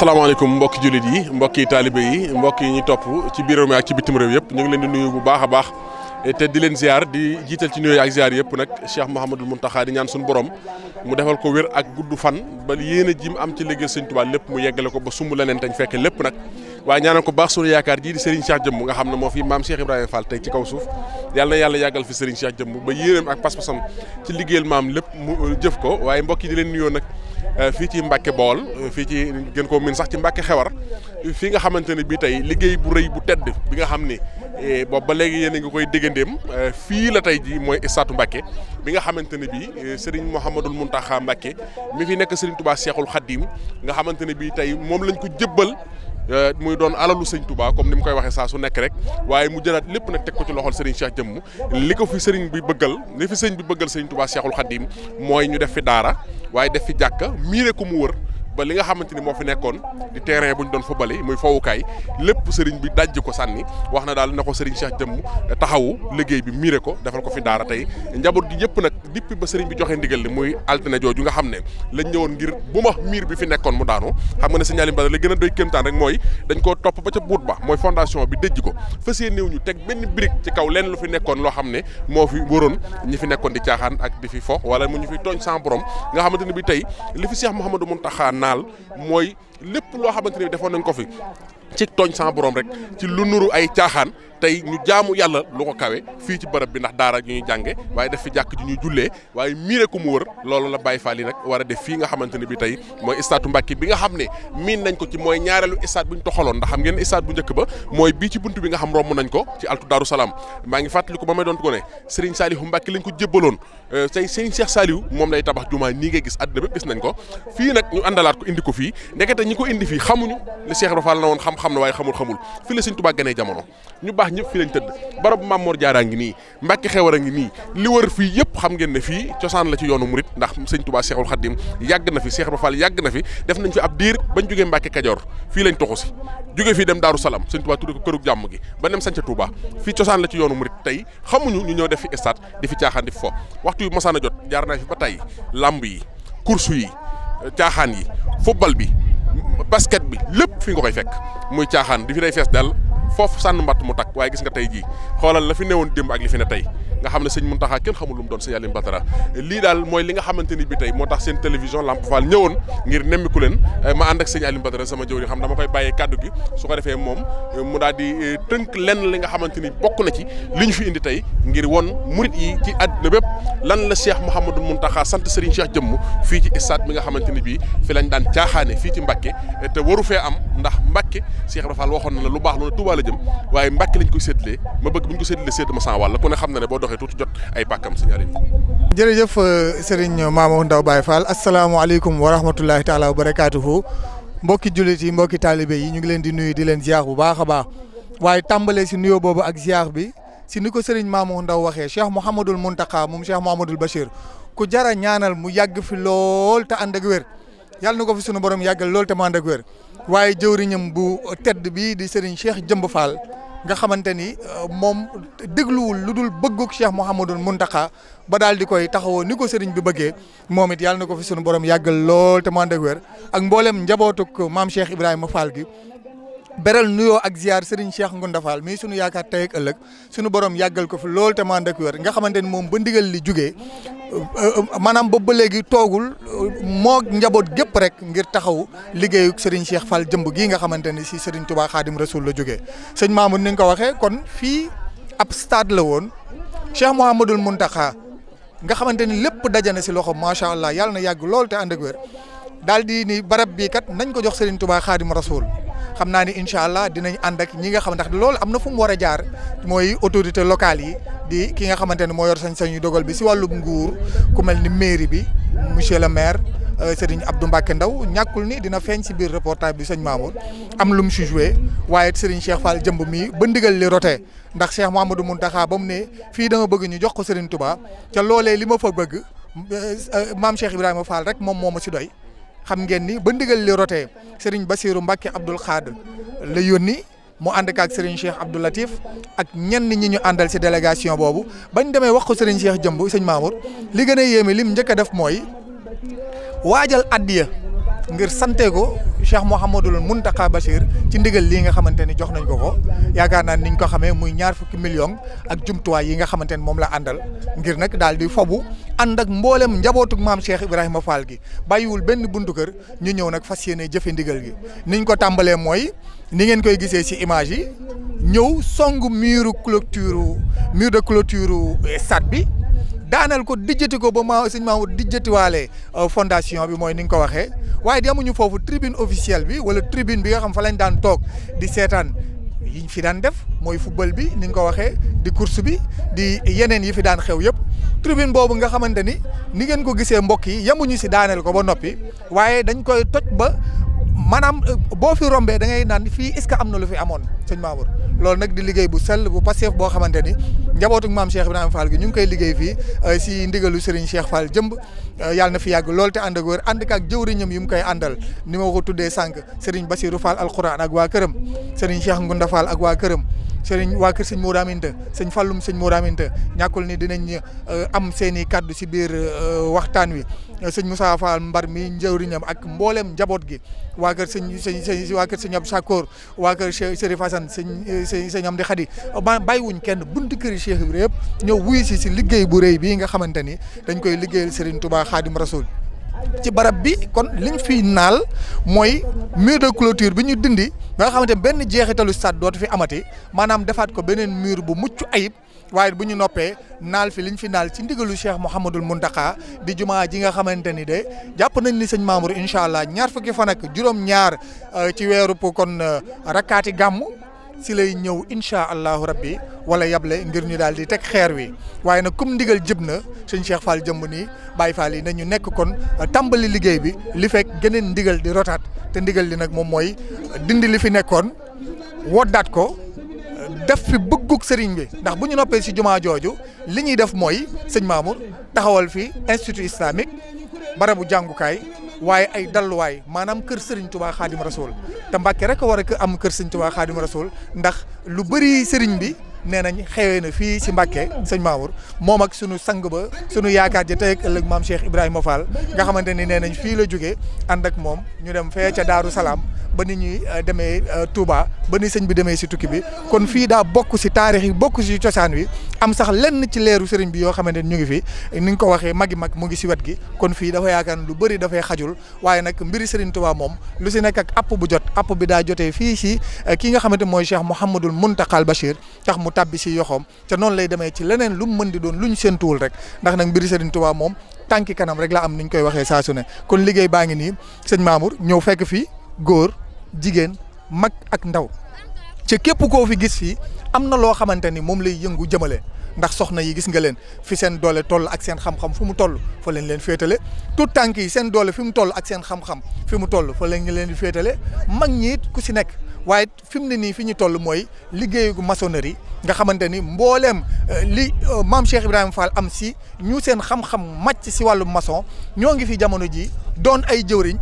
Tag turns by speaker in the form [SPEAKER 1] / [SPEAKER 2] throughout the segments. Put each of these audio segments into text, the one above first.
[SPEAKER 1] asalaamaaleykum mbokki jullit yi mbokki taalibe yi mbokk yi ñu topp ci biir réew mi ak ci bitim réew yëpp ñu ngi leen di nuyu bu baax a baax te di leen ziar di jiital ci nuyoo ak ziar yëpp nag Cheikh Mouhamadul Mountakha di ñaan suñu borom mu defal ko wér ak gudd fan ba yéen a jim am ci liggéey Sëñ Tuubaa lépp mu yeggale ko ba sumb leneen tañ fekke lépp nag waaye ñaanal ko baax sunu yaakaar jii di Serigne Cheikh Jëmm nga xam ne moo fi maam Cheikh Ibrahima Fall tey ci kaw suuf yàlla yàlla yàggal fi Serigne Cheikh Jëmm ba yéenam ak pas-pasam ci liggéeyal maam lépp mu jëf ko waaye mbokk yi leen nuyoo nag Euh, fii ci Mbàkke Bawol euh, fii ci gen koo miin sax ci Mbàkke xewar fii nga xamante ne bii tey liggéey bu rëy bu tedd bi nga xam ne eh, boobu ba léegi yéen a ngi koy déggandeem euh, fii la tey ji mooy istaatu Mbàkke bi nga xamante ne bii Serigne Mouhamadul Mountakha Mbàkke mi fi nekk Serigne Touba Cheikhul Khadim nga xamante ne bii tey moom lañ ko jëbbal Euh, muy doon alalu sëñ Touba comme ni mu koy waxee saa su nekk rek waaye mu jëlaat lépp nag teg ko ci loxol Serigne Cheikh jëmm li ko fi sëriñ bi bëggal li fi sëriñ bi bëggal sëñ Touba Cheikhul Khadim mooy ñu def fi daara waaye def fi jàkka miire ko mu wër ba li nga xamante moo fi nekkoon di terrain bu ñu doon football muy fowukaay lépp sëriñ bi dajj ko sànni wax na daal na ko sëriñ Cheikh jëmm taxawu liggéey bi miire ko defal ko fi daara tey njaboot gi yëpp nag depuis ba sëriñ bi joxe ndigal li muy altine jooju nga xam ne lañ ñëwoon ngir bi fi nekkoon mu daanu xam nga ne signal la gën a doy kéemtaan rek mooy dañ koo topp ba ca buut ba mooy fondation bi dëjj ko fas yéene ñu teg benn brique ci kaw lenn lu fi nekkoon loo xam ne moo fi waroon ñi fi nekkoon di caaxaan ak di fi fo wala mu ñu fi tooñ sans borom nga xamante ne bi naal mooy lépp loo xamante ne defoon nañ ko fi ci tooñ sans borom rek ci lu nuru ay caaxaan tey ñu jaamu yàlla lu ko kawe fii ci barab bi ndax daara ju ñuy jànge waaye def fi jàkk ji ñuy jullee waaye miire ko mu wër loolu la Baye Fall yi nag war a def fii nga xamante ne bi tey mooy stade Mbacké bi nga xam ne miin nañ ko ci mooy ñaareelu stade bu ñu toxaloon ndax xam ngeen stade bu njëkk ba mooy bii ci bunt bi nga xam romb nañ ko ci altu Daaru Salaam maa ngi fàttali ko ba may doon ko ne Serigne Saliou Mbacké lañ ko jébbaloon euh, tey Serigne Cheikh Saliou moom lay tabax jumaa nii ngay gis àddina bépp nañ ko fii nag ñu ko indi ko fii ndekete ñi ko indi fii xamuñu li Cheikh Ibra Fall na woon xam-xam na waaye xamul xamul fii la Serigne Touba gënee jamono baax ñëpp fii lañ tëdd barab Mamor Diarra ngi nii Mbàkke Xewar a ngi nii li wër fii yëpp xam ngeen ne fii cosaan la ci yoonu murit ndax sëñ Touba Seexul Xaddim yàgg na fi Seex Ibra Fall yàgg na fi def nañ fi ab diir bañ jógee Mbàkke Kajoor fii lañ toxu si jógee fii dem Daaru Salaam sëñ Touba tudde ko kërug jàmm gi ba dem sanca Touba fi cosaan la ci yoonu murit tey xamuñu ñu ñëw def fi stade di fi caaxaan di fi fo waxtu yu masaan a jot jaar naa fi ba tey lamb yi course yi caaxaan yi football bi basket bi lépp fi nga koy fekk muy caaxaan di fi day fees dal foofu sànn mbatt mu takk waaye gis nga tey jii xoolal la fi newoon démb ak li fi ne tey nga xam ne sëñ Muntaxa kenn xamul lu mu doon sëñ Aliou Batara lii daal mooy li nga xamante ni bi tey moo tax seen télévision Lamp Fall ñëwoon ngir nemmiku leen eh, ma ànd ak sëñ Aliou Batara sama jëwri xam dama koy bàyyee kàddu gi su ko defee moom eh, mu daal di eh, tënk lenn li nga xamante bokk na ci li ñu fi indi tey ngir won murit yi ci àddina bépp lan la Cheikh Mouhamadou Muntaxa sant Serigne Cheikh jëmm fii xamante ni bii fi lañ daan caaxaane fii ci Mbàkke te waru fee am ndax Mbàkke Cheikh Rafal la la jëm waaye mbakk lañ koy séddalee ma bëgg bu ñu ko séddalee sédd ma san wàll ku ne xam na ne boo doxee tuuti jot ay pàkkam si ñaari
[SPEAKER 2] jërëjëf euh, Serigne Mamadou Ndaw Baye Fall asalaamaaleykum wa rahmatulahi taala wa barakaatuhu mbokki jullit yi mbokki taalibe yi ñu ngi leen di nuyu di leen ziar bu baax a baax waaye tàmbalee si nuyoo boobu ak ziar bi si ni ko Serigne Mamadou Ndaw waxee Cheikh Mouhamadul Mountakha moom Cheikh Mouhamadul Bachir ku jara ñaanal mu yàgg fi lool te ànd ak wér na ko fi sunu borom yàggal lool te mu waaye jëwriñam bu tedd bi di Serigne Cheikh Jëmb Fall nga xamante ni euh, moom dégluwul lu dul bëgguk Cheikh Mouhamadou Mountakha ba daal di koy taxawoo ni ko sëriñ bi bëggee moom it yàlla na ko fi sunu borom yàggal lool te mu ànd ak wér ak mboolem njabootuk maam Cheikh Ibrahima Fall gi beral nuyo ak ziar Serigne Cheikh Ngounda Fall mii sunu yaakaar tey ëllëg sunu borom yàggal ko fi lool te man dëkk wér nga xamante ni moom ba ndigal li jugee maanaam boobu ba léegi toogul moo njaboot gépp rek ngir taxaw liggéeyu Serigne Cheikh Fall jëmb gii nga xamante ni si Serigne Touba Khadim Rasoul la jógee sëñ Mamoud ni nga ko waxee kon fii ab stade la woon Cheikh Mouhamadoul Mountakha nga xamante ni lépp daje na si loxo macha allah yàlla na yàgg lool te ànd daal di ni barab bii kat nañ ko jox Serigne Touba Khadim xamna ni inshallah allah dinañ and ak ñi nga xam ndax lool amna fu mu wara jaar mooy autorité locale yi di ki nga xamantene mo yor sañ-sañu dogal bi ci walu nguur ku melni ni mairie bi monsieur le maire euh, Serigne Abdou mbake Ndaw ñakul ni dina feñ ci bir reportage bi serigne Mamour am lu mu si joué waaye Serigne Cheikh Fall jëmb mi ba ndigal li roté ndax Cheikh mamadou muntaha bam ne fii dama bëgg ñu jox ko Serigne Touba ca lolé li ma fa bëgg euh, euh, mam Cheikh Ibrahima Fall rek mom moma ci doy. xam ngeen ni ba ndigal li rotee Serigne Bassirou Mbacke Abdoul Khadr la yónni mu ànd ak Serigne Cheikh Abdou Latif ak ñenn ñi ñu àndal si délégation boobu bañ demee wax ko Serigne Cheikh jëmb sëñ Mamour li gën a yéeme mu njëkk a def mooy waajal addiya ngir sante ko Cheikh Mouhamadul Mountakha Bachir ci ndigal lii nga xamante ni jox nañ ko ko yaakaar naa niñ ko xamee muy ñaar fukki million ak jumtuwaay yi nga xamante ni moom la àndal ngir nag daal di fobu ànd ak mboolem njabootuk maam Cheikh Ibrahima Fall gi bàyyiwul benn buntu kër ñu ñëw nag fas yéene jëfe ndigal gi niñ ko tàmbalee mooy ni ngeen koy gisee ci image yi ñëw song muru clôture mur de clôture sat bi daaneel ko dijjati ko ba ma sëñ Mamour dijjatiwaale euh, fondation bi mooy ni nga ko waxee waaye di amuñu foofu tribune officielle bi wala tribune bi nga xam fa lañ daan toog di seetaan yiñ fi daan def mooy football bi ni nga ko waxee di course bi di yeneen yi fi daan xew yëpp tribune boobu nga xamante ni ni ngeen ko gisee mbokk yi yemuñu si daaneel ko ba noppi waaye dañ koy toj ba manam eh, bo fi rombe da ngay iska fi est ce amna lu fi amone seigne Mamour loolu nak di liggéey bu sel bu passif bo xamanteni ni njabootuk maam Cheikh ibrahim Fall gi ñu ngi koy liggéey fi eh, si ndigalu Serigne Cheikh Fall jëmb eh, yalla na fi yag te and ak wër and ak jëwriñam yu mu koy andal ni ma ko tuddé sank Serigne Bassirou Fall alquran ak wa kërëm Serigne Cheikh Ngunda Fall ak wa kërëm sëriñ wa kër sëñ mouraminte Aminta fallum Falloum mouraminte ñakul ni dinañ am seeni i ci waxtaan wi sëñ Moussa Fall Mbar mi njëwriñam ak mboolem njaboot gi waa kër sëñ sëñ sëñ waa kër sëñ Abdou Sakor waa kër Chérif Hassane sëñ sëñ sëñ Amdi Khadi bàyyiwuñ kenn buntu këri Cheikh yëpp ñëw wuyu si si liggéey bu rëy bii nga xamante ni dañ koy liggéeyal Serigne Touba Khadim Rasoul ci barab bi kon liñ fi naal mooy mur de clôture bi ñu dindi ba nga xamante benn jeexitalu stade dootu fi amati maanaam defaat ko beneen mur bu mucc ayib waaye bu ñu noppee naal fi liñ fi naal ci ndigalu Cheikh Mouhamadul Mountakha di jumaa ji nga xamante ni de jàpp nañ ni sëñ Mamour incha allah ñaar fukki fan ak juróom-ñaar euh, ci weeru kon euh, rakkaati gàmm si lay ñëw incha allahu rabbi wala yable ngir ñu daal di teg xeer wi waaye nag comme ndigal jib na sëñ Cheikh Fall jëmb nii Baye Fall yi nañu nekk kon euh, tàmbali liggéey bi li fekk geneen ndigal di rotaat te ndigal li nag moom mooy dindi li fi nekkoon woddaat ko. def fi bëggug sëriñ bi ndax bu ñu noppee si jumaa jooju li ñuy def mooy sëñ Mamour taxawal fi institut islamique bu jàngukaay waaye ay dalluwaay maanaam kër sëriñ Touba Xaadim Rasoul te Mbàkke rek war am kër sëriñ Touba Xaadim Rasoul ndax lu bëri sëriñ bi nee nañ xewee na fii si Mbàkke sëñ Mamour moom ak sunu sang ba sunu yaakaar ja tey ak ëllëg maam Cheikh Ibrahima Fall nga xamante ni nee nañ fii la jógee ànd ak moom ñu dem fee ca Daaru Salaam ba ni ñuy euh, demee euh, Touba ba ni sëñ bi demee si tukki bi kon fii daa bokk si taarix yi bokk si cosaan wi am sax lenn ci leeru sëriñ bi yoo xamante ni ñu ngi fii ni ñu ko waxee magi mag mu ngi si wet gi kon fii dafa yaakaar ne lu bari dafay xajul waaye nag mbiri sëriñ Touba moom lu si nekk ak app bu jot app bi daa jotee fii si euh, ki nga xamante mooy Cheikh Mouhamadul Muntaxal Bachir tax mu tabbi si yoxoom te noonu lay demee ci leneen lu mu mën di doon lu ñu séentuwul rek ndax nag mbiri sëriñ Touba moom tànki kanam rek laa am ni ñu koy waxee saa su ne kon liggéey baa ngi nii sëñ Mamour ñëw fekk fii góor jigéen mag ak ndaw ci képp koo fi gis fii am na loo xamante ni moom lay yëngu jëmale ndax soxna yi gis nga leen fi seen doole toll ak seen xam-xam fu mu toll fa lañ leen féetale tout tànk yi seen doole fi mu toll ak seen xam-xam mu toll fa lañ leen di féetale mag ñiit ku si nekk waaye fi mu ne nii fi ñu toll mooy liggéeyu maçonnerie nga xamante ni mbooleem euh, li euh, maam Cheikh Ibrahima Fall am si ñu seen xam-xam màcc si wàllu mason ñoo ngi fi jamono ji doon ay jëwriñ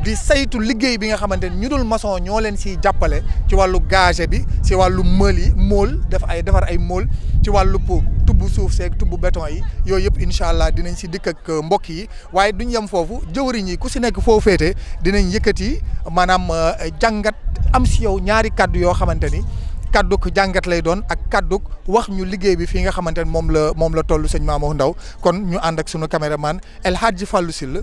[SPEAKER 2] di saytu liggéey bi nga xamante ni ñu dul maçon ñoo leen siy jàppale ci wàllu gaze bi si wàllu mël yi mool def ay defar ay mool ci wàllu tubb suuf seeg tubb béton yi yooyu yëpp incha allah dinañ si dikk ak euh, mbokk yi waaye duñ yem foofu jëwriñ yi ku si nekk foo féete dinañ yi maanaam euh, jàngat am si yow ñaari kàddu yoo xamante ni. kàdduk jàngat lay doon ak kàdduk wax ñu liggéey bi fii nga xamante ne moom la moom la toll sëñ Mamadou Ndaw kon ñu ànd ak sunu caméraman El Hadji Fallou Syll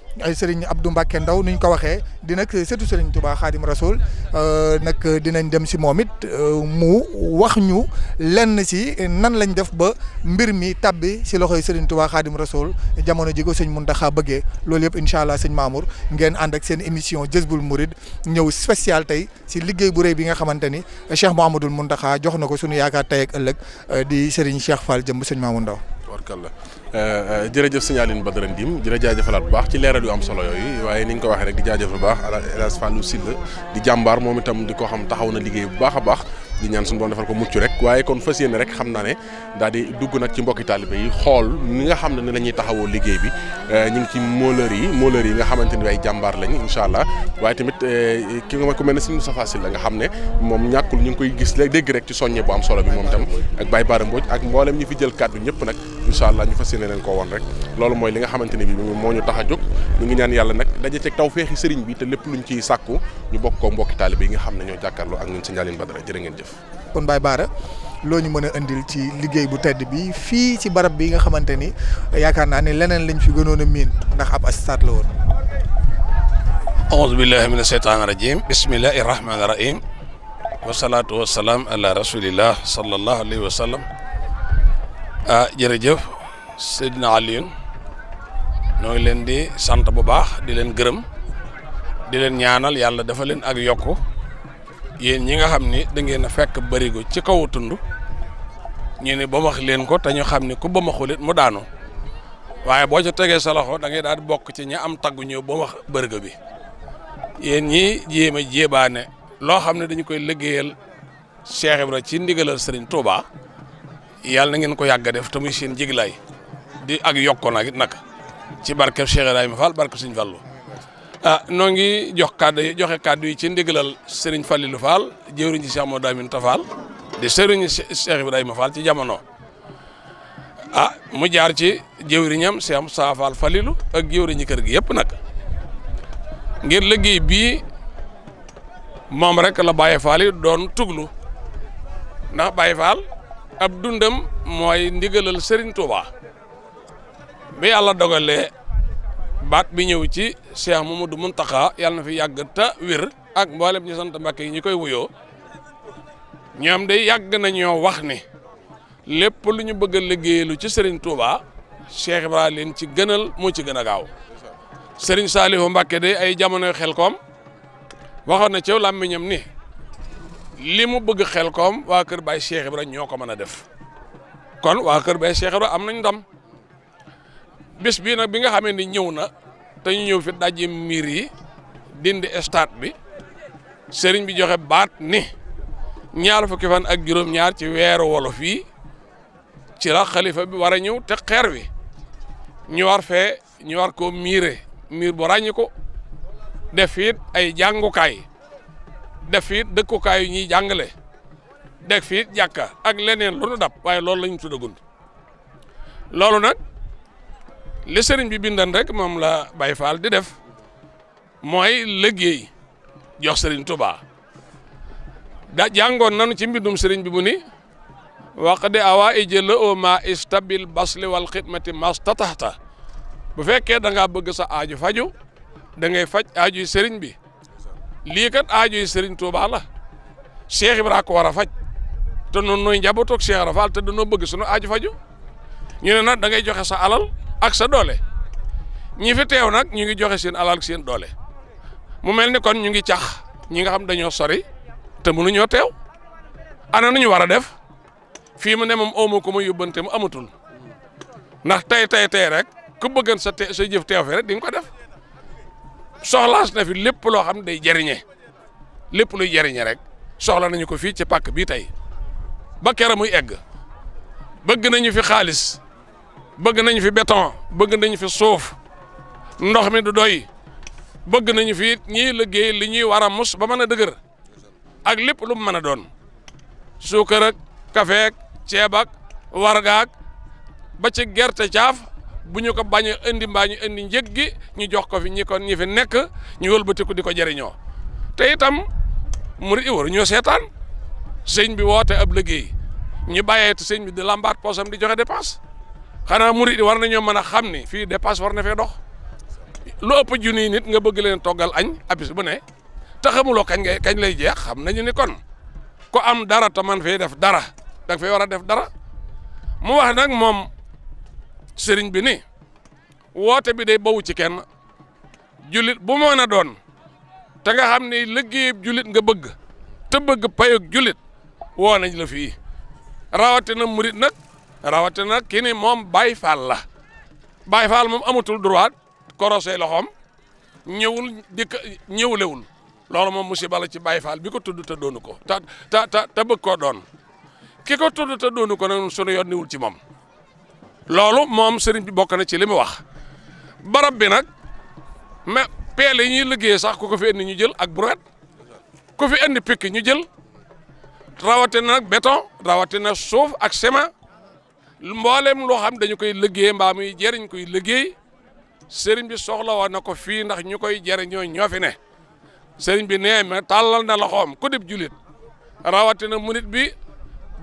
[SPEAKER 2] ay Serigne Abdou Mbacke Ndaw ni ñu ko waxee di nag surtout Serigne Touba Khadim Rasoul euh, nag dinañ dem si moom it euh, mu wax ñu lenn si nan lañ def ba mbir mi tabbi si loxoy Serigne Touba Khadim Rasoul jamono ji ko sëñ Mountakha bëggee loolu yëpp incha allah sëñ Mamour ngeen ànd ak seen émission Jazboul Mouride ñëw spécial tey si liggéey bu rëy bi nga xamante ni Cheikh Mouhamadoul Mountakha jox na ko suñu yaakaar tey ak ëllëg euh, di Serigne Cheikh Fall jëm sëñ Mamour Ndaw
[SPEAKER 1] la euh, euh, jërëjëf sëñ Aline Badara Ndim dina jaajëfalaat bu baax ci leeral yu am solo yooyu waaye ni ko waxee rek di jaajëf bu baax El Hadj Fallou Sylla di jàmbaar moom itam di ko xam taxaw na liggéey bu baax a baax di ñaan suñu borom defal ko mucc rek waaye kon fas yéene rek xam naa ne daal di dugg nag ci mbokki taalibe yi xool ni nga xam ne ni la ñuy taxawoo liggéey bi euh, ñu ngi ci mooleur yi mooleur yi nga xamante ni ay jàmbaar lañ incha allah waaye tamit euh, ki nga ma ku mel moom ñàkkul ñu ngi koy gis la dégg rek ci soññe bu am solo bi moom tam ñëpp nag incha allah ñu fas yéene leen koo woon rek loolu mooy moo ñu tax a jóg ñu ngi ñaan yàlla nag daje ceeg tawfeexi sëriñ bi te lépp luñ ciy sàkku ñu bokk ko mbokki taalibe yi nga xam ne ñoo jàkkaarloo ak ñun si Ndialène Badara jërë ngeen jëf
[SPEAKER 2] kon Baye Bara loo ñu mën a indil ci liggéey bu tedd bi fii ci barab bi nga xamante ni yaakaar naa ni leneen lañ fi gënoon miin ndax ab stade la woon.
[SPEAKER 3] auzu billahi mina sheytaani rajim bismillahi rahmaani rahim wasalaatu wasalaam ala rasulillah sallallahu alayhi wa jërëjëf Seydina Alioune ñoo ngi leen di sant bu baax di leen gërëm di leen ñaanal yàlla dafa leen ak yokk yéen ñi nga xam ni dangeen a fekk barigo ci kaw tund ñu ne bamax leen ko te ñu xam ni ku bamaxul it mu daanu waaye boo ca tegee sa loxo da ngay daal di bokk ci ñu am taggu ñëw bamax barigo bi yéen ñi jéem a jéebaane loo xam ne dañu koy liggéeyal Cheikh Ibra ci ndigalal Serigne Touba yàlla na ngeen ko yàgg def te muy seen jiglaay di ak yokko nag nag ci barkeb Cheikh Ibrahima Fall barke Serigne Fallou Ah, nongi jokadu jox kaddu joxe kaddu ci ndigalal Serigne Fallilou Fall jeewriñ ci Cheikh Modou Aminta di Serigne Cheikh Ibrahima Fall ci jamono ah mu jaar ci jeewriñam Cheikh Moussa Fall Fallilou ak jëwriñi kër gi yëpp nak ngir liggey bi mom rek la Baye Fall doon tuglu na Baye Fall ab dundam moy ndigalal Serigne Touba bi dogal le bat bi ñew ci. du Mamadou Mountakha yàlla na fi yàgg te wér ak mboolem ñu sant Mbàkke yi ñu koy wuyoo ñoom day yàgg nañoo wax ne lépp lu ñu bëgg a liggéeyalu ci Serigne Touba Cheikh Ibra leen ci gënal moo ci gën a gaaw Serigne Saliou Mbàkke day ay jamonoy Xelkom waxoon na ci làmmiñam ni li mu bëgg xel koom waa kër Baye Cheikh Ibra ñoo ko mën a def kon waa kër Baye Cheikh Ibra am nañ dam bis bii nag bi nga xamee ni ñëw na. dañu ñëw fi daje miir yi dindi stade bi sëriñ bi joxe baat ni ñaar fukki fan ak juróom-ñaar ci weeru wolof yi ci la xalifa bi war a ñëw te xer wi ñu war fee ñu war koo miire miir bu ràññi ko def it ay jàngukaay def it dëkkukaay yu ñuy jàngale def it jàkka ak leneen lu nu dab waaye loolu la ñu tuddagund loolu nag li bibin bi bindan rek mom la Baye Fall di def moy liggey jox sëriñ Touba da jangon nanu ci mbidum sëriñ bi buni waqdi awa ijëla o ma istabil basli wal xidmati mastatahta. bu fekke da nga bëgg sa aaju faju da ngay faj aajuy sëriñ bi li kat aajuy sëriñ Touba la Cheikh Ibra ko wara faj te non noy njabotok Cheikh Rafal te no bëgg sunu aaju faju ñu ne nag da ngay joxe sa alal ak sa doole ñi fi teew nag ñu ngi joxe seen alal ak seen doole mu mel ni kon ñu ngi cax ñi nga xam dañoo sori te mënuñoo teew ana nu ñu war a def fii mu ne moom oomo ko mu yóbbante mu amatul ndax tey tey tey rek ku bëggan sa te sa jëf teew fi rek di ko def soxlaas na fi lépp loo xam day jëriñe lépp luy jëriñe rek soxla nañu ko fii ci pàkk bii tey ba kera muy egg bëgg nañu fi xaalis bëgg nañ fi béton bëgg nañu fi suuf ndox mi du doy bëgg nañu fi it ñiy liggéey li ñuy war a mus ba mën a dëgër ak lépp lu mu mën a doon suukar ak kafe ak ceeb warga ba ci gerte caaf bu ñu ko bañ a indi mbaa ñu indi njëg gi ñu jox ko fi ñi ko ñi fi nekk ñu wëlbatiku di ko jëriñoo te itam murit yi waruñoo seetaan sëñ bi woote ab liggéey ñu bàyyee te sëñ bi di lambaat poosam di joxe dépense. xana murit yi war nañu mëna xamni fi dépasse war na fe dox lu ëpp Juni nit nga bëgg leen togal añ abis bu ne ta xamuloo kañ ngay kañ lay jeex xam nañu ni kon ko am dara ta man fe def dara da fe wara def dara mu wax nak mom sëriñ bi ni wote bi day bawu ci kenn julit bu mo na doon ta nga xamni ni julit nga bëgg te bëgg payuk julit woo nañ la rawati na murit nak rawatina kini mom mom Baye Fall la Baye Fall mom amutul droit korosé loxom ñewul dikk ñëwlewul lolu mom musiba la ci Baye Fall bi ko te ko ta ta ta te bëgg koo doon ki ko tudd te doonu ko sunu yoon ci mom lolu mom serigne bi bokk na ci limi wax barab bi nak me peel yi liggéey sax ku ko fi indi ñu jël ak brouet ku fi indi pik ñu jël rawatina nak béton rawatina souf ak ciment mboolem loo xam dañu koy liggéey mbaa muy jëriñ koy liggéey sëriñ bi soxla woon na ko fii ndax ñu koy jëriñoo ñoo fi ne sëriñ bi nee ma tàllal na loxoom ku dib julit rawatina murit bi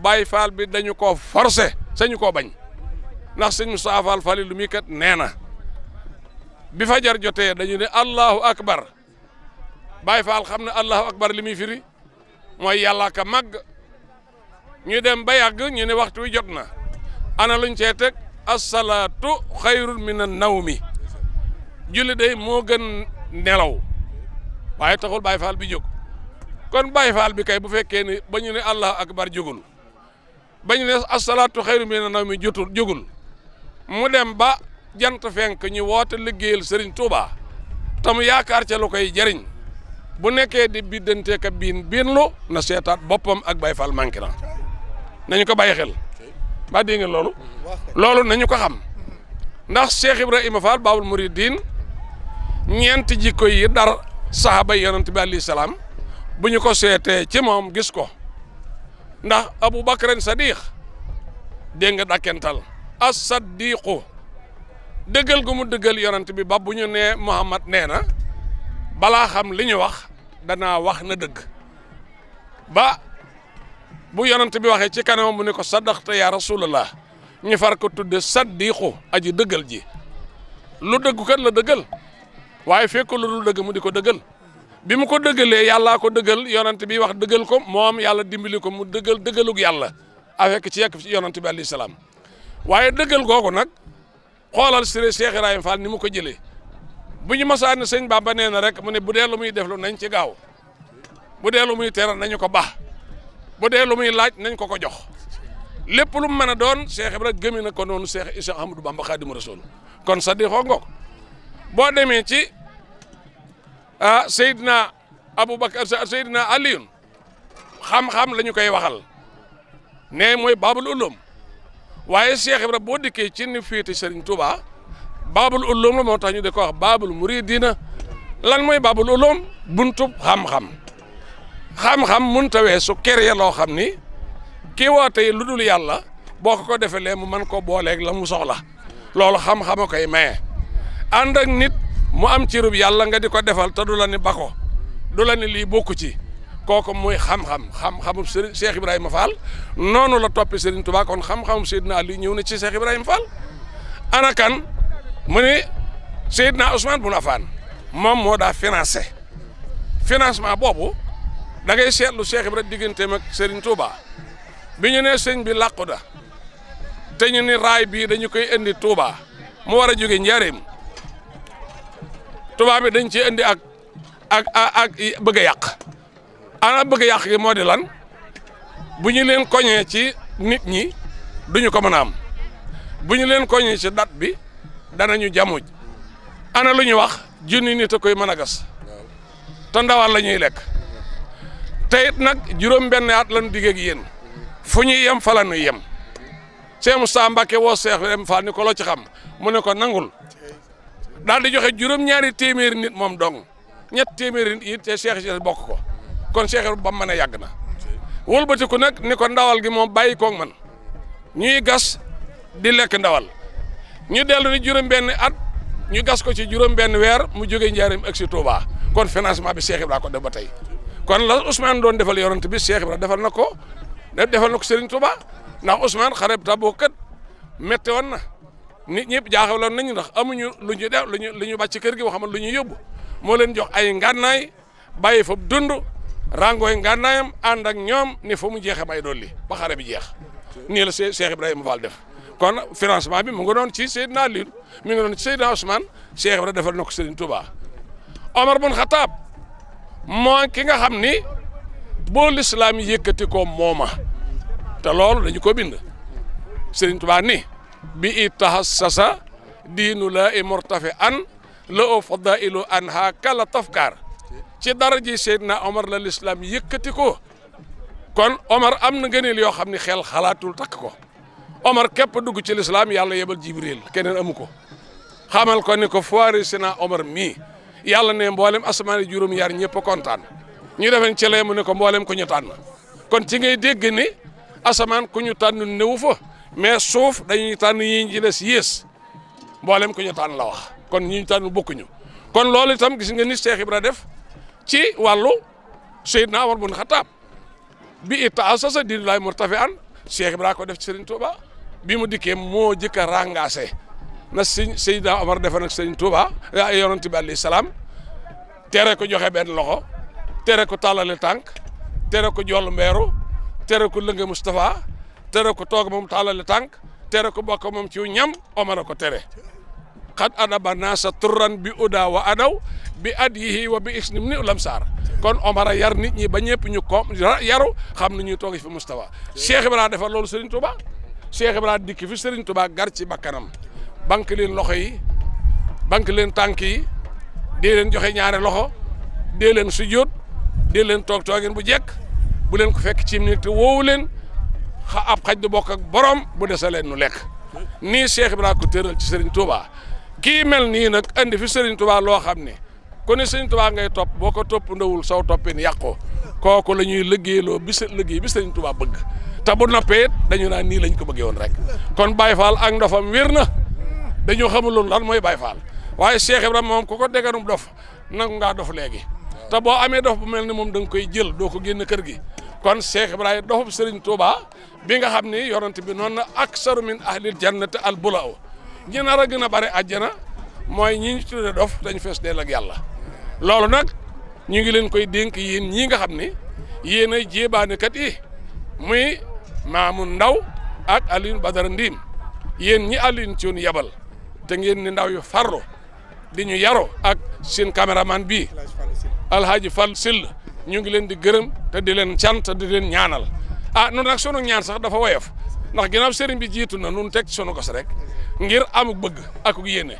[SPEAKER 3] Baay Faal bi dañu ko forcé sañu koo bañ ndax sëñ Moussa Fall Falilu mi kat nee na bi fajar jotee dañu ne allahu akbar Baay Faal xam ne allahu akbar li muy firi mooy yàlla ka màgg ñu dem ba yàgg ñu ne waxtu wi jot na ana luñ cee teg asalaatu xayrun min an nawmi julli day moo gën nelaw waaye taxul Baay Faal bi jóg kon Baay Faal bi kay bu fekkee ni ba ñu ne allahu akbar jógul ba ñu ne asalaatu xayrun min an nawmi jotul jógul mu dem ba jant fenk ñu woote liggéeyal Serigne Touba tam yaakaar ca lu koy jariñ bu nekkee di biddanteeka biin biinlu na seetaat boppam ak Baay Faal manqué na nañu ko bàyyi xel ba de nga lolu lolu nañu ko xam ndax Cheikh ibrahim Fall Babul muridin ñent jikko yi dar sahaba yaronte bi alayhi salaam buñu ko sété ci mom gis ko ndax Abu en Sadiq de nga dakental as-Saddiqu deugal gumu deugal yaronte bi bab buñu né Muhammad Nena, na balaa xam liñu wax dana wax na deug ba bu yonent bi waxe ci kanam mu ne ko sadaqta ya rasulullah ñi far ko tudde sadiqu aji deugal ji lu deug kan la deugal waye fekk lu lu deug mu diko ko dëggal bi mu ko deugale yalla ko deugal yonent bi wax deugal ko mom yalla dimbali ko mu deugal deugaluk yalla avec ci yak ci yonent bi alayhi salam waye deugal gogo nak xolal sire Cheikh ibrahim Fall ni mu ko jele buñu ñu seigne baba neena rek mu ne bu delu muy def lu nañ ci gaaw bu delu muy tere nañ ko bax bu dee lu muy laaj nañ ko ko jox lépp lu mu mën a doon Cheikh Ibra gëmi na ko noonu Cheikh Isa Ahmadou Bamba Xaadimu Rasuul kon sa di boo demee ci ah Seydina Aboubacar Seydina Aliyun xam-xam la ñu koy waxal ne mooy baabul ulum waaye Cheikh Ibra boo dikkee ci ni féete Serigne Touba baabul ulum la moo tax ñu di ko wax baabul muridina lan mooy baabul ulum buntub xam-xam. xam-xam munta weesu kër ya xam ni ki woote luddul yalla. boko ko ko mu man ko bolé la lamu soxla loolu xam xam and ak nit mu am rub yalla nga diko defal te ni bako dula ni li bokku ci koko moy xam-xam xam xam Cheikh ibrahim Fall nonu la toppi Serigne Touba kon xam xam Seydina Ali ñew na ci Cheikh ibrahim Fall ana kan mune ni Ousmane Affan financement bobu da ngay seetlu bi Ibra digganteem ak Serigne Touba bi ñu nee sëñ bi làqu da te ñu ni raay bii dañu koy indi Touba mu war a jóge njaareem Touba bi dañ ci indi ak ak ak bëgg a yàq ana bëgg a yàq gi moo di lan bu ñu leen koñee ci nit ñi duñu ko mën a am bu ñu leen koñee ci dat bi danañu jamuj ana lu ñu wax junni nit a koy mën a gas te ndawal la ñuy lekk tayit nak nag ben at lañu digg ak yeen fuñu yam yem fa lañu yam yem Cheikh moussa mbake wo Cheikh dem fa ni ko lo ci xam mu ne ko nangul dal di joxe juróom-ñaari téeméeri nit mom dong ñet téeméeri nit it Cheikh jël bokk ko kon Cheikh ba mëna yag na wolbeuti ku nak ni ko ndawal gi mom bayiko ak man ñuy gas di lek ndawal ñu delu ni juróom ben at ñu gas ko ci juróom ben wèr mu jógee njaarim ak ci Touba kon financement bi Cheikh Ibrahima ko def ba kon la Ousmane doon defal yonent bi Cheikh Ibra defal na ko defal na ko Serigne Touba ndax Ousmane xareb Tabuk kat métti woon na nit ñëpp jaaxaloon nañu ndax amuñu lu ñu def lu ñu lu ñu bàcc kër gi boo xam ne lu ñu yóbbu moo leen jox ay ngànnaay bàyyi fa dund rangooy ngànnaayam ànd ak ñoom ni fa mu jeexee may dolli ba xare bi jeex nii la Cheikh Ibrahima Fall def kon financement bi mu ngi doon ci Seydina Aliou mi ngi doon ci Seydina Ousmane Cheikh Ibrahima defal na ko Serigne Touba Omar bun Khattab moo ki nga xam ni boo lislaam yëkkati ko mooma te loolu dañu ko bind Sëriñ Tuubaa ni bi i tahassasa diinu la i mortafi an la o fadailu an ha kala tafkaar ci dara ji na Omar la lislaam yëkkati ko kon Omar am na ngëneel yoo xam ne xel xalaatul takk ko Omar képp dugg ci lislaam yàlla yebal Jibril keneen amu ko xamal ko ni ko foiri sina Omar mii yàlla ne mboolem asamaan yi juróom-ñaar ñëpp kontaan ñu defen ci lay mu ne ko mboolem ku ñu tànn kon ci ngay dégg ni asamaan ku ñu tànn newu fa mais suuf dañuy tànn yi ci des yées mboolem ku ñu la wax kon ñi ñu tànn bokkuñu kon loolu itam gis nga ni Cheikh Ibra def ci wàllu Seydina Umar bun Xattaab bi itaasasa diinu laay murtafi an Cheikh Ibra ko def ci Serigne Touba bi mu dikkee moo jëkk a rangaase na sëñ Seydina Omar defoon nak sëñ Touba ya yonentou bi Salam, salaam tere ko joxe ben loxo tere ko talale tank tere ko joll meru tere ko lënge Moustapha tere ko tok mom talale tank tere ko bokk mom ci ñam Omar ko tere khat adaba nasa turran bi uda wa adaw bi adhihi wa bi ismi ni ulam kon Omar yar nit ñi ba ñepp ñu ko yaru xam nañu tok fi Moustapha Cheikh ibrahim defar lolu Serigne Touba Cheikh ibrahim dikki fi Serigne Touba gar ci bakkanam banque leen loxo yi banque leen tànk yi dee leen joxe ñaare loxo dee leen sujjóot dee leen toog toogin bu jekk bu leen ko fekk ci nit te woowu leen xa ab xaj du bokk ak boroom bu dese leen nu lekk nii Cheikh Ibra ko tëral ci Serigne Touba kii mel nii nag andi fi Serigne Touba loo xam ne ku ne Serigne ngay topp boo ko topp ndawul saw toppin yàqoo kooku la ñuy liggéeyloo bi liggéey bi Serigne Touba bëgg te bu noppee dañu naan nii lañ ko bëggee woon rek kon wér na. dañoo xamul loolu lan mooy Baye Fall waaye Cheikh Ibrahima moom ko ko dégganum dof nangu ngaa dof léegi te boo amee dof bu mel ni moom da koy jël doo ko génn kër gi kon Cheikh Ibrahima dofub Serigne Touba bi nga xam ni yonent bi noonu na aksaru min ahlil jannati al bulaaw ñi nar a gën a bare jana mooy ñi ñu tuddee dof dañu fees dell ak yàlla loolu nag ñu ngi leen koy dénk yéen ñi nga xam ni yéen ay jéebaanekat yi muy Maamun Ndaw ak Alioune Badara Ndiim yéen ñi Alioune Thion yabal te ngeen ni ndaw yu farlu di ñu yaru ak seen caméraman bii alhaaji Fall Sill ñu ngi leen di gërëm te di leen cant te di leen ñaanal a ah, nun nag sunu ñaan sax dafa woyof ndax ginnaaw sëriñ bi jiitu na nun teg sunu kos rek ngir amuk bëgg akuk yéene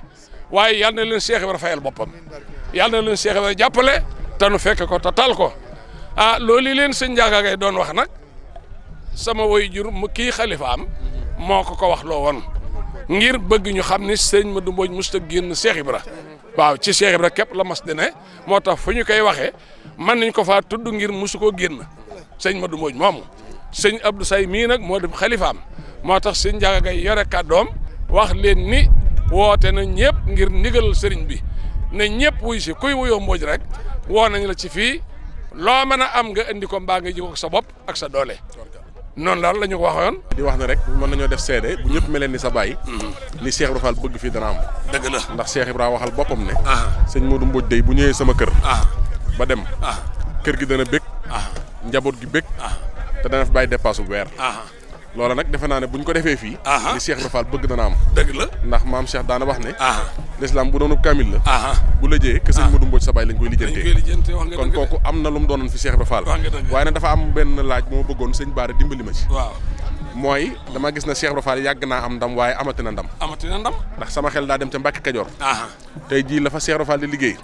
[SPEAKER 3] waaye yal na leen Cheikh Ibra fayal boppam yal na leen Cheikh Ibra jàppale te nu fekk ko te tal ko a ah, loolu leen sëñ Ndiaga Gaye doon wax nag sama woy jur mu kii xalifa am moo ko ko wax loo woon ngir bëgg ñu xam ne sëñ Madou Mbodj mosut a génn Cheikh Ibra waaw ci Cheikh Ibra képp la mas di ne moo tax fu ñu koy waxee mën nañ ko faa tudd ngir mosu koo génn sëñ Madou Mbodj moomu sëñ Abdou Say mii nag moo dem xalifaam moo tax sëñ Ndiaga Gaye yore kàddoom wax leen ni woote na ñëpp ngir ndigal sëriñ bi ne ñëpp wuy si kuy wuyoo Mbodj rek woo nañ la ci fii loo mën a am nga indi ko mbaa nga ji sa bopp ak sa doole.
[SPEAKER 1] noonu daal la ñu wax waxoon di wax ne rek mën nañoo def seede bu ñëpp meleen ni sa baay mm-hmm. ni Cheikh Ibra Fall bëgg fii dana am dëgg la ndax Cheikh Ibra waxal boppam ne ah. sañ Modou Mbodj dey bu ñëwee sama kër ah. ba dem ah. kër gi dana bëgg njaboot gi bëgg te dana fi bàyyi dépasse bu weer loola nag defe naa ne bu ñu ko defee fii ni Cheikh Ibra Fall bëgg dana am dëgg la ndax maam Cheikh daana wax ne l'islam bu doonub kaamil la bu lëjee que sëñ ah. Modou Mbodj sa baay lañ koy lijjantee kon kooku am na lu mu doonoon fi Cheikh Ibra Fall waaye nag dafa am benn laaj moo bëggoon sëñ Bara dimbali ma ci mooy dama gis na Cheikh Ibra Fall yàgg naa am ndam waaye amati na ndam amati na ndax sama xel daa dem ca Mbàkke Kajoor tey jii la fa Cheikh Ibra Fall di liggéey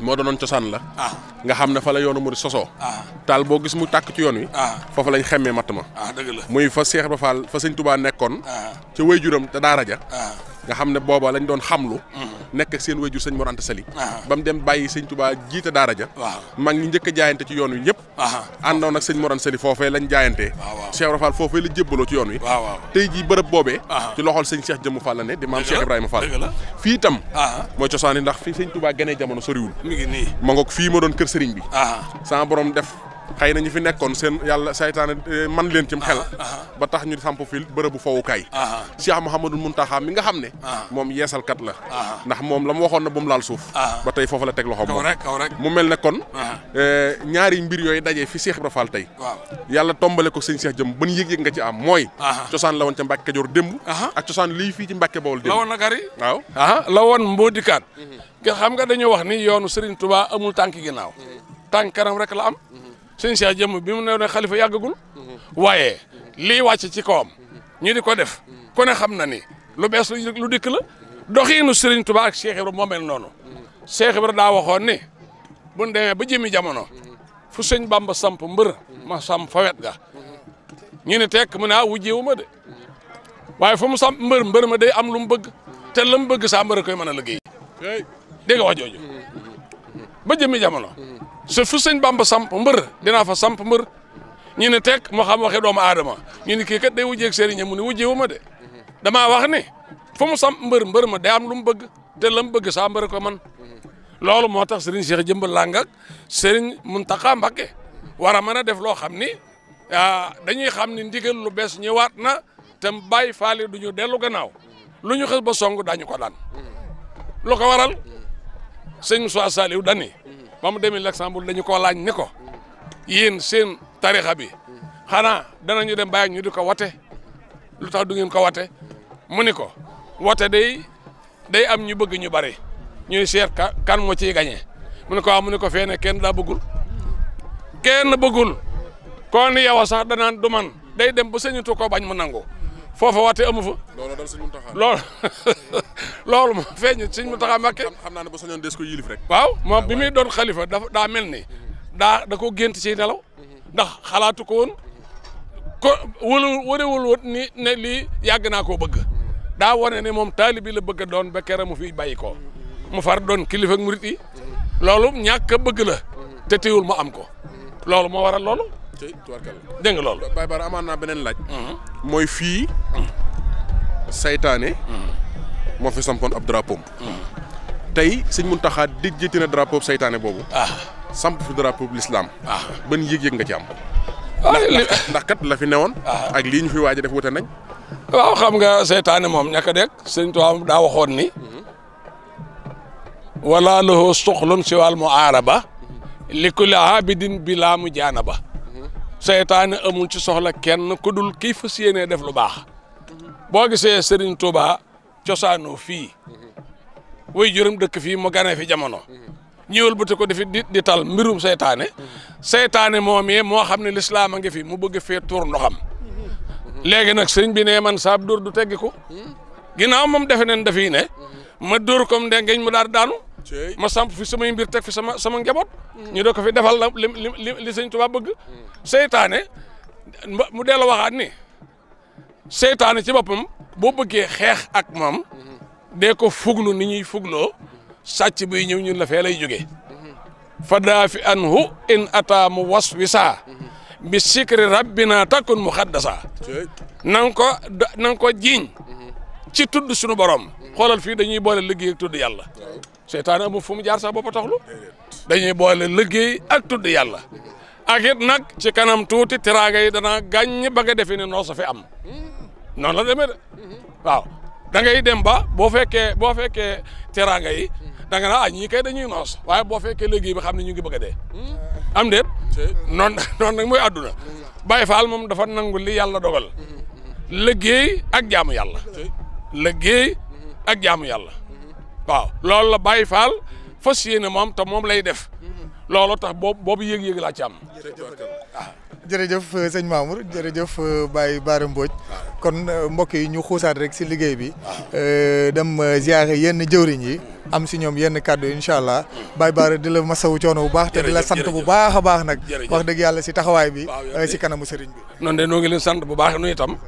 [SPEAKER 1] moo doonoon cosaan la nga xam ne fa la yoonu murid sosoo taal boo gis mu tàkk ci yoon wi foofu lañ xemmee matt ma muy fa Cheikh Ibra fa sëñ Touba nekkoon ca wéy juram te daara ja nga xam ne booba lañ doon xamlu mm-hmm. nekk ak seen wayjur sëñ Mor Anta Sali uh-huh. ba mu dem bàyyi sëñ tubaa jiite daara ja mag ñi njëkk jaayante ci yoon wi ñëpp andoon uh-huh. ak sëñ Mor Anta Sali foofee lañ jaayantee Cheikh Ibra Fall foofee la jébbaloo ci yoon wi tey jii bërëb boobee uh-huh. ci loxol sëñ Cheikh Jëmm Fall la ne di maam Cheikh Ibrahima Fall fii itam mooy cosaan yi ndax fii sëñ Touba gënee jamono soriwul ma ngoog fii ma doon kër sëriñ bi sama borom def xëy na ñu fi nekkoon seen yàlla saytaane eh, man leen cim xel ah, ah, ah. ba tax ñu samp fi bërëbu fowukaay Cheikh Mouhamadul Muntaxa mi nga xam ne moom yeesalkat la ndax moom la mu waxoon na bu laal suuf ba tey foofu la teg loxoom mu mel ne kon eh, ñaari mbir yooyu dajee fi Cheikh Ibra Fall tey yàlla tombale ko sëñ Cheikh jëm ban yëg-yëg nga ci am mooy cosaan la woon ca Mbàkke Kajoor démb ak cosaan lii fii ci
[SPEAKER 3] Mbàkke Bawol démb la woon na gari waaw a la woon mboo dikaat mhm. xam nga dañoo wax ni yoonu Serigne tubaa amul tànk ginnaaw mhm. tànk kanam rek la am mhm. sëñ Cheikh jëmm bi mu ne ne xalifa yàggagul waaye lii wàcc ci kawam ñu di ko def ku xam na ni lu bees lu dikk la doxiinu sëriñ Tuubaa ak Cheikh Ibra moo mel noonu Cheikh Ibra daa waxoon ni bu ñu demee ba jëmi jamono fu sëñ Bamba samp mbër ma samp fa wet ga ñu ne tekk mu ne ah wujjeewu ma de waaye fu mu samp mbër mbër ma day am lu mu bëgg te la bëgg saa mbër koy mën a liggéey dégg nga wax jooju mm-hmm. ba jëmi jamono su fu seigne bamba samp mbeur dina fa samp mbeur ñi ne tek mo xam waxe doom adama ñi ne ki kat day ne wujje wuma de dama wax ne fu mu samp mbeur mbeur ma day am lu mu bëgg te lam bëgg sa mbeur ko man lolu motax serigne Cheikh jëmbal Lang ak serigne muntaka wara mëna def lo xamni ah, dañuy xamni ndigal lu ñi ñëwaat na te bay faali duñu delu gannaaw lu xel ba songu dañu ko daan lu ko waral sëñ Moussa Saliou dani ba mu demee Luxembourg dañu ko laaj ni ko yéen seen tarixa bi xanaa danañu dem bàyyi ñu di ko wate lu tax du ngeen ko wate mu ni ko wate day day am ñu bëgg ñu bari ñuy seet kan moo ciy gañe mu ne ko am mu ne ko fee ne kenn daa bëggul kenn bëggul kon yow sax danaan du man day dem ba sañatu ko bañ mu nangu foofa waatee amu fa.
[SPEAKER 1] loolu daal sëñ Muntaxa loolu
[SPEAKER 3] loolu moom feeñ sëñ Muntaxa Mbàkke. xam naa ne ba soñoon des ko yilif rek. waaw moom bi muy doon xalifa dafa daa mel ni. daa da ko gént ci nelaw. ndax xalaatu ko woon. ko wala warewul woon ni ne lii yàgg naa ko bëgg. daa wane ne moom taalibi la bëgg a doon ba kere mu fi bàyyi ko. mu far doon kilifa ak murit loolu ñàkk bëgg la. te teewul mu am ko. loolu moo waral loolu. dégg
[SPEAKER 1] nga loolu. Baye Bara amaan naa beneen laaj. Mm-hmm. mooy fii. seytaane mm-hmm. moo fi sampoon ab drapeau mm-hmm. tey sëñ taxaat dijjati na drapeau seytaane boobu. Ah. samp fi drapeau l'islam. Ah. ban yëg-yëg nga ci am. Ah,
[SPEAKER 3] ndax kat la fi newoon. ak lii ñu fi waaj a def wute nañ. waaw xam nga seytaane moom ñàkk a dégg sëñ Tuubaa daa waxoon ni. wala si suxlun siwal mu'araba li kulli abidin bi mu jaana ba mhm. seytaane amul ci soxla kenn ku dul kii fas yéenee def lu baax boo gisee sëriñ Touba cosaanoo fii mhm. way juróom dëkk fii mu ganee fi jamono mhm. ñëwal bëti ko di di tal mbirum seytaane seytaane moomee moo xam ne lislaam a ngi fi mu bëgg fee tuur ndoxam léegi nag sëriñ bi ne man saab dóor du teggi ko ginnaaw moom defe nañ dafiy ne ma dóor comme ndengeñ mu daal daanu ma samp fi sama mbir tek fi sama sama njaboot. ñu do ko fi defal li li li bëgg. setané mu delloo waxat ni setané ci bopam bo bëggé xex ak mom dé ko fugnu ni ñuy fugno sacc buy ñew ñun la fé lay fada fi anhu in ata mu waswisa bi sikri rabbina takun mu nang na ko nang ko jiñ ci tuddu suñu borom xolal fi dañuy boole liggéey ak tuddu yalla seytaan amul fu mu jaar sax tox taxlu dañuy boole liggéey ak tudd yàlla ak it nag si kanam tuuti teraanga yi dana gàññ ba nga defe ne noo sa fi am noonu la demee de waaw da ngay dem ba boo fekkee boo fekkee teraanga yi da nga naa ah ñii kay dañuy noos waaye boo fekke liggéey bi xam ne ñu ngi bëgg a dee am déet noonu noonu nag mooy àdduna Baay Faal moom dafa nangu li yàlla dogal liggéey ak jaamu yàlla liggéey ak jaamu yàlla waaw loolu la Baye Fall fas yéene moom te moom lay def loolu tax boobu boobu yég yëg laa ci am
[SPEAKER 2] jërëjëf euh, sëñ Mamour jërëjëf euh, Baye Bara Mbodj kon euh, mbokk yi ñu xuusaat rek si liggéey bi dem ziare yenn jëwriñ yi am si ñoom yenn kàddu incha allah mm. Baye Bara di la masawu coono bu baax te di la sant bu baax a baax nag wax dëgg yàlla si taxawaay bi si kanamu sëriñ bi
[SPEAKER 3] noonu de noo leen sant bu baax nu itam mm.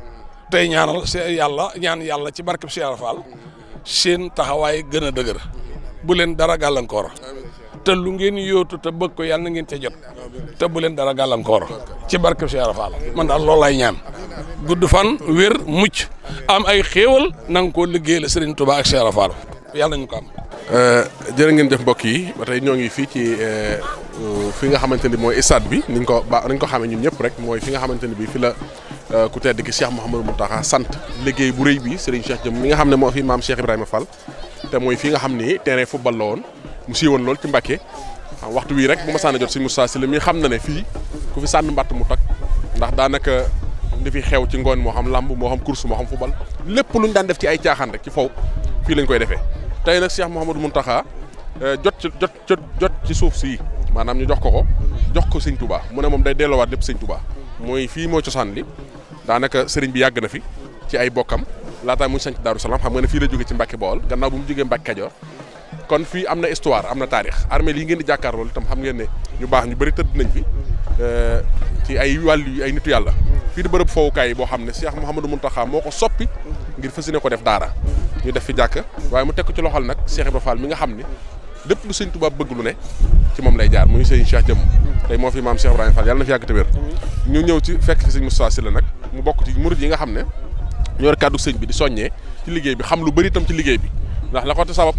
[SPEAKER 3] tey ñaanal yàlla ñaan yàlla ci barkeb Cheikh Fall mm. seen taxawaay gën a dëgër bu leen dara gàllankoor te lu ngeen yóotu te bëgg ko yàlla na ngeen cee jot te bu leen dara gàllankoor ci barke Cheikh Fall man daal loolu lay ñaan gudd fan wér mucc am ay xéewal na koo liggéey la Serigne Touba ak yàlla nañu ko am. Euh, jërë ngeen def mbokk yi ba tey ñoo ngi fii
[SPEAKER 1] ci euh, fi nga xamante ni mooy stade bi niñ ko ba niñ ko xamee ñun ñëpp rek mooy fi nga xamante ni bii fi la. Euh, ku tedd ki Cheikh Mouhamadou Mountakha sant liggéey bu rëy bi Serigne Cheikh Jëm mi nga xam ne moo fi maam Cheikh Ibrahima Fall te mooy fii nga xam ni terrain football la woon mu siiwoon lool ci Mbàkke waxtu wii rek bu ma sànni jot si Moussa Sylla mi xam na ne fii ku fi sànni mbatt mu tak ndax daanaka li fi xew ci ngoon moo xam lamb moo xam course moo xam football lépp lu ñu daan def ci ay caaxaan rek ci faw fii lañ koy defee tey nag Cheikh Mouhamadou Mountakha euh, jot ci jot jot ci suuf si maanaam ñu jox ko ko jox ko sëñ Touba mu ne moom day delloowaat lépp sëñ Touba mooy fii mooy cosaan li daanaka sëriñ bi yàgg na fi ci ay bokkam laataa muy sanc Daaru Salaam xam nga ne fii la jóge ci Mbàkke Bawol gannaaw bu mu jógee Mbàkke Kajoor kon fii am na histoire am na taarix armée lii ngeen di jàkkaar loolu itam xam ngeen ne ñu baax ñu bëri tëdd nañ fi euh, ci ay wàllu ay nitu yàlla fii di bërëb fowukaay yi boo xam ne Cheikh Mouhamadou Mountakha moo ko soppi ngir fas yéene ko def daara ñu def fi jàkk waaye mu tekk ci loxol nag Cheikh Ibra Fall mi nga xam ne lépp lu sëñ Tuubaa bëgg lu ne ci moom lay jaar muy sëñ Cheikh Jëm tey moo fi maam Cheikh Ibrahima Fall yàlla na fi yàgg te ñu ñëw ci fekk ci sëñ mu ne ñoo yor kàddu sëñ bi di soññee liggéey bi xam lu bëri itam ci liggéey bi ndax la ko te sabab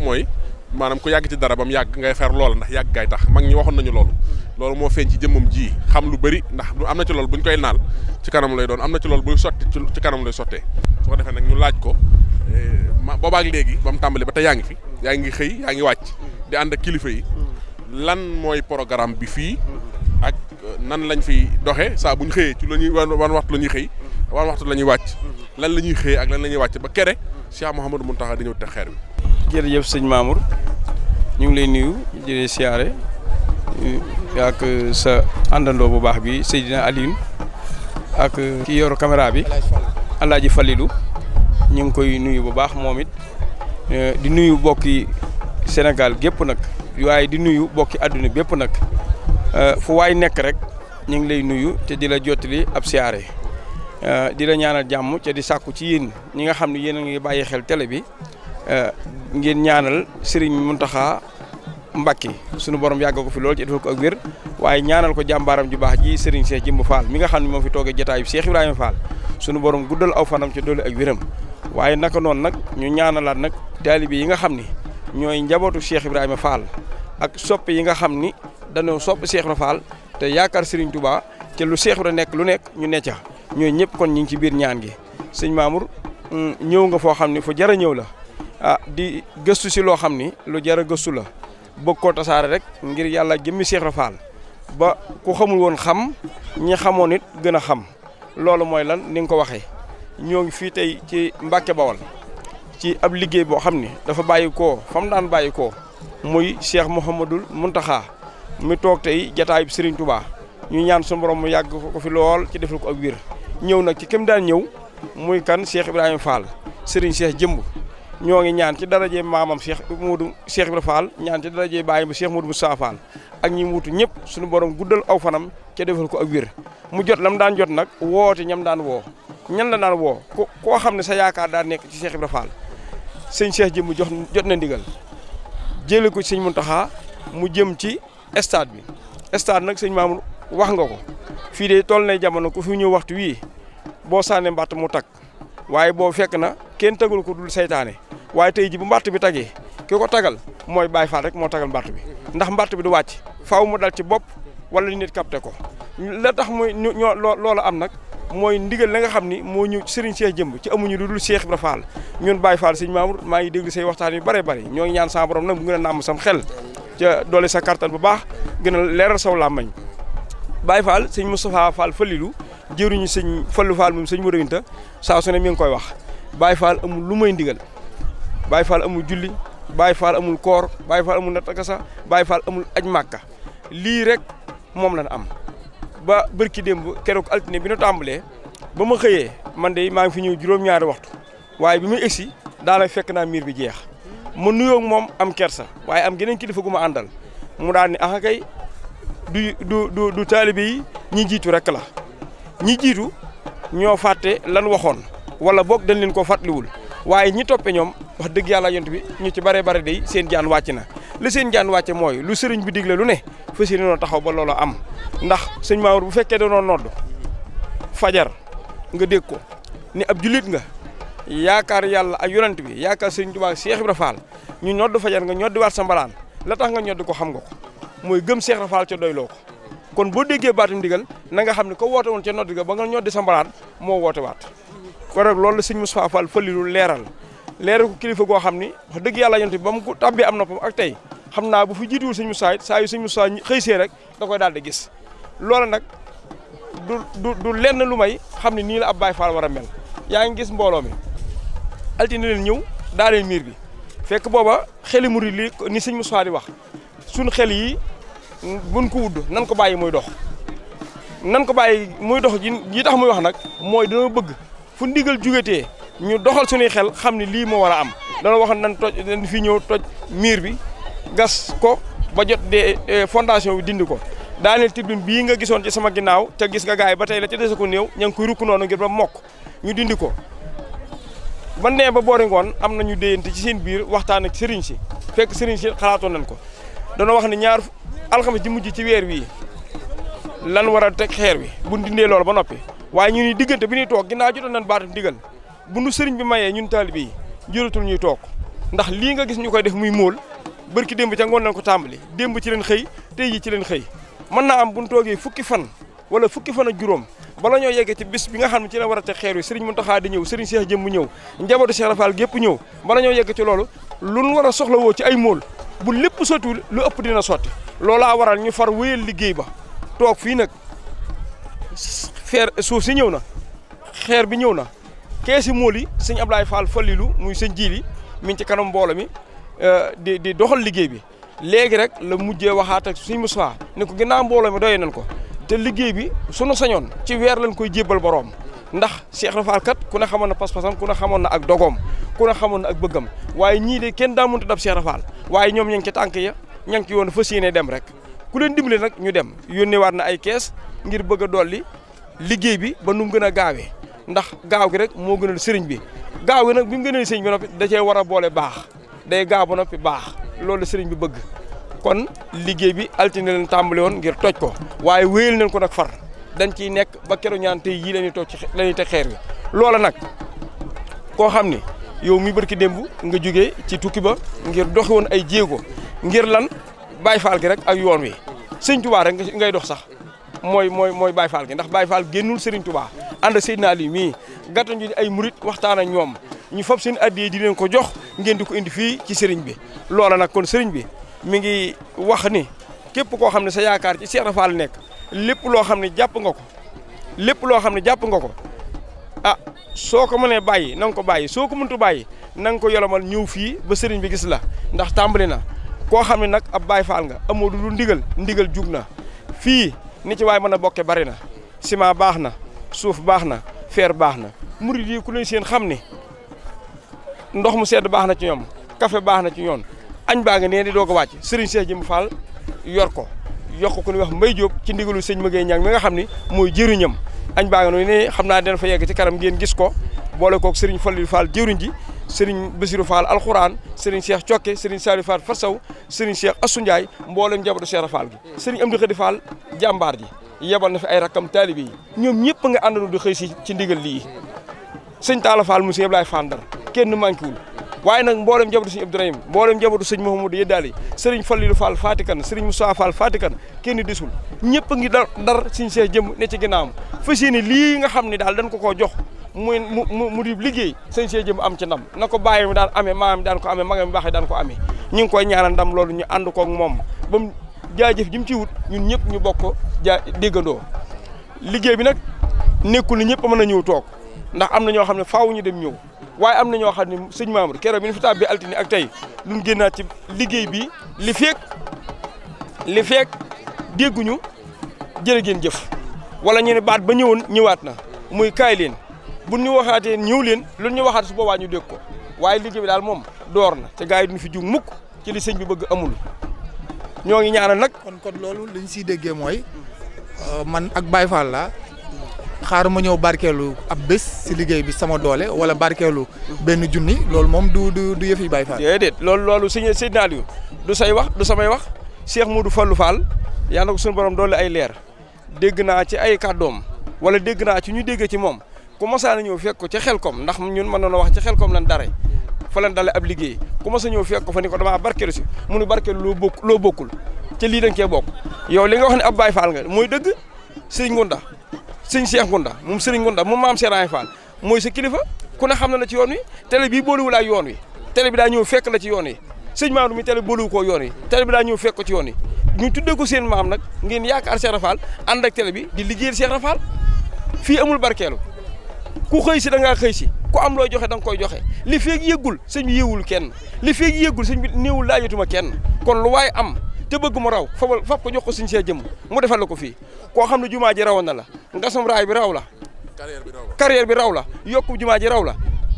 [SPEAKER 1] maanaam ku yàgg ci dara ba mu yàgg ngay fer lool ndax yàgg gaay tax mag ñi waxoon nañu loolu loolu moo feeñ ci jëmmam ji xam lu bëri ndax am na ci loolu buñ koy naal ci kanam lay doon am na ci loolu buy sotti ci kanam lay sottee su ko defee nag ñu laaj ko eh, boobaak léegi ba mu tàmbali ba tey yaa ngi fi yaa ngi xëy yaa ngi wàcc di ànd ak kilifa yi. Hmm. lan mooy programme bi fii. ak euh, nan lañ fi doxe saa bu ñu xëyee ci la ñuy wan waxtu la ñuy xëy. Hmm. wan waxtu la ñuy wàcc. Hmm. lan la ñuy xëyee ak lan la ñuy wàcc ba kere Cheikh Mouhamadou Mountakha di ñëw te xeer bi. jërëjëf sëñ Mamour ñu ngi lay nuyu jërëjëf siyaare
[SPEAKER 4] ak euh, sa àndandoo bu baax bi Seydina Alioune ak euh, ki yor caméra bi Alaaji Falilou ñu ngi koy nuyu bu baax moom it di nuyu bokki Sénégal gépp nag waaye di nuyu bokki àdduna bépp nag euh, fu waay nekk rek ñu ngi lay nuyu te di la jottali ab siyaare euh, di la ñaanal jàmm te di sàkku ci yéen ñi nga xam ne yéen a ngi bàyyi xel télé bi euh, ngeen ñaanal Serigne Mountakha Mbacké sunu borom yàgg ko fi lool ci defal ko ak wér waaye ñaanal ko jàmbaaram ju baax ji Serigne Cheikh Jimbu Fall mi nga fi Cheikh Fall sunu borom guddal aw fanam ci doole ak wéram waaye naka noonu nag ñu ñaanalaat yi nga ni. ñooy njabootu Cheikh Ibrahima Fall ak sopp yi nga xam ni dañoo sopp Cheikh Ibrahima Fall te yaakaar Serigne Touba te lu Cheikh Ibrahima nekk lu nekk ñu ne ca ñooy ñëpp kon ñu ngi ci biir ñaan gi sëñ Mamour mm, ñëw nga foo xam ni fu jar a ñëw la ah di gëstu si loo xam ni lu jar a gëstu la bëgg koo tasaare rek ngir yàlla jëmmi Cheikh Ibrahima Fall ba ku xamul woon xam ñi xamoon it gën a xam loolu mooy lan ni nga ko waxee ñoo ngi fii tey ci Mbacke Bawol ci ab liggéey boo xam ne dafa bàyyi koo fa mu daan bàyyi koo muy Cheikh Mouhamadul Mountakha mi toog tey jataayub Serigne Touba ñu ñaan suñu borom mu yàgg ko fi lool ci defal ko ak wér ñëw nag ci kem daan ñëw muy kan Cheikh Ibrahima Fall Serigne Cheikh jëmb ñoo ngi ñaan ci daraje maamam Cheikh Modou Cheikh Ibrahima Fall ñaan ci daraje baayam Cheikh Modou Moustapha Fall ak ñi wutu ñëpp suñu borom guddal aw fanam ca defal ko ak wér mu jot lam daan jot nag woote ñam daan woo ñan la daan woo ko koo xam ne sa yaakaar daan nekk ci Cheikh Ibrahima Fall sëñ Cheikh Jëmm jox jot na ndigal jëlee ko sëñ mu Muntaxa mu jëm ci stade bi stade nag sëñ Mamour wax nga ko fii de toll na jamono ko fi ñëw waxtu wii boo sànnee mbàtt mu tag waaye boo fekk na kenn tagul ko dul seytaane waaye tey ji bu mbàtt bi tagee ki ko tagal mooy Baay Faal rek moo tagal mbàtt bi ndax mbàtt bi du wàcc faw mu dal ci bopp wala nit capté ko la loola am nag. moy ndigal la nga xamni ni ñu Serigne Cheikh jëm ci amuñu lu dul Cheikh ibrahim Fall ñun Baye Fall serigne Mamour ma ngi déglu say waxtaan yu bare bare ñoy ñaan sa borom nak bu gën a sam xel ci doole sa kartan bu baax gëna a leeral saw làmmañ Baye Fall serigne mustapha Fall fallilu jëruñu serigne Fallu Fall moom serigne Mourowinta saa su ne mi ngi koy wax Baye Fall amul lu may ndigal Baye Fall amul julli Baye Fall amul koor Baye Fall amul natakasa Baye Fall amul ajmaka li rek mom lañ am ba bërki démb keroog altine bi nu tàmbalee ba ma xëyee man de maa ngi fi ñëw juróom-ñaari waxtu waaye bi muy egsi daanaka fekk naa miir bi jeex ma nuyoo moom am kersa waaye am geneen kilifa gu ma àndal mu daal ni ah kay du du du du ñi jiitu rek la ñi jiitu ñoo fàtte lan waxoon wala boog dañ leen ko fàttaliwul. waye ñi topé ñom wax dëgg yalla yent bi ñu ci bare bare day seen jaan wàcc na li seen jaan wàcce moy lu sëriñ bi diglé lu né no taxaw ba loolu am ndax sëriñ maawur bu da no nodd fajar nga dégg ko ni ab julit nga yaakar yalla ay yonent bi yaakar sëriñ tuba Cheikh ibrahim Fall ñu nodd fajar nga ñodd waat sa mbalaan la tax nga ñodd ko xam nga ko moy gëm Cheikh ibrahim Fall ci doyloo ko kon bo déggé batum digal na nga xamni ko woté won ci nodd ga ba nga ñodd sa mbalaan kon nag loolu la sëñ Moustapha Fall fëlilu leeral leeral ko kilifa goo xam ni wax dëgg yàlla yonent bi ba mu ko tàbbee am noppam ak tey xam naa bu fi jiituwul sëñ Moustapha it saa yu sëñ Moustapha xëy see rek da koy daal di gis loolu nag du lenn lu may xam ne nii la ab Baye Fall war a mel yaa ngi gis mbooloo mi altine leen ñëw daaneel miir bi fekk booba xel mu li ni sëñ Moustapha di wax suñ xel yi buñ ko wudd nan ko bàyyi muy dox nan ko bàyyi muy dox ji tax muy wax nag mooy dana bëgg fu ndigal jugatee ñu doxal suñuy xel xam ni lii moo war a am dana waxoon nan toj dañ fi ñëw toj miir bi gas ko ba jot dee eh, fondation bi dindi ko daaneel tibbin bii nga gisoon ci sama ginnaaw te gis nga gaay ba tey la ca dese ko néew ña ngi koy rukk noonu ngir mokk ñu dindi ko ba nee ba boori am nañu déyante ci seen biir waxtaan sëriñ si fekk sëriñ si nañ ko dana wax ne ñaar alxames di mujj ci weer wii lan war a teg xeer wi bu dindee loolu ba noppi waaye ñu ni diggante bi ñuy toog ginnaaw jotoon nañ baatam digal bu nu sëriñ bi mayee ñun taalibe yi jëlatul ñuy toog ndax lii nga gis ñu koy def muy móol bërki démb ca ngoon nañ ko tàmbali démb ci leen xëy tey ji ci leen xëy mën naa am bu ñu toogee fukki fan wala fukki fan ak juróom bala ñoo yegg ci bis bi nga xam ne ci la war a ca xeer wi sëriñ Mountakha di ñëw sëriñ Cheikh Jëmm ñëw njabootu Cheikh Rafal gépp ñëw bala ñoo yegg ci loolu lu ñu war a soxla ci ay móol lépp sottiwul lu ëpp dina sotti loolaa waral ñu far wéyal liggéey ba toog fii nag fer suuf si ñëw na xeer bi ñëw na keesi mool yi Fall Fallilu muy seigne min ci kanam mbolo mi euh, di di doxal liggey bi legi rek la mujjé waxat ak seigne Moussa ne ko ginaam mbolo mi doyenal ko te liggey bi suñu sañon ci wër lañ koy jébbal borom ndax Cheikh Rafal kat ku ne xamone na passam ku ne xamone ak dogom ku ne xamone ak bëggam waye ñi de kenn da mu dab Cheikh Rafal waye ñom ñang ci tank ya ñang ci yoon fasiyene dem rek ku leen dimbali nak ñu dem na ay caisse ngir bëgg doli liggéey bi ba nu mu gën a gaawee ndax gaaw gi rek moo gënal sëriñ bi gaaw gi nag bi mu gënal sëriñ bi noppi da cee war a boole baax day gaaw ba noppi baax loolu sëriñ bi bëgg kon liggéey bi altine leen tàmbali woon ngir toj ko waaye wéyal nañ ko nag far dañ ciy nekk ba keroog ñaan tey yii la ñuy toj la ñuy xeer bi loola nag koo xam ni yow mi barki démb nga jógee ci tukki ba ngir doxi woon ay jéego ngir lan bàyyi faal gi rek ak yoon wi sëñ Tuubaa rek ngay dox sax Moy moy moy Baye Fall gi ndax Baye Fall sering Serigne Touba ànd Seydina ali mi gàttan ji ay murit waxtaan ak ñoom ñu fab seen addiyee di leen ko jox ngeen indi fi ci Serigne bi loola nag kon Serigne bi mi ngi wax ni képp koo xam ne sa yaakaar ci Cheikh Rafal nekk lépp loo xam ne nga ko lépp loo xam ne nga ko ah soo ko mënee bàyyi na nga ko bàyyi soo ko mëntu bàyyi ko yolomal ñëw fii ba Serigne bi gis la ndax tàmbali na koo xam ab Baye Fall nga amoo du ndigal ndigal jug ni ci waay mën a bokke bari na ciment baax na suuf baax na fer baax na murid yi ku leen seen xam ni ndox mu sedd baax na ci ñoom kafe baax na ci ñoom añ baa ngi nee di doog a wàcc Serigne Cheikh Jim Fall yor ko yokk ku ñuy wax Mbay Jóob ci ndigalu sëñ Maguette Niang mi nga xam ni mooy jëriñam añ baa ngi noonu ne xam naa den fa yegg ci kanam ngeen gis ko boole kook sëriñ Fallou Fall jëriñ ji sering Bassirou Fall Al sëriñ Cheikh Cokke sëriñ sering Fall Farsaw sëriñ Cheikh Assou asunjai mboolem njabootu Cheikh Fall gi sëriñ kadi fal Fall jàmbaar ji yebal na fi ay rakkam taalibe yi ñoom ñëpp nga àndandoo di xëy si ci ndigal lii sëñ Talla Fall mu sëñ Fandar kenn manquéwul waaye nag mboolem njabootu sëñ Abdourahim mboolem njabootu sëñ sering fal sëriñ Fallilou Fatikan sering Moussa Fall Fatikan kenn desul ñëpp ngi dar dar sinsia Cheikh jëm ne ci ginnaawam ngaham yéene lii nga xam muy mu mu mu di liggéey sëñ see jëm am ci ndam na ko bàyyi mi daan amee maam mi daan ko amee magam mi baaxee daan ko amee ñu ngi koy ñaanal ndam loolu ñu ànd koog moom ba mu jaajëf ji mu ci wut ñun ñëpp ñu bokk ja déggandoo liggéey bi nag nekkul ni ñëpp mën na ñëw toog ndax am na ñoo xam ne faaw ñu dem ñëw waaye am na ñoo xam ne sëñ Mamour keroog bi ñu fi bi altine ak tey luñ génnaat ci liggéey bi li feek li feek jëf wala ñu ne baat ba ñëwoon ñëwaat na muy kaay buñu ñu ñew leen luñu ñu waxaat su boba ñu dekk ko waye liggéey bi dal mom door na te gaay duñ fi juk mukk ci li señ bi bëgg amul ñoo ngi ñaanal kon kon
[SPEAKER 2] loolu liñ ci déggé moy euh, man ak Baye Fall la xaar ma ñëw barkeelu ab bës ci liggéey bi sama doole wala barkeelu benn jumni loolu mom du du du yëf yi Baye Fall.
[SPEAKER 4] déedéet loolu loolu señ dosa naal yu du say wax du samay wax Cheikh Modou Fallou Fall yalla ko suñu borom doole ay leer dégg naa ci ay kàddoom wala dégg naa ci ñu mom. ci moom. ku mosaan a ñëw fekk ko ca xelkom ndax ñun mën na wax ca xelkom lan dare fa lan dale ab liggéey ku mos a ñëw fekk ko fa ni ko damaa barkeelu si mu nu barkeelu loo bokk loo bokkul ca lii da nga bokk yow li nga wax ne ab Baay Faal nga mooy dëgg sëñ Ngunda sëñ Cheikh Ngunda moom sëriñ Ngunda moom maam Serigne Fall mooy si kilifa ku ne xam na la ci yoon wi tele bi booliwul ak yoon wi tele bi daa ñëw fekk la ci yoon wi sëñ Maodo mi tele booliwu koo yoon wi télé bi daa ñëw fekk ko yoon wi ñu tuddee ko seen maam nag ngeen yaakaar Cheikh Rafal ànd ak télé bi di liggéeyal Cheikh Rafal fii amul barkeelu ku xëy si da ngaa xëy si ku am looy joxe da nga koy joxe li feeg yëggul sëñ bi kenn li feeg yëggul sëñ bi néewul laajatuma kenn kon lu waaye am te bëgg mu raw fabal fab ko jox ko sëñ see jëm mu defal la ko fii koo xam ne jumaa ji rawoon na la ngasum raay bi raw la carrière bi raw la yokku jumaa ji raw la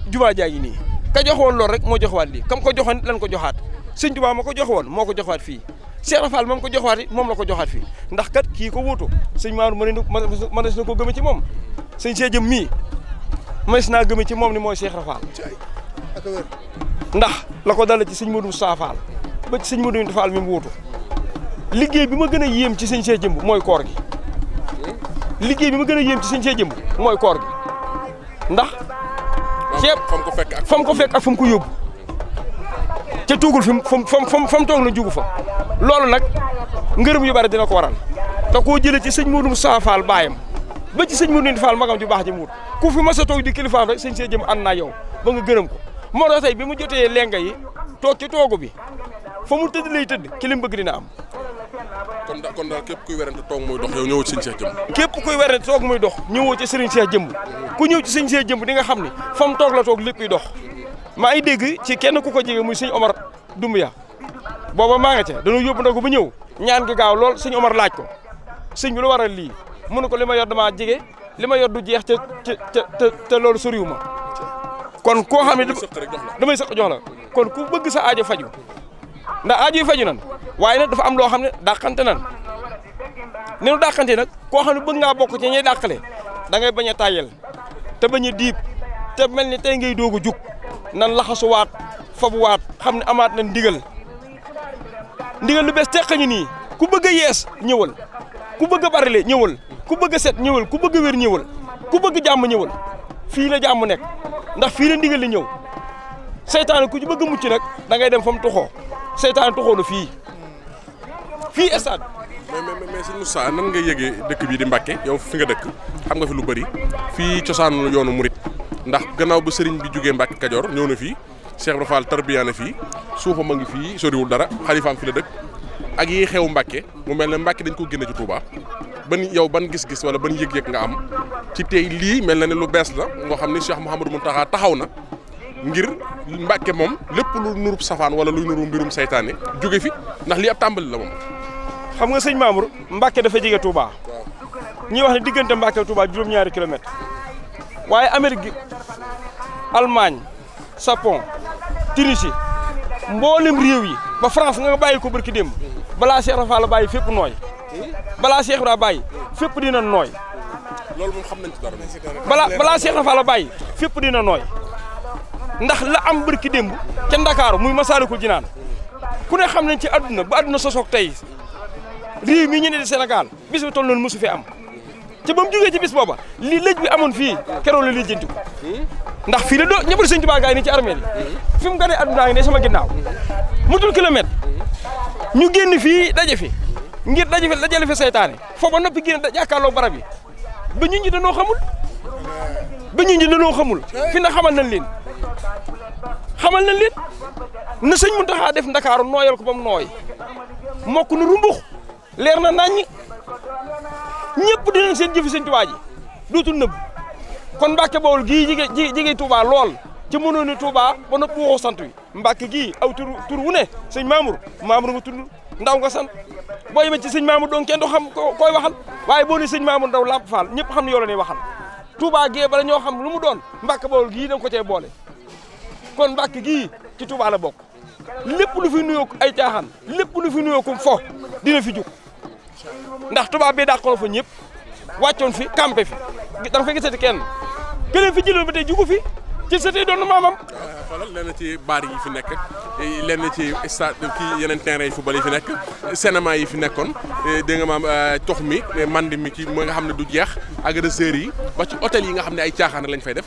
[SPEAKER 4] jumaa jaa ngi nii ka joxoon loolu rek moo joxwaat lii kam ko joxoon lan ko joxaat sëñ Tuubaa ma ko woon moo ko joxwaat fii Cheikh Rafal moom ko joxwaat it moom la ko joxaat fii ndax kat kii ko wuutu sëñ Maaru mën na ko gëme ci moom sëñ see jëm mii mais naa gëme ci moom ni mooy Cheikh Rafaal ndax la ko dala ci sëñ Modou Saafaal ba ci sëñ Modou Faal mi mu wutu liggéey bi ma gën a yéem ci sëñ see jëmb mooy koor gi liggéey bi ma gën a yéem ci sëñ see jëmb mooy koor gi ndax ceeb fa mu ko fekk ak fa mu ko yóbbu ca tuugul fi mu fa mu toog la jugu fa loolu nag ngërëm yu bari dina ko waral te koo jëlee ci sëñ Modou Saafaal baayam ba ci sëñ Mouride Fall magam ju baax ji mu wut ku fi mas a toog di kilifaam rek sëñ see jëm ànd naa yow ba nga gërëm ko moo tax tey bi mu jotee lenga yi toog ci toogu bi fa mu tëdd lay tëdd ki lim bëgg dina am.
[SPEAKER 1] kon da kon daal képp kuy werante toog muy dox yow ñëwoo ci sëñ Cheikh Jëmb.
[SPEAKER 4] képp kuy werante toog muy dox ñëwoo ci sëriñ Cheikh Jëmb ku ñëw ci sëñ Cheikh Jëmb di nga xam ni fa mu toog la toog lépp dox maa ngi dégg ci kenn ku ko jege muy sëñ Omar Dumbuya booba maa nga ca yóbbu ndogu ba ñëw ñaan gi gaaw lool sëñ Omar laaj ko sëñ bi lu lii mënu ko lima yor dama jigé lima yor du jeex ca ca ca ca loolu soriwu ma kon ko xamni ne damay sëq jox la kon ku bëgg sa aajo faju nda aajo faju nan waye nak dafa am lo xamni ne nan ni nu dàqante nak ko xamni bëgg nga bokku ci ñuy dàqale da ngay baña tayel te baña diip te mel ni tey ngay doog a jug nan laxasuwaat fabuwaat xam xamni amaat na ndigal ndigal lu bes teq ñu ku bëgg yes ñewal ku bëgg a barile ku bëgg sét set ku bëgg wër ñëwul ku bëgg jamm ñëwul fi la jamm nek ndax fi la ndigal li ñëw seytaane ku ci bëgg
[SPEAKER 1] mucc nak da ngay dem fam tuxo setan tuxo tuxoo na fi fii stade mais mais mais sëñ Moussa nan nga yëgé dëkk bi di yow fi nga dëkk xam nga fi lu bëri fii cosaanu yoonu murit ndax gannaaw bu sëriñ bi jógee Mbacke kadior ñëw na fi Cheikh rafal tarbiya na fi suufa ma ngi sori soriwul dara am fi la dëkk ak yi xew Mbàkke mu mel ne Mbàkke dañ ko génne ci Touba ban yow ban gis-gis wala ban yëg-yëg nga am ci tey lii mel na ne lu bees la nga xam ne Cheikh Mouhamadou taxaa taxaw na ngir Mbàkke moom lépp lu nurub safaan wala luy nuru mbirum seytaane jóge fi ndax lii ab tàmbali la moom. xam nga
[SPEAKER 4] sëñ Mamour Mbàkke dafa jege Touba. ñuy wax ne diggante Mbàkke Touba juróom-ñaari kilomètre waaye Amérique almaañ sapon Japon Tunisie mboolem réew yi ba France bàyyi ko barki démb balaa Cheikh Rafa la bàyyi fépp nooy balaa Cheikh Ibrahima bàyyi fépp dina nooy.
[SPEAKER 1] loolu xam nañ ci dara. balaa
[SPEAKER 4] balaa Cheikh Rafa la bàyyi fépp dina nooy ndax la am bërki démb ca Ndakaaru muy Masaalikul Jinaan ku ne xam nañ ci àdduna ba àdduna sosoog tey réew mi ñu ne di Sénégal bis bi toll noonu am. ca ba mu jógee ci bis booba li bi amoon fii keroog la ndax fii la doo ñëpp sëñ Tuubaa ci armée yi fi mu gane addunaa ngi sama ginnaaw mutul kilomètre ñu génn fii daje fi ngir daje fi dajale fi seytaane foo ba noppi génn jàkkaarloo barab yi ba ñu ñi danoo xamul ba ñu ñi danoo fi na xamal nañ leen xamal nañ leen na sëñ Muntaxa def ndakaaru nooyal ko ba mu nooy mokk nu rumbux leer na naññi ñëpp dinañ seen jëfi sëñ Tuubaa ji dootul nëbb kon Mbàkke Bawol gii jige jige Tuubaa lool ci mënoo ni Tuubaa ba nopp waxoo sant wi gii aw tur tur wu sëñ Mamour Mamour nga tudd ndaw nga sant boo ci sëñ Mamour doon kenn du xam koy waxal waaye boo ne sëñ Mamour ndaw Lamp Fall ñëpp xam ne yow la waxal Tuubaa gee bala ñoo xam lu mu doon Mbàkke Bawol gii da ko cee boole kon Mbàkke gii ci Tuubaa la bok lépp lu fi nuyoo ay caaxaan lépp lu fi nuyoo ko fo dina fi jug ndax tubaab bi dàqoon fa ñëpp wàccoon fi campé fi da nga fay kenn keneen fi jëloon ba tey jugu fi
[SPEAKER 1] ci sëti doon maamam. xoolal lenn ci baar yi fi nekk lenn ci stade kii yeneen terrain yi yi fi nekk cinéma yi fi nekkoon dégg nga maam euh, tox mi mandi mi ki mooy nga xam ne du jeex agresseurs yi ba ci hôtel yi nga xam ne ay caaxaan lañ fay def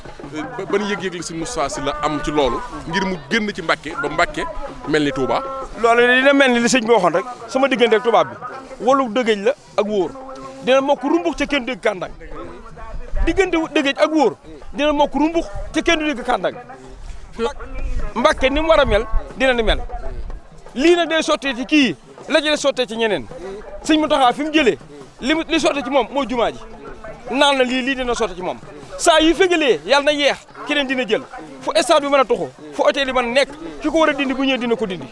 [SPEAKER 1] ban yëg-yëg la si Moustapha si la am ci loolu ngir mu génn ci Mbàkke ba Mbàkke mel ni Touba. loolu dina mel ni li sëñ bi waxoon rek sama diggante ak tubaab bi walu
[SPEAKER 4] dëgëj la ak wóor dina mokk rumbux ca kenn dégg kàndang diggante dëgëj ak wóor dina mokk rumbux ca kenn dégg kàndang mbàkke ni mu war a mel dina ni mel lii nag day sottee ci kii la jëlee sottee ci ñeneen sëñ mu taxaa fi mu jëlee li li sottee ci moom mooy jumaa ji naan na lii lii dina sottee ci moom saa yi fégalee yàlla na yeex keneen dina jël fu stade bi mën a tuxu fu hôtel yi mën a nekk ki ko war a dindi bu ñëwee dina ko dindi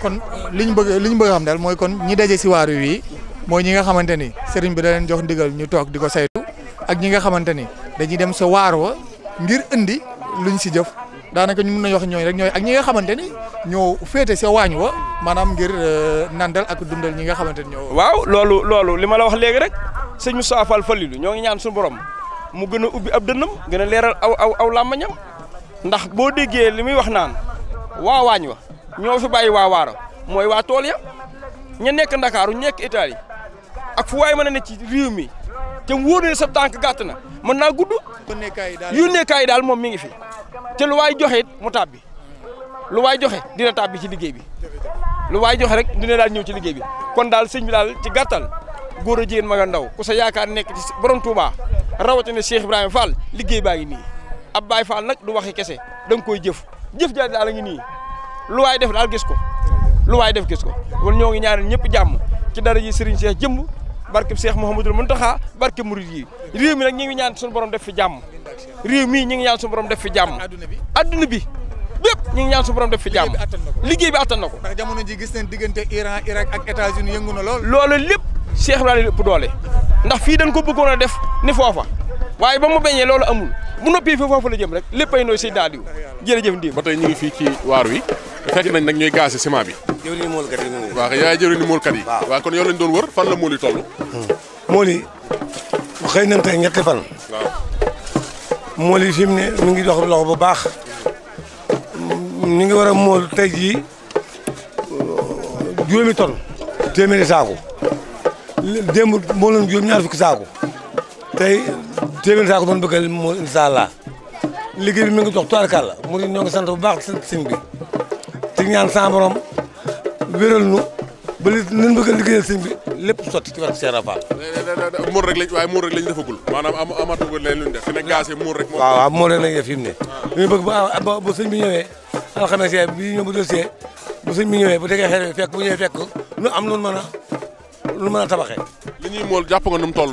[SPEAKER 2] kon liñ bëgg liñ bëgg xam dal moy kon ñi dajé ci waru wi moy ñi nga xamanteni sëriñ bi da leen jox ndigal ñu tok di saytu ak ñi nga xamanteni dañuy dem sa waro ngir indi luñ ci jëf daanaka ñu mëna wax ñoy rek ñoy ak ñi nga xamanteni ñoo féete sa wa manam ngir euh, nandal ak dundal ñi nga xamanteni ni ñoo.
[SPEAKER 4] waaw loolu loolu lima la wax légui rek sëriñ Moustapha Fall Fallilu ñoo ngi ñaan suñu borom mu gëna a ubbi ab dënnam gëna léral aw aw aw làmmañam ndax bo déggé limi wax naan wa wañu ñoo fi bàyyi waa waaro mooy waa tool ya ña nekk ndakaaru ñu nekk Italie ak fu waay mën a ne ci réew mi te wóor na sa tànk gàtt na mën naa gudd. yónneekaay yi daal moom mi ngi fi te lu waay joxe it mu tàbbi lu waay joxe dina tàbbi ci liggéey bi lu waay joxe rek dina daal ñëw ci liggéey bi kon daal sëñ bi daal ci gàttal góor a jigéen mag ndaw ku sa yaakaar nekk ci borom Touba rawatina Cheikh Ibrahima Fall liggéey baa ngi nii ab baay Fall nag du waxi kese da koy jëf jëf jaay daal a ngi nii. lu waay def daal gis ko lu waay def gis ko kon ñoo ngi ñaanal ñëpp jàmm ci dara ji Serigne Cheikh jëmm barkeb Cheikh Mouhamadul Mountakha barkeb murid yi réew mi nag ñu ngi ñaan suñu borom def fi jàmm réew mii ñu ngi ñaan suñu borom def fi jàmm adduna bi bépp ñu ngi ñaan borom def fi jàmm liggéey bi attan ko ndax
[SPEAKER 2] jamono ji gis nañ diggante Iran Irak ak États-Unis yëngu na lool
[SPEAKER 4] loolu lépp Cheikh Ibrahima ëpp doole ndax fii dañ ko bëggoon a def ni foofa waaye ba mu beñee loolu amul mu noppi fi foofu la jëm rek léppay nooy Seydina Aliou jërëjëf Ndié. ba tey ñu ngi fii ci
[SPEAKER 1] waar wi fekk nañ nag ñooy gaase ciment bi. jëwriñu moolkat yi moom. waaw yaay jëwriñu moolkat yi. waaw kon yow lañ la mool yi toll. Hmm. mool yi xëy nañ tey ñetti fan. waaw
[SPEAKER 5] mu ngi dox loxo bu baax ni nga war a mool tey jii juróomi tonne téeméeri saako démb mooloon juróom ñaar fukki saako. tey téeméer saa ko doon bëggal moo incha liggéey mi ngi dox tubaarkàlla mu ngi ñoo ngi sant bu baax si sëñ bi ñaan sa borom wéral nu ba li ñu bëgg a liggéeyal
[SPEAKER 1] bi lépp sotti ci wàllu Cheikh Rafa. muur rek waaye muur lañ defagul maanaam am amatul leen luñ def fi ne gaz yi muur rek.
[SPEAKER 5] waaw waaw muur rek lañ def fi mu ne.
[SPEAKER 1] dañu bi ñëwee alxames
[SPEAKER 5] yi bi ñëw bu bu sëñ bi ñëwee bu déggee xel fekk am lu mën a
[SPEAKER 1] lu mën tabaxee. li ñuy mool jàpp nga nu mu toll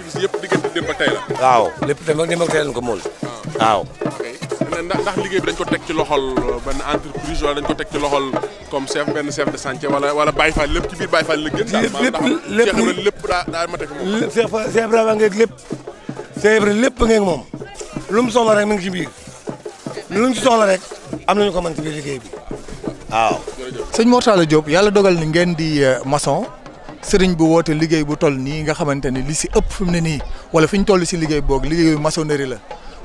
[SPEAKER 1] lépp démb tey la.
[SPEAKER 5] waaw lépp démb ak tey ko mool. Ah.
[SPEAKER 1] ci loxol euh, benn entreprise wala dañ ko teg ci loxol comme chef benn chef de chantier wala la gën. lépp lépp lépp daa daa mate ko moom. lépp
[SPEAKER 5] Cheikh Ibrahima ngeeg lépp. lu mu soxla rek mi ngi ci biir. lu mu soxla rek am nañu ko mën ci biir liggéey bi
[SPEAKER 2] waaw. sëñ Mor Talla Diop yàlla dogal ni ngeen di euh, maçon. sering bu wote liggéey bu toll ni nga xamanteni ni li ci ëpp fu ne wala fi ñu toll si liggéey boog liggéeyu maçonnerie la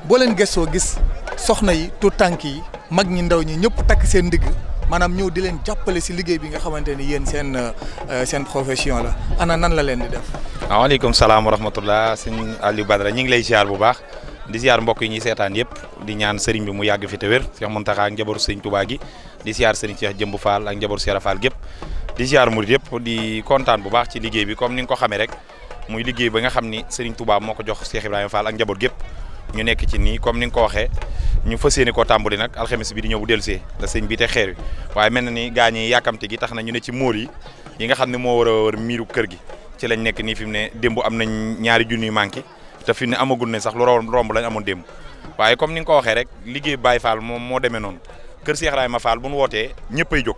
[SPEAKER 2] bo leen gesso gis soxna yi tu tanki mag ñi ndaw ñi ñëpp tak seen ndigg manam ñëw di leen jappalé ci liggéey bi nga xamanteni ni seen euh, seen profession la ana nan la leen di def.
[SPEAKER 6] alaykum salaam wa rahmatullah seigne ali badra ñu ngi lay ziar bu baax di ziar mbokk yi ñi sétan yépp di ñaan serigne bi mu yagg fi te wér Cheikh Mountakha ak njaboru serigne Touba gi di ziar serigne Cheikh Jëmbu Fall ak Cheikh rafal gep di ziar murid yëpp di kontaan bu baax ci liggéey bi comme ni nga ko xamee rek muy liggéey ba nga xam ni Serigne tubaab moo ko jox Cheikh Ibrahima faal ak njaboot ñu nekk ci nii comme ni nga ko waxee ñu fas yéene koo tàmbali nag alxames bi di ñëw bu dellusee sëñ bi te xeer wi waaye na ni gaa ñi yàkkamte gi tax na ne ci móor yi yi nga xam ne moo war a wër miiru kër gi ci lañ nekk nii fi mu ne démb am nañ ñaari junniy manqué te fi mu ne amagul sax lu romb lañ amoon démb waaye comme ni nga ko waxee rek liggéey Baye Fall moom moo demee noonu kër Cheikh Ibrahima Fall bu nu wootee ñëppay jóg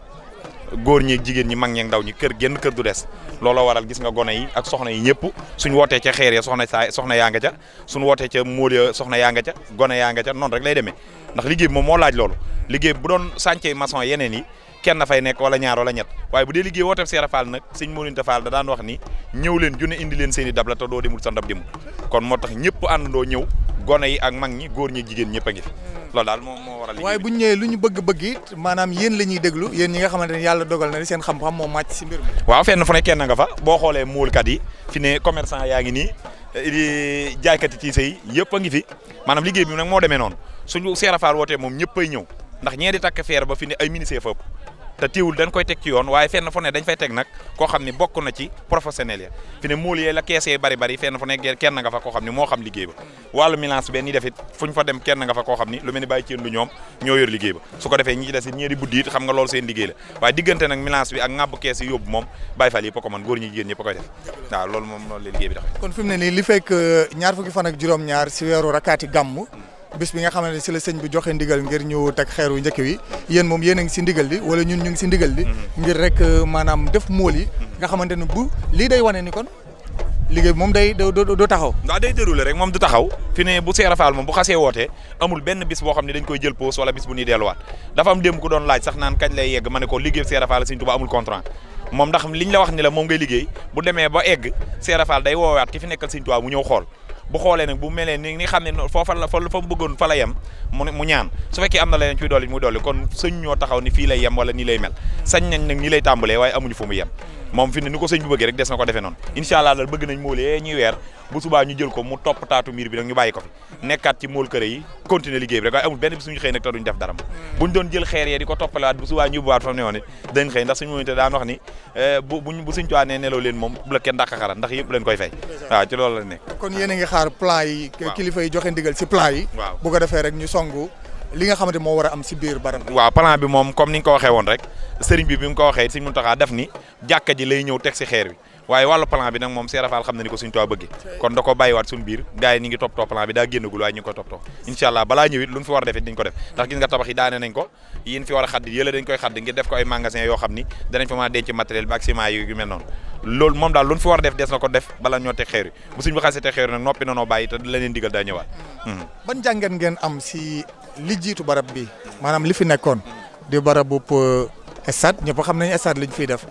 [SPEAKER 6] góor ñeeg jigéen ñi mag ñeeg ndaw ñi kër genn kër du des looloo waral gis nga gone yi ak soxna yi ñëpp suñ wootee ca xeer ya soxna saa soxna yaa nga ca suñ wootee ca móol ya soxna yaa nga ca gone yaa nga ca noonu rek lay demee ndax liggéey moom moo laaj loolu liggéey bu doon sànce maçon yeneen yi kenn fay nekk wala ñaar wala ñett waaye bu dee liggéey wooteb Seera Fall nag suñ Molinta Fall da daan wax ni ñëw leen junne indi leen seeni i dab la te doo demul sa ndab moo tax ñëpp àndandoo ñëw gone yi ak mag ñi góor ñi jigéen ñëpp a ngi fi hmm. loolu daal moo moo waral
[SPEAKER 2] waaye bu ñu ñëwee lu ñu bëgg bëgg it maanaam yéen la ñuy déglu yéen ñi nga xamante ne yàlla dogal na ni seen xam-xam moo màcc si mbir mi
[SPEAKER 6] waaw fenn fu ne kenn nga fa boo xoolee muulkat yi fi ne commerçant yaa ngi nii di jaaykat yi yëpp a ngi fi maanaam liggéey bi nag moo demee noonu suñu seerafaal wootee moom ñëpp ay ñëw ndax ñee di takk feer ba fi ne ay ministère fa te teewul dañ koy teg ci yoon waaye fenn fu ne dañ fay teg nag koo xam ne bokk na ci professionnel ya fi ne mool yee la kees bari bari fenn fu kenn nga fa koo xam ne moo xam liggéey ba su ko defee ñi ci des it ñeeri buddi it xam nga loolu seen liggéey la waaye diggante nag milance bi ak ŋàbb kees yi yóbbu moom bàyyi fal yëpp ko man góor ñi jigéen ñëpp koy def waaw loolu moom loolu la liggéey bi tax
[SPEAKER 2] kon fi ne nii li fekk euh, ñaar fukki fan ak juróom-ñaar si bis bi nga xamante ne si la señ bi joxe ndigal ngir ñu teg xeeru njëkk wi yéen moom yéen ngi si ndigal li wala ñun ñu ngi si ndigal li mhm. ngir rek euh, maanaam def mool yi nga xamante ne bu lii day wane ni kon liggéey bi moom day du taxaw ndax day déroulé rek moom taxaw
[SPEAKER 6] fi ne bu Seera Faal moom bu xasee wootee amul benn bis boo xam ne dañ koy jël pause wala bis bu ñuy delluwaat am démb ku doon laaj sax naan kañ lay yegg ma ne ko liggéey Seera Faal Sëñ Tuubaa amul contrat moom ndax liñ la wax ni la moom ngay liggéey bu demee ba egg Seera Faal day woowaat ki fi nekkal Sëñ Tuubaa mu ñëw xool bu xolé nak bu melé ni ni xam ne foofa la fa bëggoon fa la yam mu ñaan su fekké amna la ñu ci doli mu doli kon sëñ ñoo taxaw ni fi lay yam wala ni lay mel sañ nañ nak ni lay tambalé waaye amuñu fu mu yam moom fi ne ni ko sëñ bu bëggee rek des na ko defee noonu incha allah dal bëgg nañ mool yee ñuy weer bu subaa ñu jël ko mu topp taatu miir bi nag ñu bàyyi ko fi nekkaat ci mool kër yi continuer liggéey dara buñ doon jël ko toppalewaat bu subaa ñu buwaat fam ne woon it dañ xëy ndax suñu moom te daan wax ni eh, bu buñ bu ne nelaw leen moom bu la kenn dàq xaral ndax yëpp leen koy fay waaw ci loolu la nekk
[SPEAKER 2] kon yéen a ngi xaar plan yi kilifa yi joxe ndigal ci plan yi bu ko defee rek ñu songu li nga xamante moo war a am si biir baram
[SPEAKER 6] waaw plan bi moom comme ni nga ko waxee woon rek sëriñ bi bi nga ko waxee sëriñ Mountakha def ni jàkka ji lay ñëw teg si xeer bi waye walu plan bi nak mom cheikh rafal xamna ni ko seigne too beugé kon dako ko wat sun bir gaay ni ngi top top plan bi daa génnagul way ñu ko top top inshallah bala ñewit luñ fi war defé defit dañ ko def ndax gis nga tabax yi daane nañ ko yéen fi wara xaddi dañ koy xaddi ngir def ko ay magasin yo xamni dañ fa ma denc matériel bi ak ciment yu mel non lool mom dal luñ fi war def des nako def bala ñoo teg xeer bu seigne bu xasee teg xeer yi nag noppi nanoo bàyyi te la leen digal da ñewal hmm.
[SPEAKER 2] ban jangene ngeen am ci li jitu barab bi manam li fi nekkoon di barabu bu euh, stade ñepp xamnañ nañ liñ fi def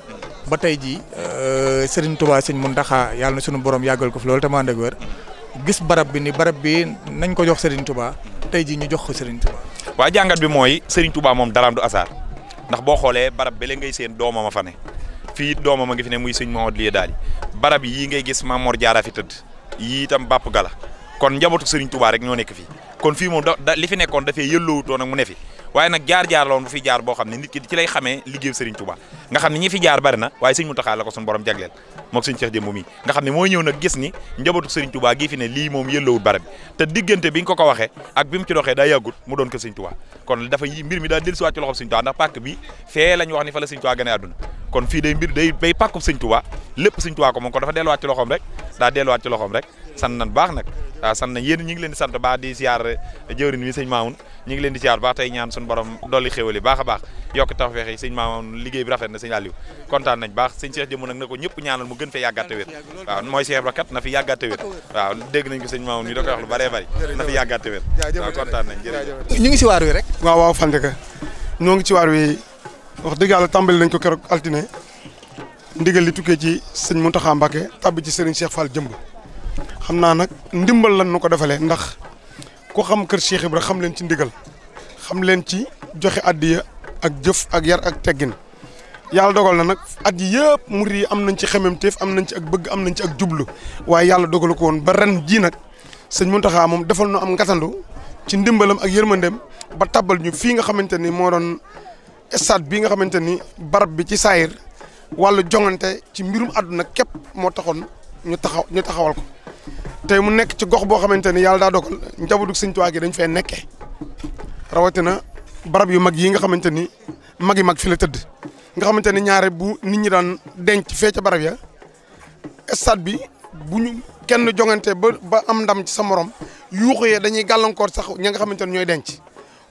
[SPEAKER 2] ba tey jii euh, Serigne Touba Serigne Mountakha yàlla na sunu borom yàggal ko fi loolu tamit ànd ak wér gis barab bi ni barab bi nañ ko jox Serigne tubaa tey jii ñu jox ko Serigne
[SPEAKER 6] waa jàngat bi mooy Serigne tubaa moom daraam du asaar ndax boo xoolee barab ba ngay seen doomam a fa ne fii doomam a ngi fi ne muy sëñ Maodo Lié daal barab yii ngay gis Mamor Diarra fi tëdd yii itam bàpp gala kon njabootu Serigne Touba rek ñoo nekk fii kon fii moom da li fi nekkoon dafay yëlloowutoon ak mu ne fi waaye nag jaar-jaar la woon bu fi jaar boo xam ne nit ki ci lay xamee liggéeyu Serigne Touba nga xam ne ñi fi jaar bari na waaye Serigne Mountakha la ko suñu borom jagleel mook Serigne Cheikh Jëmb ni njabootu Serigne Touba gii fi ne lii moom yëllawul barab bi te diggante bi ñu ko ko waxee ak bi mu ci doxee daa yàggut mu doon ko Serigne Touba kon dafa mbir mi daa dellusiwaat ci loxob Serigne Touba ndax pàkk bi fee wax ni fa la Serigne Touba gën a àdduna kon fii day mbir day bay pàkkub Serigne Touba lépp ko moom ko dafa delluwaat ci loxoom daa delluwaat ci loxoom rek sant nañ baax nag waaw sant nañ yéen ñi ngi leen di sant baax di siyaar jëwrin wi sëñ Maamun ñi ngi leen di siyaar baax tey ñaan suñu borom dolli xéwal yi baax a baax yokk tawfeex yi sëñ Maamun liggéey bi rafet na sëñ Aliou kontaan nañ baax sëñ Cheikh jëmu nag na ko ñëpp ñaanal mu gën fee yàggaate wér waaw mooy Cheikh kat na fi yàggaate wér waaw dégg nañ ko sëñ Maamun mi da koy wax lu bëree bëri na fi yàggaate wér waaw kontaan nañ
[SPEAKER 2] jërëjëf
[SPEAKER 7] ñu dëgg yàlla tàmbali nañ ko ndigal li tukkee ci sëñ Mountakha Mbacké tàbbi ci sëriñ Cheikh Fall jëmb xam naa nag ndimbal lan nu ko defalee ndax ku xam kër Cheikh rek xam leen ci ndigal xam leen ci joxe addiya ak jëf ak yar ak teggin yàlla dogal na nag at yi yëpp murid yi am nañ ci xememteef am nañ ci ak bëgg am nañ ci ak jublu waaye yàlla dogalu ko woon ba ren jii nag sëñ Mountakha moom defal nu am ngatandu ci ndimbalam ak yërmandeem ba tabbal ñu fii nga xamante ni moo doon stade bi nga xamante ni barab bi ci saayir walu jongante ci mbirum aduna képp mo taxone ñu taxaw ñu taxawal ko tey mu nekk ci gox bo xamanteni yalla da dogal njabuduk seigne touba gi dañ fee nekkee rawatina barab yu mag yi nga xamanteni mag yi mag fi la teud nga xamanteni ñaare bu nit ñi daan denc ci fecc barab ya stade bi bu ñu kenn jongante ba am ndam ci sa morom yu xoyé ya dañuy galankor sax ña nga xamanteni ñoy denc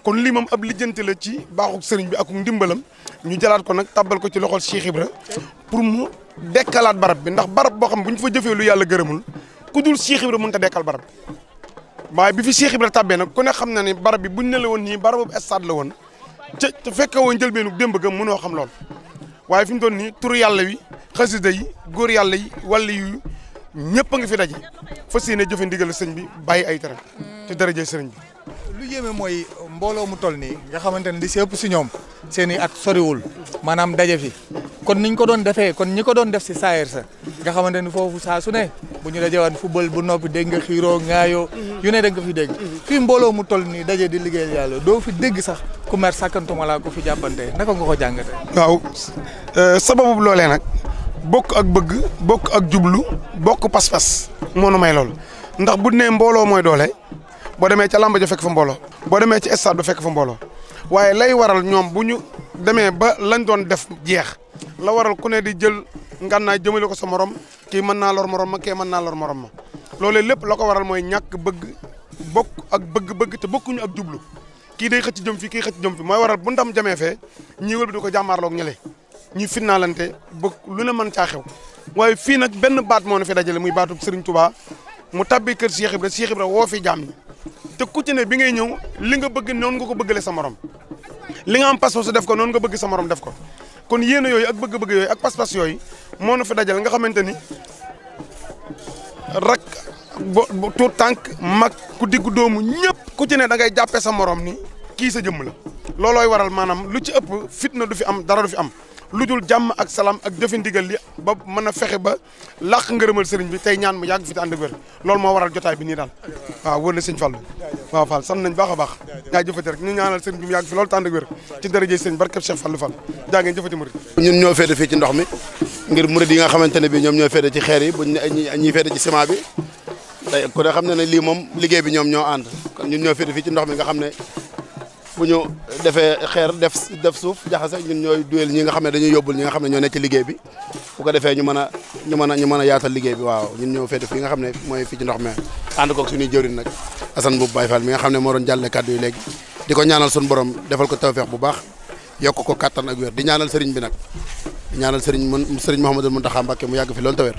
[SPEAKER 7] kon lii moom ab lijjante la ci baaxu sëriñ bi ak ndimbalam ñu jalaat ko nag tàbbal ko ci loxol Cheikh Ibra pour mu dekkalaat barab bi ndax barab boo xam bu ñu fa jëfee lu yàlla gërëmul ku dul Cheikh Ibra mënut a dekkal barab waaye bi fi Cheikh Ibra tàbbee nag ku ne xam na ni barab bi buñ ne la woon nii barabu stade la woon ca ca fekke woon njëlbeenu démb ga mënoo xam lool waaye fi mu doon nii turu yàlla wi xasida yi góor yàlla yi wàll yu ñëpp a ngi fi daje fas yéene jëfe ndigal sëñ bi bàyyi ay
[SPEAKER 2] tere ci sëriñ bi lu yéeme mooy mbooloo mu toll nii nga xamante ne li si si ñoom at soriwul maanaam daje fi kon niñ ko doon defee kon ñi ko doon def si saayir sa nga xamante ni foofu su ne bu ñu dajewoon football bu noppi dégg nga xiiroo ŋaayoo yu ne da nga ko fi dégg fii mbooloo mu toll nii daje di liggéeyal yàlla doo fi dégg sax ku mer sàkkantuma laa ko fi jàppante naka nga ko jàngate
[SPEAKER 7] waaw euh, sababu loolee nak bok ak bëgg bok ak jublu bok pas-pas moo nu may loolu ndax bu ne bo démé ci lamba ja fekk fa mbolo bo démé ci stade ba fekk fa mbolo waaye lay waral ñom buñu démé ba lañ doon def jeex la waral ku ne di jël ngànnaay jëmale ko sa morom ki mën na lor morom ma kee mën na lor morom ma loolee lépp la waral moy ñak bëgg bok ak bëgg-bëgg te bokkuñu ak djublu ki day xëc jëm fi ki xëc jëm fi moy waral bu ndam jamee fé ñii bi di ko jàmmaarloog ñële ñuy finnaalante lu ne mën caa xew waaye fi nak benn baat mo fi dajale muy baatub Serigne Touba mu tabbi keur Cheikh ibrahim Cheikh ibrahim wo fi jamm te ku ne bi ngay ñëw li nga bëgg noonu nga ko bëggale sa morom li nga am pas-pas def ko noonu nga bëgg sa morom def ko kon yéene yooyu ak bëgg-bëgg yooyu ak pas-pas yooyu moo nu fi dajal nga xamante ni rak bu tànk mag ku diggu doomu ñëpp ku ci ne da ngay jàppee sa moroom ni kii sa jëmm la loolooy waral maanaam lu ci ëpp fitna du fi am dara du fi am lu dul jàmm ak salaam ak jëfe ndigal li ba mën a fexe ba làq ngërëmal sëriñ bi tey ñaan mu yàgg fi te ànd ak wér loolu moo waral jotaay bi nii daal waaw wóor na sëñ Fall waaw Fall sant nañ baax a baax ngaa jëfati rek ñu ñaanal sëriñ bi mu yàgg fi loolu te ànd ak wér ci daraje
[SPEAKER 8] sëriñ barkeb Cheikh Fall Fall jaa ngeen jëfati murid ñun ñoo féete fii ci ndox mi ngir murid yi nga xamante ne bi ñoom ñoo féete ci xeer yi buñ ñuy féete ci ciment bi tey ku ne xam ne ne lii moom liggéey bi ñoom ñoo kon ñun xam ne bu ñu defee xeer def def suuf jaxase ñun ñooy duyel ñi nga xam ne dañuy yóbbul ñi nga xam ne ñoo nekk ci liggéey bi bu ko defee ñu mën a ñu mën a ñu mën a yaatal liggéey bi waaw ñun ñoo féete fi nga xam ne mooy fii ci ndox mi ànd koog suñuy jëwrin nag Assane Mboup Baye Fall mi nga xam ne moo doon jàlle kàddu yi di ko ñaanal suñu borom defal ko tawfeex bu baax yokk ko kattan ak wér di ñaanal sëriñ bi nag di ñaanal sëriñ mën sëriñ Mouhamadou Mountakha Mbacké mu yàgg fi loolu tawér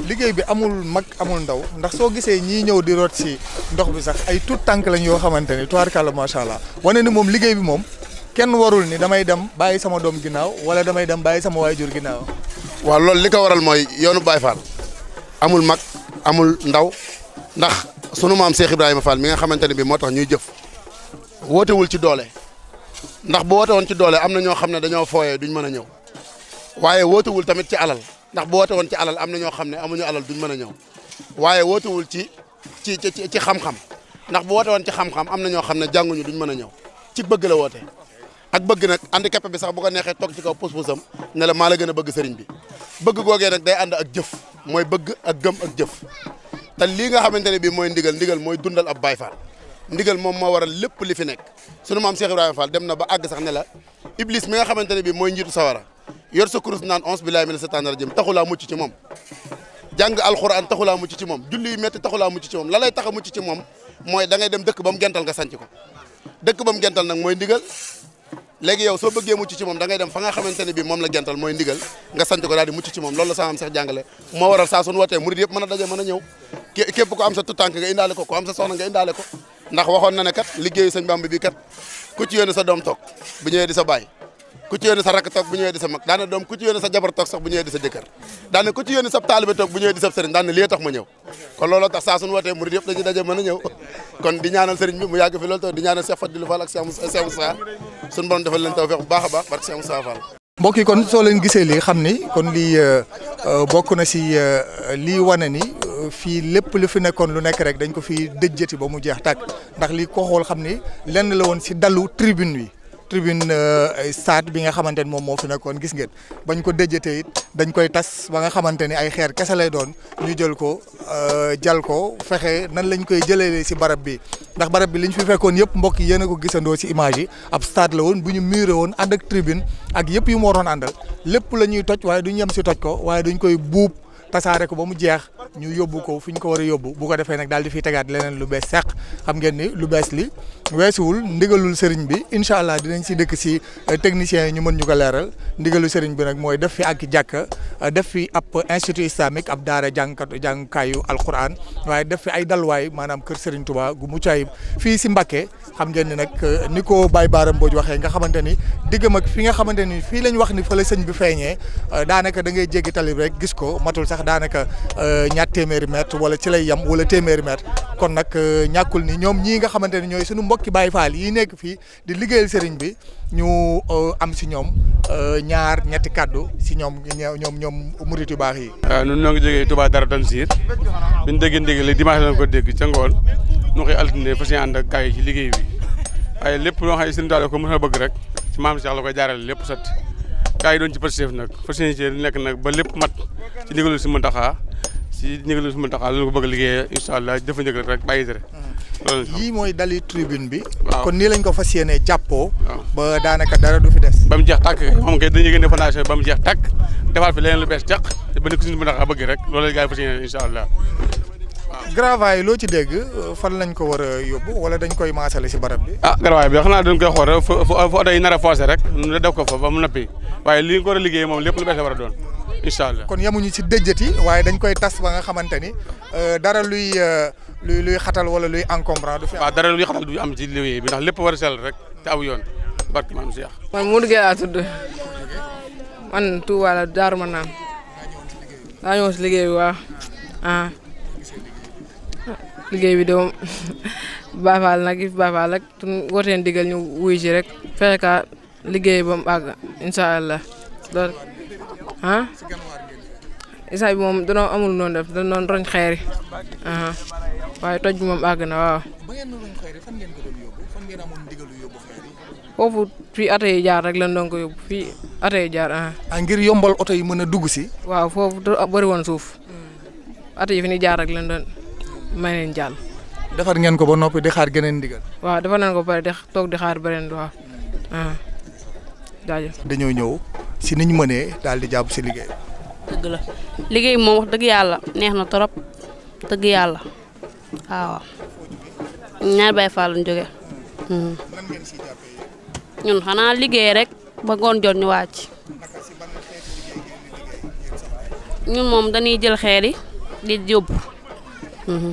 [SPEAKER 2] liggéey bi amul mag amul ndaw ndax soo gisee ñii ñëw di root si ndox bi sax ay tout tànk lañu yoo xamante ni tubaarkàlla macha allah wane ni moom liggéey bi moom kenn warul ni damay dem bàyyi sama doom ginnaaw wala damay dem bàyyi sama waajur ginnaaw.
[SPEAKER 8] waaw loolu li ko waral mooy yoonu Baye Fall amul mag amul ndaw ndax sunu maam Cheikh Ibrahima Fall mi nga xamante ne bii moo tax ñuy jëf wootewul ci doole ndax bu woote woon ci doole am na ñoo xam ne dañoo fooyee duñ mën a ñëw waaye wootewul tamit ci alal. ndax bu woote woon ci alal am na ñoo xam ne amuñu alal duñ mën a ñëw waaye wootewul ci ci ci xam-xam ndax bu woote woon ci xam-xam am na ñoo xam ne jànguñu duñ mën a ñëw ci bëgg la woote ak bëgg nag handicapé bi sax bu ko neexee toog ci kaw pus-pusam ne la maa la gën a bëgg sëriñ bi bëgg googee nag day ànd ak jëf mooy bëgg ak gëm ak jëf te lii nga xamante ne bii mooy ndigal ndigal mooy dundal ab bay Faal ndigal moom moo waral lépp li fi nekk sunu maam Cheikh Ibrahima Fall dem na ba àgg sax ne la iblis mi nga xamante ne bii mooy njiitu sawara yor sa kurus naan onze billahi mina seytaani rajim taxulaa mucc ci moom jàng alxuraan taxulaa mucc ci moom julli yu métti taxulaa mucc ci moom la lay tax a mucc ci moom mooy da ngay dem dëkk ba mu gental nga sanc ko dëkk ba mu gental nag mooy ndigal léegi yow soo bëggee mucc ci moom da ngay dem fa nga ne bi moom la gental mooy ndigal nga sant ko daal di mucc ci moom loolu la saamam sax jàngale moo waral saa suñu wootee murid yëpp mën a daje mën a ñëw képp ko am sa tànk nga indaale ko ko am sa soxna nga indaale ko ndax waxoon na ne kat liggéeyu sa Bamba bi kat ku ci yónni sa doom toog bu ñëwee di sa baay ku ci yónni sa rakk toog bu ñëwee di sa mag daana doom ku ci yónni sa jabar toog sax bu ñëwee di sa jëkkër daana ku ci yónni sab taalibe toog bu ñëwee di sab sëriñ daana lii yëpp a ñëw kon
[SPEAKER 2] bokk na si euh, lii wane ni euh, fii lépp lu fi nekkoon lu nekk rek dañ ko fi dëjjati ba mu jeex tàkk ndax lii ko xool xam ni lenn la woon si dalu tribune bi tribune euh, stade bi nga xamante ni moom moo fi nekkoon gis ngeen bañ ko déjjatee it dañ koy tas ba nga xamante ni ay xeer kese lay doon ñu jël ko euh, jal ko fexe nan lañ koy jëlee si barab bi ndax barab bi liñ fi fekkoon yëpp mbokk yi yéen a ko gisandoo si image yi ab stade la woon bu ñu muré woon ànd ak tribune ak yëpp yu mu waroon lépp la ñuy toj waaye duñ yem si toj ko waaye duñ koy buub tasaare ko ba mu jeex ñu yóbbu ko fu ñu ko war a yóbbu bu ko defee nag daal di fiy tegaat leneen lu bees seq xam ngeen ni lu bees li weesuwul ndigalul serigne bi inshallah dinañ ci dëkk ci euh, technicien ñu mën ñu ko léral ndigalul serigne bi nak moy def fi ak jakk euh, def fi app institut islamique ab daara jang kat jang kayu alquran waye def fi ay dalwaay manam keur serigne Touba gu mucc ayib fii si Mbacke xam ngeen ni nak euh, niko bay baram boj waxe nga xamanteni digam ak fi nga xamanteni fi lañ wax ni fa la serigne bi feeñee daanaka da ngay jéggi talib rek gis ko matul sax daanaka ñaat téeméeri mètre wala ci lay yam wala téeméeri mètre kon nak ñakul ni ñom ñi nga xamanteni ñoy suñu sunu mbokk mbokki Baye Fall yi nek fi di liggéeyal serigne bi ñu euh, am ci ñom euh, ñaar ñetti kaddu ci ñom ñom ñom mouride yu bax yi.
[SPEAKER 9] ñun ñoo ngi jógee Touba tan sir biñ dégg ndigal li dimanche lañ ko dégg ci ngol ñu xey altiné fas yéene ànd ak kay ci liggéey bi ay lepp lo xey serigne dalé ko mëna bëgg rek ci mam Cheikh la koy jaaral lepp sat kay doon ci pëccëf nak fas yéene ci nek nak ba lepp mat ci ndigalu si Mountakha ci ndigalu si Mountakha lu ko bëgg liggéey inshallah allah jëfandikoo rek bàyyi dara yii mooy dali tribune bi. kon
[SPEAKER 2] nii lañ ko fas yéenee jàppoo. ba daanaka dara du fi des. ba
[SPEAKER 9] mu jeex tàkk moom kay dañuy génne fondation ba mu jeex tàkk defaat fi leneen lu a la gaa yi fas yéenee
[SPEAKER 2] incha loo ci dégg fan lañ ko war a yóbbu wala dañ koy maasale si barab bi. ah gravaay bi xanaa dañ koy xool rek fu fu
[SPEAKER 9] oto yi nar a foncé rek def ko fa ba mu noppi waaye li ñu ko war a liggéey moom lépp lu bees la war a doon incha allah.
[SPEAKER 2] kon yemuñu si déjjati waaye dañ koy tas ba nga xamante ni euh, dara luy euh, luy luy xatal wala luy encombrant du dara
[SPEAKER 9] luy xatal du am ci liggéey bi ndax lépp war a rek te aw yoon barki maam Cheikh.
[SPEAKER 2] man Modou Gueye laa tudd man Touba la Darou Manane
[SPEAKER 8] daa ñëw si liggéey bi waaw ah. liggéey bi de moom baafaal nag baafaal rek suñ wootee digal ñu wuy ji rek fexe ka liggéey ba mu àgg allah loolu ah. isaay bi moom danoo amul noonu def dañu doon roñ xeer waaye toj bi moom àgg na waaw. foofu fii oto jaar rek lan doon ko yóbbu fii oto jaar ah.
[SPEAKER 2] ngir yombal oto yi mën a dugg si.
[SPEAKER 8] waaw foofu da ah, woon suuf. oto hmm. yi fi ni jaar rek lan doon may leen jàll.
[SPEAKER 2] defar ngeen ko ba noppi di xaar geneen ndigal.
[SPEAKER 8] waaw defar nañ ko ba pare di toog di xaar beneen waaw. Hmm. jaajëf.
[SPEAKER 2] dañoo ñëw si niñ mënee daal di jàpp si liggéey.
[SPEAKER 10] deug la
[SPEAKER 11] liggey mom wax deug yalla neexna torop deug yalla waaw ñaar bay faa joge hmm ñun xana liggey rek ba gon jot ñu wacc ñun mom dañuy jël xéeri di di hmm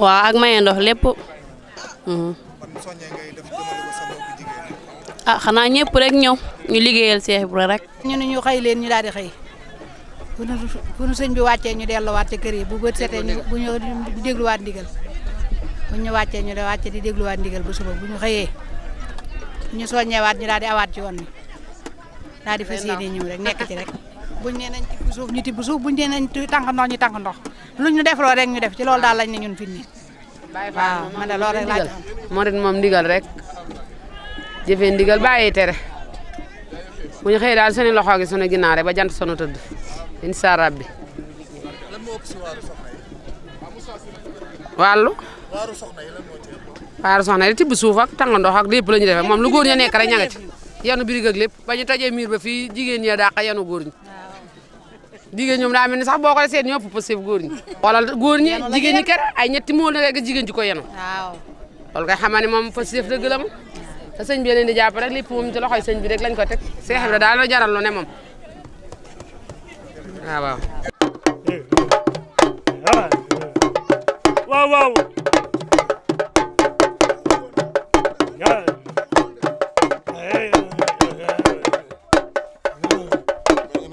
[SPEAKER 11] wa ak maye ndox lepp lépp. Hmm ah xana ñepp rek ñew ñu liggéeyal Cheikh Ibra rek. ñu ne ñu xey leen ñu daal
[SPEAKER 12] di xëy bu ñu señ bi wacce ñu delluwaat ci kër yi bu bëtt sété ñu bu ñu déglu wat ndigal bu ñu wacce ñu de wacce di déglu wat ndigal bu suba bu ñu xeyé ñu soñé wat ñu daal di awaat ci woon mi daal di fas ñu rek nekk ci rek buñ nee nañ tibb suuf ñu tibb suuf buñ nee nañ tank ndox ñu tank ndox lu ñu def lo rek ñu def ci lool daal lañ ne ñun fini
[SPEAKER 8] nii fa man de lool rek la laa moo mom ndigal rek jëfee ndigal bàyyi tere bu ñu xëyee daal sunu loxo gi sunu ginnaare ba jant sunu tëdd incha rabbi walu waru soxna yi tibb suuf ak tàng ndox ak lépp la ñu defee moom lu góor ña nekk rek ña yanu birig ak lepp bañu tajé mur ba fi jigen ñi dàq yanu góor ñi digeñ ñoom la melni sax boko ko seet ñoo ëpp positif góor ñi xoolal góor ñi jigéen ñi kër ay ñetti mo la nga jigéen ci ko yenu loolu kay xamaa ne moom positif dëgg la moom te sëñ bi leen di jàpp rek lépp moom ci loxoy sëñ bi rek lañ ko teg Seex Ibra daal la jaral lu ne moom waaw
[SPEAKER 13] waaw. waaw waaw.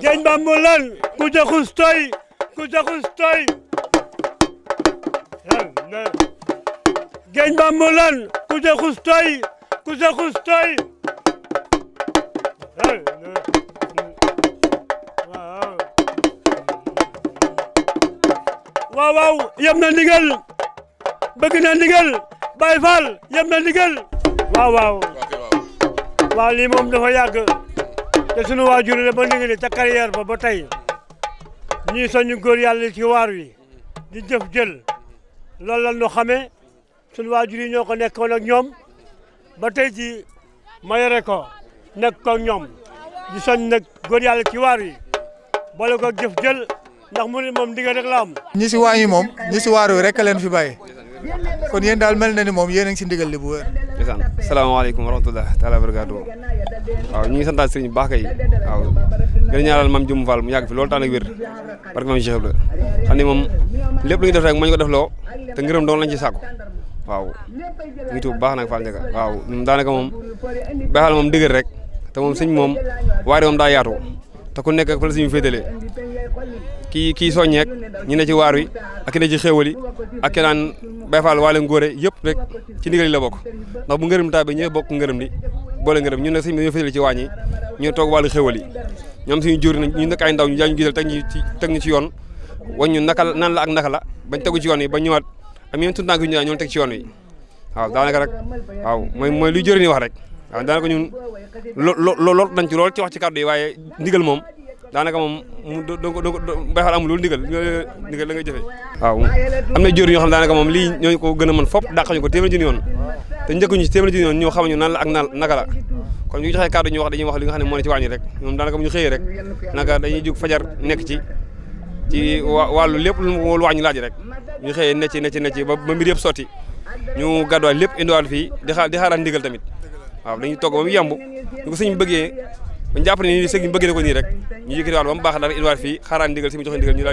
[SPEAKER 12] Jeñ Bambulaan ku ca xus tooy ku ca xus tooy
[SPEAKER 4] Jeñ Bambulaan ku ca xus tooy kusa
[SPEAKER 13] kustoy waaw waaw yem na
[SPEAKER 4] ndigal bëgg na ndigal Baye Fall yem na ndigal waaw waaw waaw moom dafa yàgg te sunu waajur la ba ndigal ca carrière ba ba tey ñii soñu góor yàlla ci waar wi di jëf jël loolu la ñu sunu waajur ñoo ko nekkoon ak ñoom ba tey jii ma yore ko nekk ko ñoom di soñ nag góor yàlla ci waar yi boole ko jëf jël ndax mu ne moom ndigal rek la am.
[SPEAKER 2] ñi si waañ yi moom ñi si waar rek a leen fi bàyyi kon yéen daal mel na ni moom yéen a ngi si ndigal li bu wér.
[SPEAKER 11] ndeysaan salaamaaleykum wa rahmatulah taala waaw ñu ngi santaat sëriñ bu baax kay waaw gën a ñaanal maam Dioum Fall mu yàgg fi lool tànn ak wér barke maam Cheikh Ibrahima moom lépp lu def rek moo ko def loo te ngërëm doon lañ ci sàkku waaw nitu bu baax nag Fall Ndiaga waaw daanaka moom baaxal moom dëgër rek te moom sëñ moom waare moom daa yaatu te ku nekk fa la suñu féetale kii kii soññeek ñi ne ci waar wi ak ne ci xéewal yi ak ki naan Baay Faal yëpp rek ci ndigal yi la bokk ndax bu ngërëm taa bi bokk ngërëm li boole ngërëm ñun nag sëñ bi dañoo féetale ci wàññi ñu toog wàllu xéewal yi ñoom suñu jur na ñu nekk ndaw ñu jaa ñu gisal teg ci teg ci yoon wañ ñu naka nan la ak naka la bañ tegu ci yoon yi ba ñëwaat am yeneen tuntànk yu ñu daan ñoo teg ci yoon wi waaw daanaka rek waaw mooy mooy luy jëriñ wax rek waaw daanaka ñun lo lo dañ ci lool ci wax ci kàddu yi waaye ndigal moom daanaka moom mu do do Baay Faal amul loolu ndigal ndigal la ngay jëfee. waaw am na jëriñ yoo xam daanaka moom lii ñoo ko gën a mën fop dàqañu ko téeméer junni yoon te njëkkuñu ci téeméer junni yoon ñoo xamuñu nan la ak nan naka la kon ñu joxee kàddu ñu wax dañuy wax li nga xam ne moo ne ci wàññi rek ñoom daanaka bu ñu xëyee rek naka dañuy jóg fajar nekk ci ci wàllu lépp lu mu wax ñu laaj rek ñu xëyee ne ci ne ci ne ci ba mbir yëpp sotti ñu gàdduwaat lépp indiwaat fii di xaar di xaaraat ndigal tamit waaw dañuy togg ba mu yemb ñu ko sëñ bëggee bañ jàpp ne nii bëggee na ko nii rek ñu yëkkatiwaat ba mu baax daal indiwaat fii xaaraat ndigal si mu joxe ndigal ñu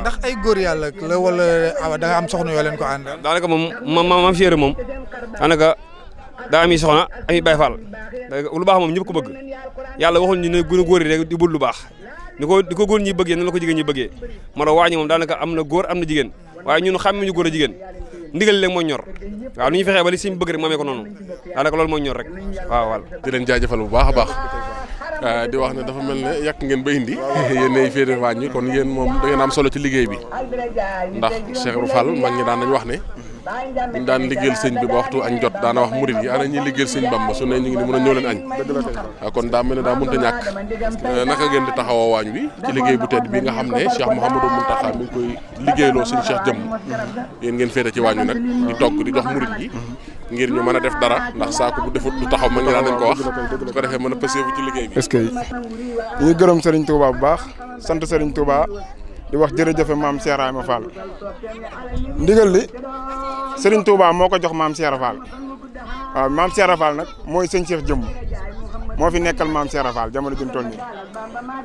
[SPEAKER 2] ndax ay góor yàlla la wala ah, da nga am soxna yoo leen ko àndal
[SPEAKER 11] daanaka moom ma ma fiere moom daanaka daa am soxna ami Baay Faal lu baax moom ñëpp ko bëgg yàlla waxul ñu ne gën a góor yi rek di bul lu baax ni ko ni ko góor ñi bëggee nan la ko jigéen ñi bëggee moo tax waañu moom daanaka am na góor am na jigéen waaye ñun xàmmuñu góor a jigéen ndigal leen mooy ñor waaw nu ñu fexee ba li siñ bëgg rek moomee ko noonu
[SPEAKER 1] daanaka loolu moo ñor rek waaw waaw di leen jaajëfal bu baax a baax ah, di wax ne dafa mel ne yakk ngeen ba indi yéen ay féete waañ kon yéen moom da ngeen am solo ci liggéey bi ndax Cheikh Ibra Fall mag ñi daan nañ wax ne buñ daan liggéeyal sëñ bi ba waxtu añ jot daana wax murit yi ana ñuy liggéeyal sëñ Bamba su ne ñu ngi ni mën a ñëw leen añ waaw ah, kon daa mel ne daa mënta ñàkk eh, naka ngeen di taxaw waañ wi ci liggéey bu tedd bi nga xam ne Cheikh Mouhamadou Mountakha mi ngi koy liggéeyloo suñu Cheikh jëmm yéen ngeen féete ci waañ wi nag di togg di jox murit yi ngir ñu mën a def dara ndax saako bu defut du taxaw ma a nañ ko wax su ko defee mën a pëseefu ci liggéey bi est-ce
[SPEAKER 14] que ñu gërëm Serigne Touba bu baax sant Serigne Touba di wax jërëjëfe maam Cheikh Ibrahima Fall ndigal li Serigne Touba moo ko jox maam Cheikh Ibra waaw maam Cheikh Ibra nag mooy sëñ Cheikh jëmm moo fi nekkal maam Cheikh Ibra Fall jamono jëm toll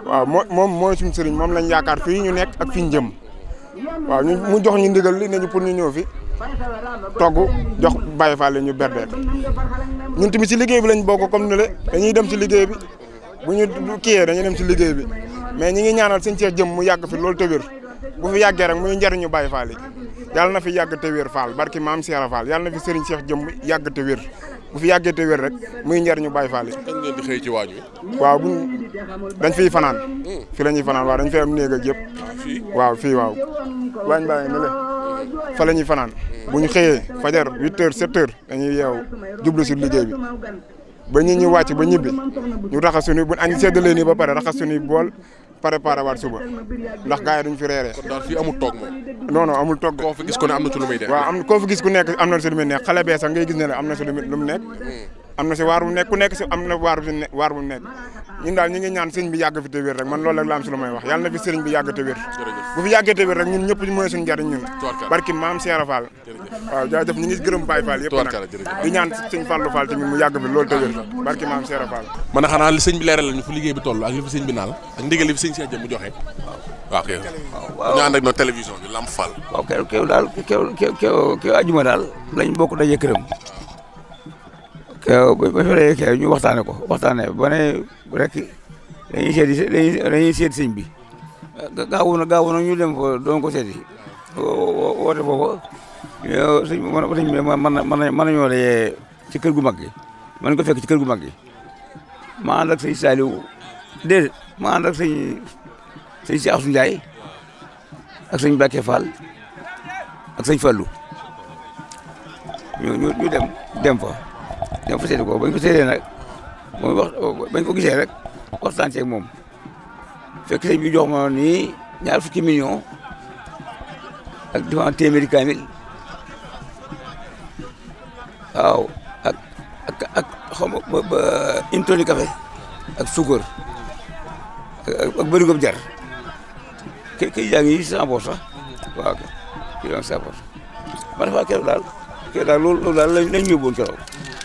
[SPEAKER 14] waaw moo moom mooy suñu sëriñ moom lañ yaakaar fii ñu nekk ak fi ñu jëm
[SPEAKER 7] waaw mu jox ñu ndigal li nañu pour ñu ñëw fi togg jox
[SPEAKER 14] Baye Fall ñu berdee ko ñun si liggéey bi lañ bokk comme ni le dañuy dem si liggéey bi bu ñu kiyee dañuy dem si liggéey bi mais ñi ngi ñaanal sëñ Cheikh jëm mu yàgg fi loolu te wér bu fi yàggee rek muy njëriñu Baye Fall yi yàlla na fi yàgg te wér Fall barki maam Cheikh Fall yàlla na fi Serigne Cheikh jëm yàgg te wér bu fi yàggee te wér rek muy njëriñu Baye Fall yi.
[SPEAKER 1] kañ di xëy ci waañ wi. waaw bu
[SPEAKER 14] dañ fiy fanaan. Hmm. fi la ñuy fanaan waa dañ fiy am néeg ak yëpp.
[SPEAKER 1] waaw fii waaw. waañ baa ngi ne
[SPEAKER 14] fa la ñuy fanaan. Hmm. bu ñu xëyee fajar 8h 7 dañuy yeew jublu si liggéey bi ba ñi ñu wàcc ba ñibbi ñu raxas suñuy bu añ seddalee ba pare raxas suñuy bool préparé waat suba ndax gars yi duñ fi reeree. kon daal fii amul toog moom. non amul toog
[SPEAKER 1] de. koo fi gis ku ne am na ci lu muy
[SPEAKER 14] gis ku nekk na xale bee sax ngay gis ne la am na ci lu mu nekk. Hmm. am na si waar bu nekk ku nekk si am na waar bu nekk ñun daal ñi gi ñaan sëñ bi yàgg fi te rek man loolu la am may wax yàlla na fi sëriñ bi yàgg te wér bu fi yàggee te wér rek ñun ñëpp mooy suñu njariñ ñun barki maam Seera Fall waaw jaajëf ñi gërëm Baye Fall yëpp nag di ñaan sëñ Fallou Fall tamit mu yàgg fi loolu te barki maam Seera Fall
[SPEAKER 1] man a xanaa li sëñ bi leeral lañu fu liggéey bi toll ak li fi bi naal ak ndigal li fi sëñ
[SPEAKER 12] si kew bu ñu solee kew ñu waxtaanee ko waxtaanee ba ne rek dañuy seeti dañuy seet sëñ bi gaawu na gaawu na ñu dem fa doon ko seeti woote foofa sëñ bi man man man nañoo dajee ci kër gu mag gi man ko fekk ci kër gu mag gi ma ànd ak sëñ Saliou déedéet ma ànd ak sëñ sëñ si Assou Ndiaye ak sëñ Mbacke Fall ak sëñ Fallou ñu ñu dem dem fa. ñoo fa seeti ko bañ ko seetee nag mooy wax bañ ko gisee rek waxtaan ceeg moom fekk sëñ bi jox ma nii ñaar fukki million ak différent ak ak ak xaw ma ba une tonne café ak suukar ak bërigo jar kë kë yaa ngi cent pour cent waaw kii yaa ngi cent pour cent man ah, daal keroog daal daal loolu loolu daal lañ lañ ñëwoon keroog.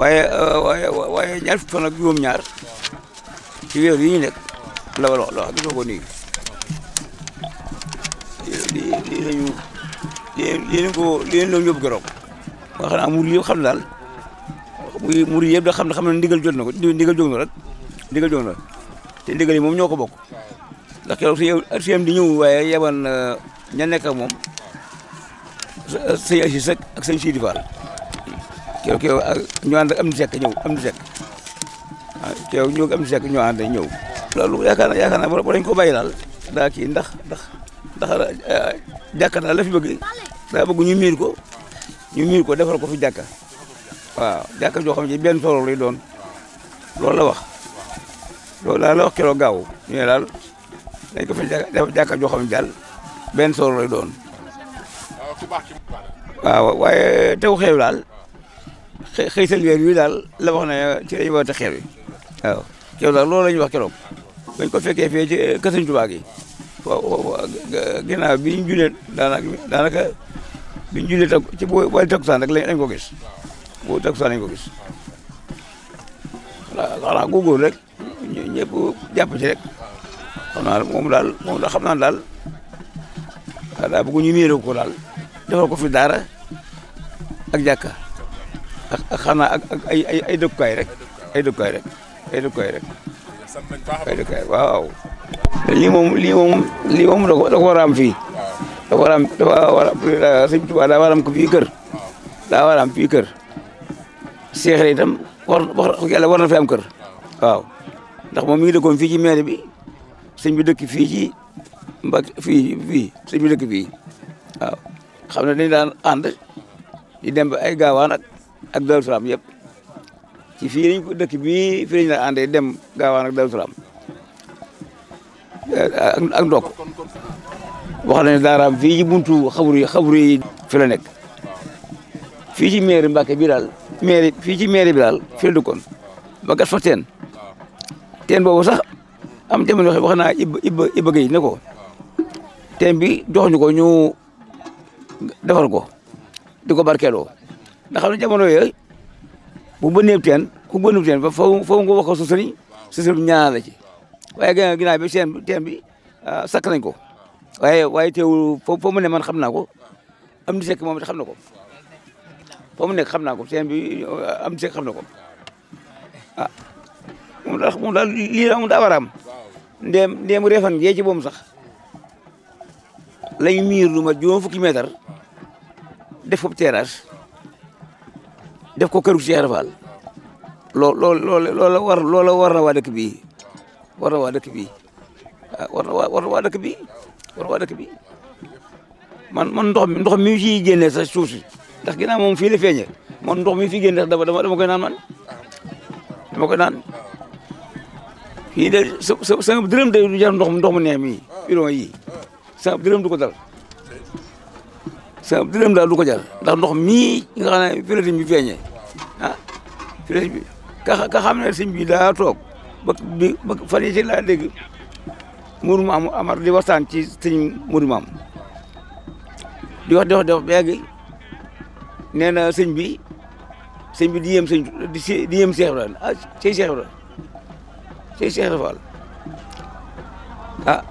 [SPEAKER 12] waaye euh, waaye waaye ñaar fukki fan ñaar ci weer yi ñu nekk la wala wax gisoo ko nii lii lii la ñu lii ko lii lañ doon yóbbu keroog waaye xanaa muur yëpp xam daal muy muur yëpp da xam ne xam ne ndigal jot na ko ndigal jóg na rek ndigal jóg na te ndigal yi moom ñoo ko bokk ndax keroog suñu suñu di ñëw waaye yeban euh, nekk ak moom sëñ kew kew ah, ñu ànd am na sekk ñëw am na sekk waaw ah, kew ñëw loolu yaakaar naa yaakaar naa war ko bay daal daa kii ndax ndax ndax ah, jàkka daal la fi bëgg daa bëgg ñu miir ko ñu miir ko defar ko fi jàkka waaw jàkka joo xam benn solo lay doon loolu la wax loolu daal la wax keroog gaaw ñu ne daal dañ ko fi defal jàkka joo benn solo lay doon waaw waaye tew xew daal xëytal weer wi daal la wax ne ci lañu woote xeer wi waaw kew daal loolu la ñuy wax keroog ko fekkee fee ci kër Sëñ Tuubaa gi ginnaaw daanaka daanaka bi ñu ci boo wàllu takkusaan rek lañ ko boo takkusaan lañ ko gis xanaa góorgóorlu rek ñëpp jàpp ci rek xam naa moom daal moom daal xam naa daal ñu miiree ko daal defal ko fi daara ak jàkka ak xanaa ak ak ay ay dëkkukaay rek ay dëkkukaay rek ay dëkkukaay rek ay dëkkukaay waaw. lii moom lii moom lii moom da ko da fii da ko war a am dafa kër daa war war yàlla war na fi kër waaw ndax moom mi ngi dëkkoon fii ci mairie bi sëñ bi dëkk fii ci mbak fii fii sëñ bi dëkk fii waaw xam ne dañ daan ànd di dem ay gaawaan ak Daaru Salaam yëpp ci fii lañ dëkk bii fii lañ la àndee dem gaawaan ak Daaru Salaam eh, ak ndokk wax nañu daaraam fii ci buntu xabru yi xabru fi nekk fii ci mairie Mbacke bi daal mairie fii ci mairie bi daal fi la dëkkoon ba gas fa teen teen boobu sax am jamono wax wax naa Ibba Ibba Ibba teen bi jox ñu ko ñu defar ko di ko barkeeloo ndax xam ne jamono yooyu bu bënneeb teen ku bënneeb teen ba foo foo nga wax ko sa sëriñ sa sëriñ ñaanal la waaye ginnaaw ginnaaw bi seen teen ah, sakk nañ ko mu ne xam naa ko am moom xam na ko nekk xam naa ko teen bi am di sekk xam na ko ah moom daal lañ miir lu ma fukki mètre def ko terrasse def ko këru Cheikh Fall loo loo loola war loola war na waa dëkk bii war na waa dëkk bii ah, war na waa war bii man man ndox mi ndox mi ciy génnee sa suuf si ndax ginnaaw moom fii la feeñee man ndox mi fi génnee dama dama koy naan man dama koy naan fii de sa sa sa dërëm de du jar ndox mu ndox mu neex mi bidon yi sa dërëm du ko dal. sa dërëm daal du ko jar ndax ndox mii nga xam ne fii bi feeñee ah, ka xam ne sëñ daa toog ba bi ba fan laa dégg Mourou Maam Amar di waxtaan ci sëñ Mourou Maam di wax di wax di wax léegi nee na sëñ bi sëñ bi di yem sëñ di se di yem Cheikh Ibrahima ah Cheikh Cheikh Ibrahima Cheikh Cheikh Ibrahima ah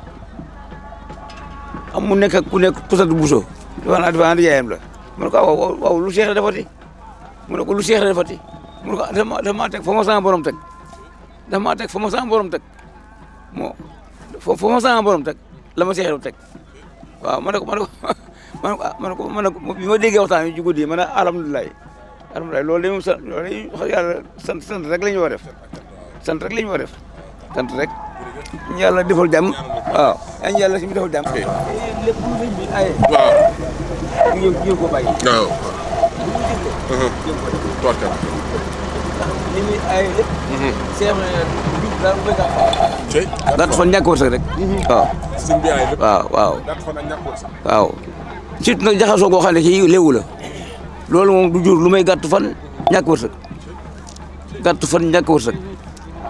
[SPEAKER 12] am mu nekk ku nekk posat buso wax naa dafa naan yaayam la mu ne ko waaw waaw lu Cheikh la defati mu ne ko lu Cheikh la defati mu ne ko dafa teg fa ma sama borom teg dafa maa teg fa ma sama moo fa ma sama la ma Cheikh la teg waaw ma ne ko ma ko ah ma ne ko ma ne ko bi ma déggee waxtaan wi ci guddi ma ne loolu dañuy sant loolu dañuy rek la ñu war rek la ñu def. sant rek yàlla defal jàmm waaw yàlla yàlla suñu uh-huh. uh-huh. na jub daal fan ñàkk wërsëg rek uh-huh. waaw waaw waaw daat fan jaxasoo goo xam ne ci la loolu moom du jur lu may gàtt fan ñàkk wërsëg gàtt fan ñàkk wërsëg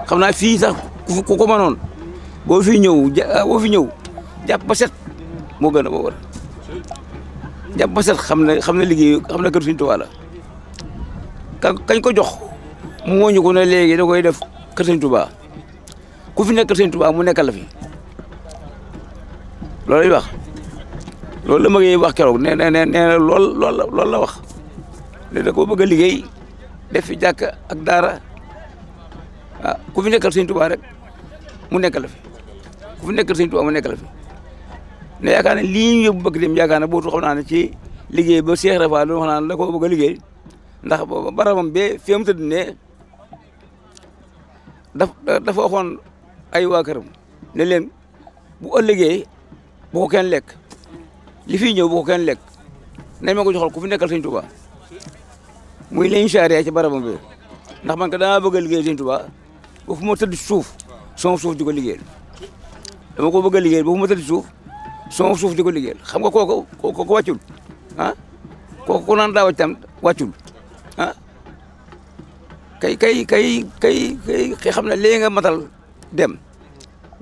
[SPEAKER 12] xam naa fii sax ku ko mënoon boo fi ñëw ja ah, fi ñëw jàpp ba set moo gën a ba war jàpp ba set xam ne xam ne liggéey xam ne kër Sëriñ Tuubaa la kañ ko jox mu wóññi ko ne léegi da koy def kër Sëriñ Tuubaa ku fi nekk kër Sëriñ Tuubaa mu nekkal la fi loolu wax loolu la ma wax keroog nee na nee na lool lool loolu la wax ne da koo bëgg a liggéey def fi jàkk ak daara ah ku fi nekkal Sëriñ Tuubaa rek. mu nekk la fi nekk fi nekkal sëñ la fi ne yaakaar ne lii ñu yóbbu bëgg dem yaakaar ne bootu xam naa ci liggéey ba Cheikh Rafa loolu xam naa ne la ko bëgg a liggéey ndax barabam bee fi tëdd ne dafa waxoon ay waa këram leen bu ëllëgee bu ko kenn lekk li fi ñëw bu ko kenn lekk nañ ma ko joxal ku fi nekkal sëñ Tuubaa muy leen charia ci barabam bi ndax man ka damaa bëgg a liggéey sëñ Tuubaa ba fu tëdd suuf sama suuf di ko liggéeyal dama ko bëgg a liggéeyal ba mu matali suuf sama suuf di ko liggéeyal xam nga kooku kooku wàccul ah kooku ku naan ah? kay kay kay kay kay xam ne léegi nga matal dem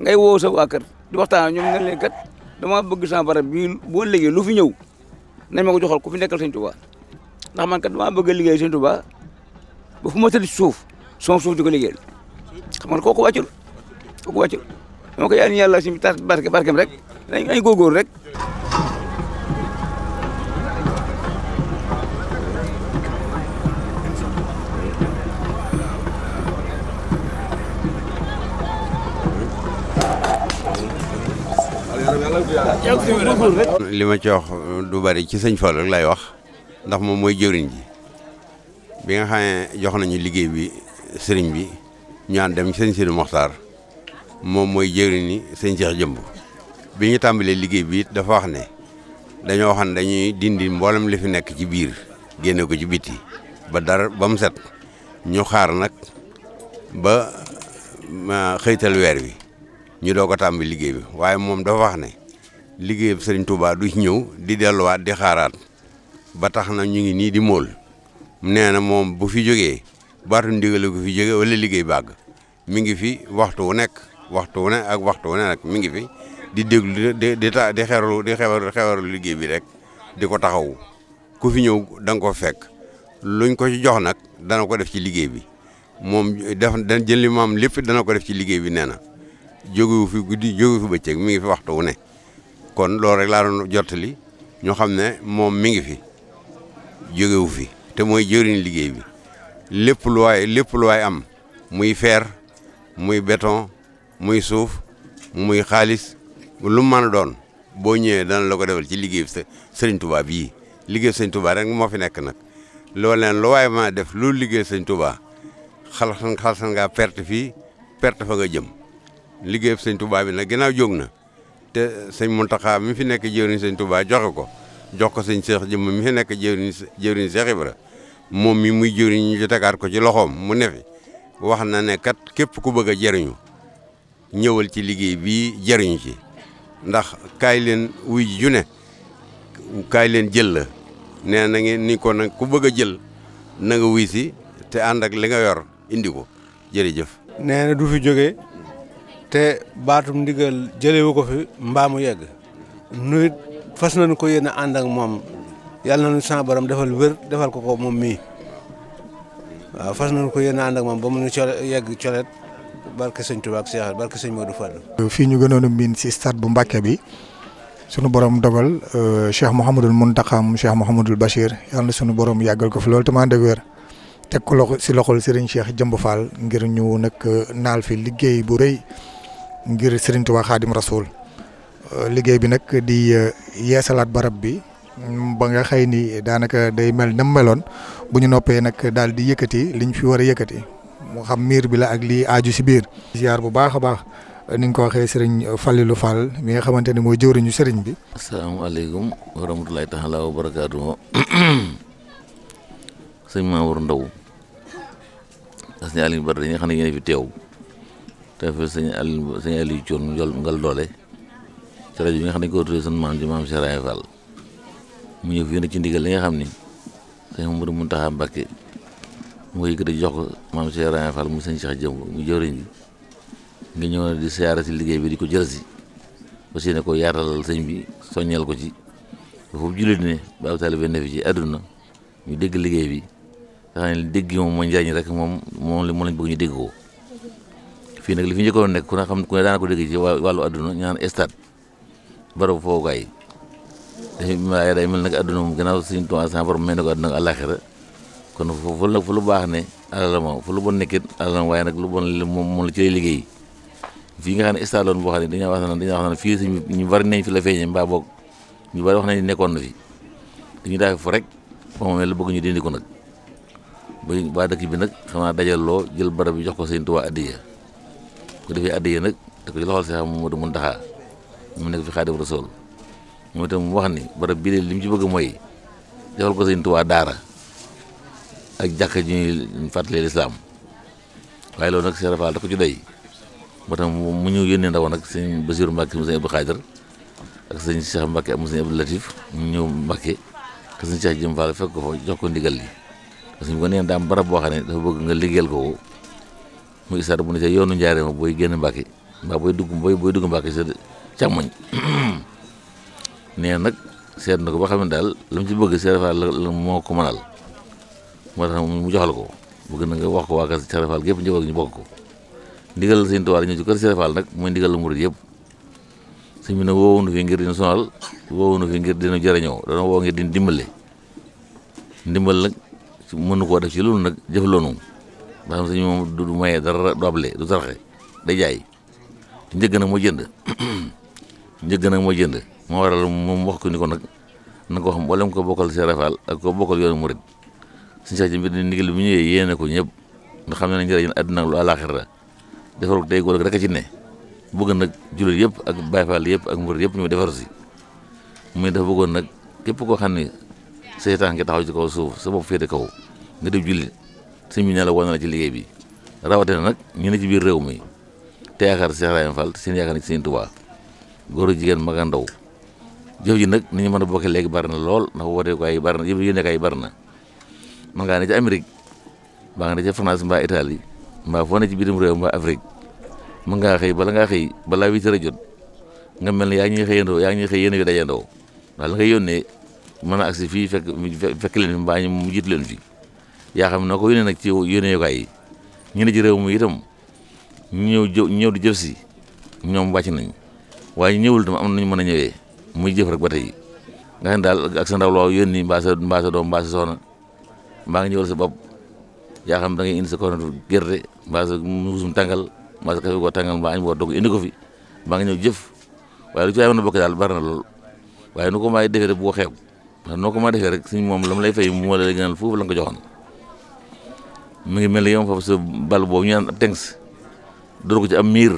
[SPEAKER 12] ngay woo sa waa kër di waxtaan ñoom ngeen dama bëgg sama boo liggéey lu fi ñëw nañ ma ko joxal ku fi nekkal sëñ Tuubaa ndax man kat dama bëgg a liggéey ba fu ma suuf sama suuf di ko liggéeyal xam nga kooku wàccul kooku wàccu moo ko yaanu ay góorgóorlu
[SPEAKER 10] li ma ci wax euh, du bari ci sëñ Fall rek lay wax ndax moom mooy jëwriñ ji bi nga xam jox nañu liggéey bi sëriñ bi ñu ànd dem ci sëñ Sidi Moxtaar moom mooy jeerini ni Cheikh Jëmb biñu tambalé liggéey bi dafa wax né dañu xam dañuy dindi mbolam li fi nek ci biir génné ko ci biti ba dar ba set ñu xaar nak ba xeytal wër wi ñu doo ko tàmbali liggéey bi waye mom dafa wax né liggéey seigne Touba du ci ñew di delluwaat di xaarat ba tax na ñu ngi ni di mol néna mom bu fi joggé baatu ndigal ko fi joggé wala liggéey bag mi ngi fi waxtu nek waxtu wu ne ak waxtu wu ne nag mi ngi fi di déglu di di ta liggéey bi rek di ko taxaw ku fi ñëw da nga ko fekk luñ ko ci jox nag dana ko def ci liggéey bi moom def da jël li maam lépp dana ko def ci liggéey bi nee na jógewu fi guddi jógewu fi bëccëg mi ngi fi waxtu wu ne kon loolu rek laa doon jottali ñoo xam ne moom mi ngi fi jógewu fi te mooy jëriñ liggéey bi lépp lu lépp lu am muy feer muy beton muy suuf muy xaalis lu mu mën doon boo ñëwee dana la ko defal ci liggéey bi sëriñ tubaab bii liggéey sëriñ Touba rek moo fi nekk nag loolu leen lu waaye ma def lu liggéey sëriñ Touba xal xalsan ngaa perte fii perte fa nga jëm liggéey sëriñ Touba bi nag ginnaaw jóg na te sëñ Mountakha mi fi nekk jëwriñ sëriñ Touba joxe ko jox ko sëñ Cheikh jëm mi fi nekk jëwriñ jëwriñ Cheikh Ibra moom mi muy jëwriñ ñu tegaat ko ci loxoom mu ne fi wax na ne kat képp ku bëgg a jëriñu ñëwal ci liggéey bii jariñu ci ndax kaay leen june ju kaay leen jël la nee na ngeen ni ko nag ku bëgg a jël na nga si te ànd ak li nga yor indi ko jërëjëf. nee na du fi jógee te baatum ndigal jëlewu ko fi mbaamu yegg nu fas nañu ko yéen a ànd ak moom yàlla nañu sa borom defal wér defal ko ko moom mii waaw fas ko yéen a ànd ak moom ba mu nu yegg colet barke sëñ Touba ak Cheikh sëñ Modou Fall.
[SPEAKER 2] fii ñu gënoon a miin si stade bu Mbàkke bi sunu borom dogal euh, Cheikh Mouhamadul Mountakha mu Cheikh Mouhamadul Bachir yàlla na sunu borom yàggal ko fi loolu tamit ànd teg ko loxo si loxol Serigne Cheikh Jëmb Fall ngir ñu nag euh, naal fi liggéey bu rëy ngir Serigne Touba Xaadim Rasoul euh, liggéey bi nag di yeesalaat barab bi. Mm, ba nga xëy ni daanaka day mel na meloon bu ñu noppee nag daal di yëkkati liñ fi war a yëkkati moo xam miir bi la ak lii aaju si biir. ziar bu baax a baax ni nga ko waxee sëriñ Falilou Fall mi nga xamante ne mooy jëwriñu sëriñ
[SPEAKER 15] bi. asalaamaaleykum wa rahmatulahi taala wa barakaatu. sëñ Ndaw ak sëñ xam ne yéen fi teew te bi nga xam ne ko tuddee seen mu ñëw fi yéen li nga xam ni sëñ Mamadou Mountakha mu ko yëkkati jox ko maam Cheikh Ibrahima Fall mu sëñ Cheikh Jëmb mu jëwriñ bi nga ñëw ne di siyaara si liggéey bi di ko jël si aussi ne ko yaatalal sëñ bi soñal ko ci foofu jullit ne ba ab taalibe ne fi ci àdduna ñu dégg liggéey bi nga dégg moom mooy njariñ rek moom moom moom lañ bëgg ñu dégg ko nag li fi njëkkoon nekk ku ne xam ku daana ko dégg ci wàllu àdduna ñaan stade barabu foofu gaay yi dañuy day mel nag àdduna moom gannaaw suñu mel ne ko àdduna ak kon foofu nag fu lu baax ne alalama fu lu bon nekkit alalama waaye nag lu bon moom moom la ci lay liggéey fii nga xam ne stade loon boo xam ne dañoo wax naan dañoo wax naan fii suñu ñu bari nañ fi la feeñee mbaa boog ñu bari wax nañ nekkoon na fi dañu daal fa rek moom la bëgg ñu dindi ko nag ba waa dëkk bi nag xam naa dajaloo jël barab bi jox ko sëñ Tuubaa addiya ko defee nag da ko ci loxol Seex Mamadu Muntaxa nekk fi Xaadimu Rasuul moom itam mu wax ni barab bii de li mu ci bëgg mooy defal ko sëñ Tuubaa daara ak jàkka ji ñuy fàttali lislaam waaye loolu nag Serigne Fall da ko ci doy moo tax mu ñu yónnee ndaw nag sëñ Basiru Mbàkke mu sëñ Abdou Xaadir ak sëñ Cheikh Mbàkke ak mu ñëw Mbàkke ak sëñ Cheikh Jëm ko fa jox ko ndigal li boo xam ne dafa bëgg nga liggéeyal ko mu isaat bu ne yoonu Njaaréem booy génn Mbàkke mbaa booy booy booy dugg Mbàkke sa càmmoñ nag seet na ko ba xam ne daal lu mu ci bëgg Serigne Fall la moo ko mënal moo tax mu jox la ko bëgg na nga wax ko waa kër Cheikh Fall gépp njaboot ñu bokk ko ndigal la sëñ Tuubaa ñëw ci kër Cheikh nag mooy ndigal la murid yëpp sëñ bi nag woowuñu fi ngir dina sonal woowuñu fi ngir dina jëriñoo dana woo ngir dina dimbale ndimbal nag mënu koo def ci loolu nag jëfaloonu ndax sëñ moom du maye dara du able du saraxe day jaay te njëgg nag moo jënd njëgg nag moo jënd moo waral moom wax ko ni ko nag na ko xam mboolem ko bokkal Cheikh Fall ak ko bokkal si seex ci mbir ni ndigal mu ñëwee yéene ko ñëpp nga xam ne nañ njëriñ àddina ak lu àlaaxira defaru tey góor ak rek a ci ne bëgg nag jullit yëpp ak Baay Faal yëpp ak murit yëpp ñu defaru si muy dafa bëggoon nag képp koo xam ne seytaan nga taxaw ci kaw suuf sa bopp kaw nga def jullit sëñ bi ne la woon na ci liggéey bi rawatina nag ñu ne ci biir réew mi te yaakaar Seex Ibrahima Fall seen yaakaar ci seen Tuubaa góor jigéen mag ak ndaw nag ni ñu mën a bokkee léegi bari na lool ndax wootee ko ay bari na yëpp yéene ko ay bari na man ngaa ne ci Amérique mbaa nga ne ca France mbaa Italie mbaa foo ne ci biirum Afrique mën ngaa xëy bala ngaa xëy balaa huit a jot nga mel ne yaa ngi ñuy xëyandoo yaa ngi ñuy a la nga yónnee mën a agsi fii fekk fekk leen fi mbaa ñu mu jiitu leen fi yaa xam noo ko yónnee nag ci yónneekaay yi ñu ne ci réew mi itam ñu ñëw jë ñëw di si ñoom wàcc nañ waaye ñëwul tam am nañu mën a ñëwee muy jëf rek ba tey nga xam daal ak sa ndaw loo yónni mbaa sa mbaa sa doom mbaa sa soxna mbaa nga ñëwal sa bopp yaa xam da ngay indi sa kornatu gerte mbaa musum tàngal mbaa sa kafe boo tàngal mbaa añ boo togg indi ko fi mbaa nga ñëw jëf waaye lu ci waay mën a daal bari na lool waaye nu ko maay defee rek bu ko noo ko maa defee rek moom la lay fay moo la foofu la nga ko joxoon mu ngi mel ni yow foofu sa bal boobu ñu naan ab tengs dóor ko ci am miir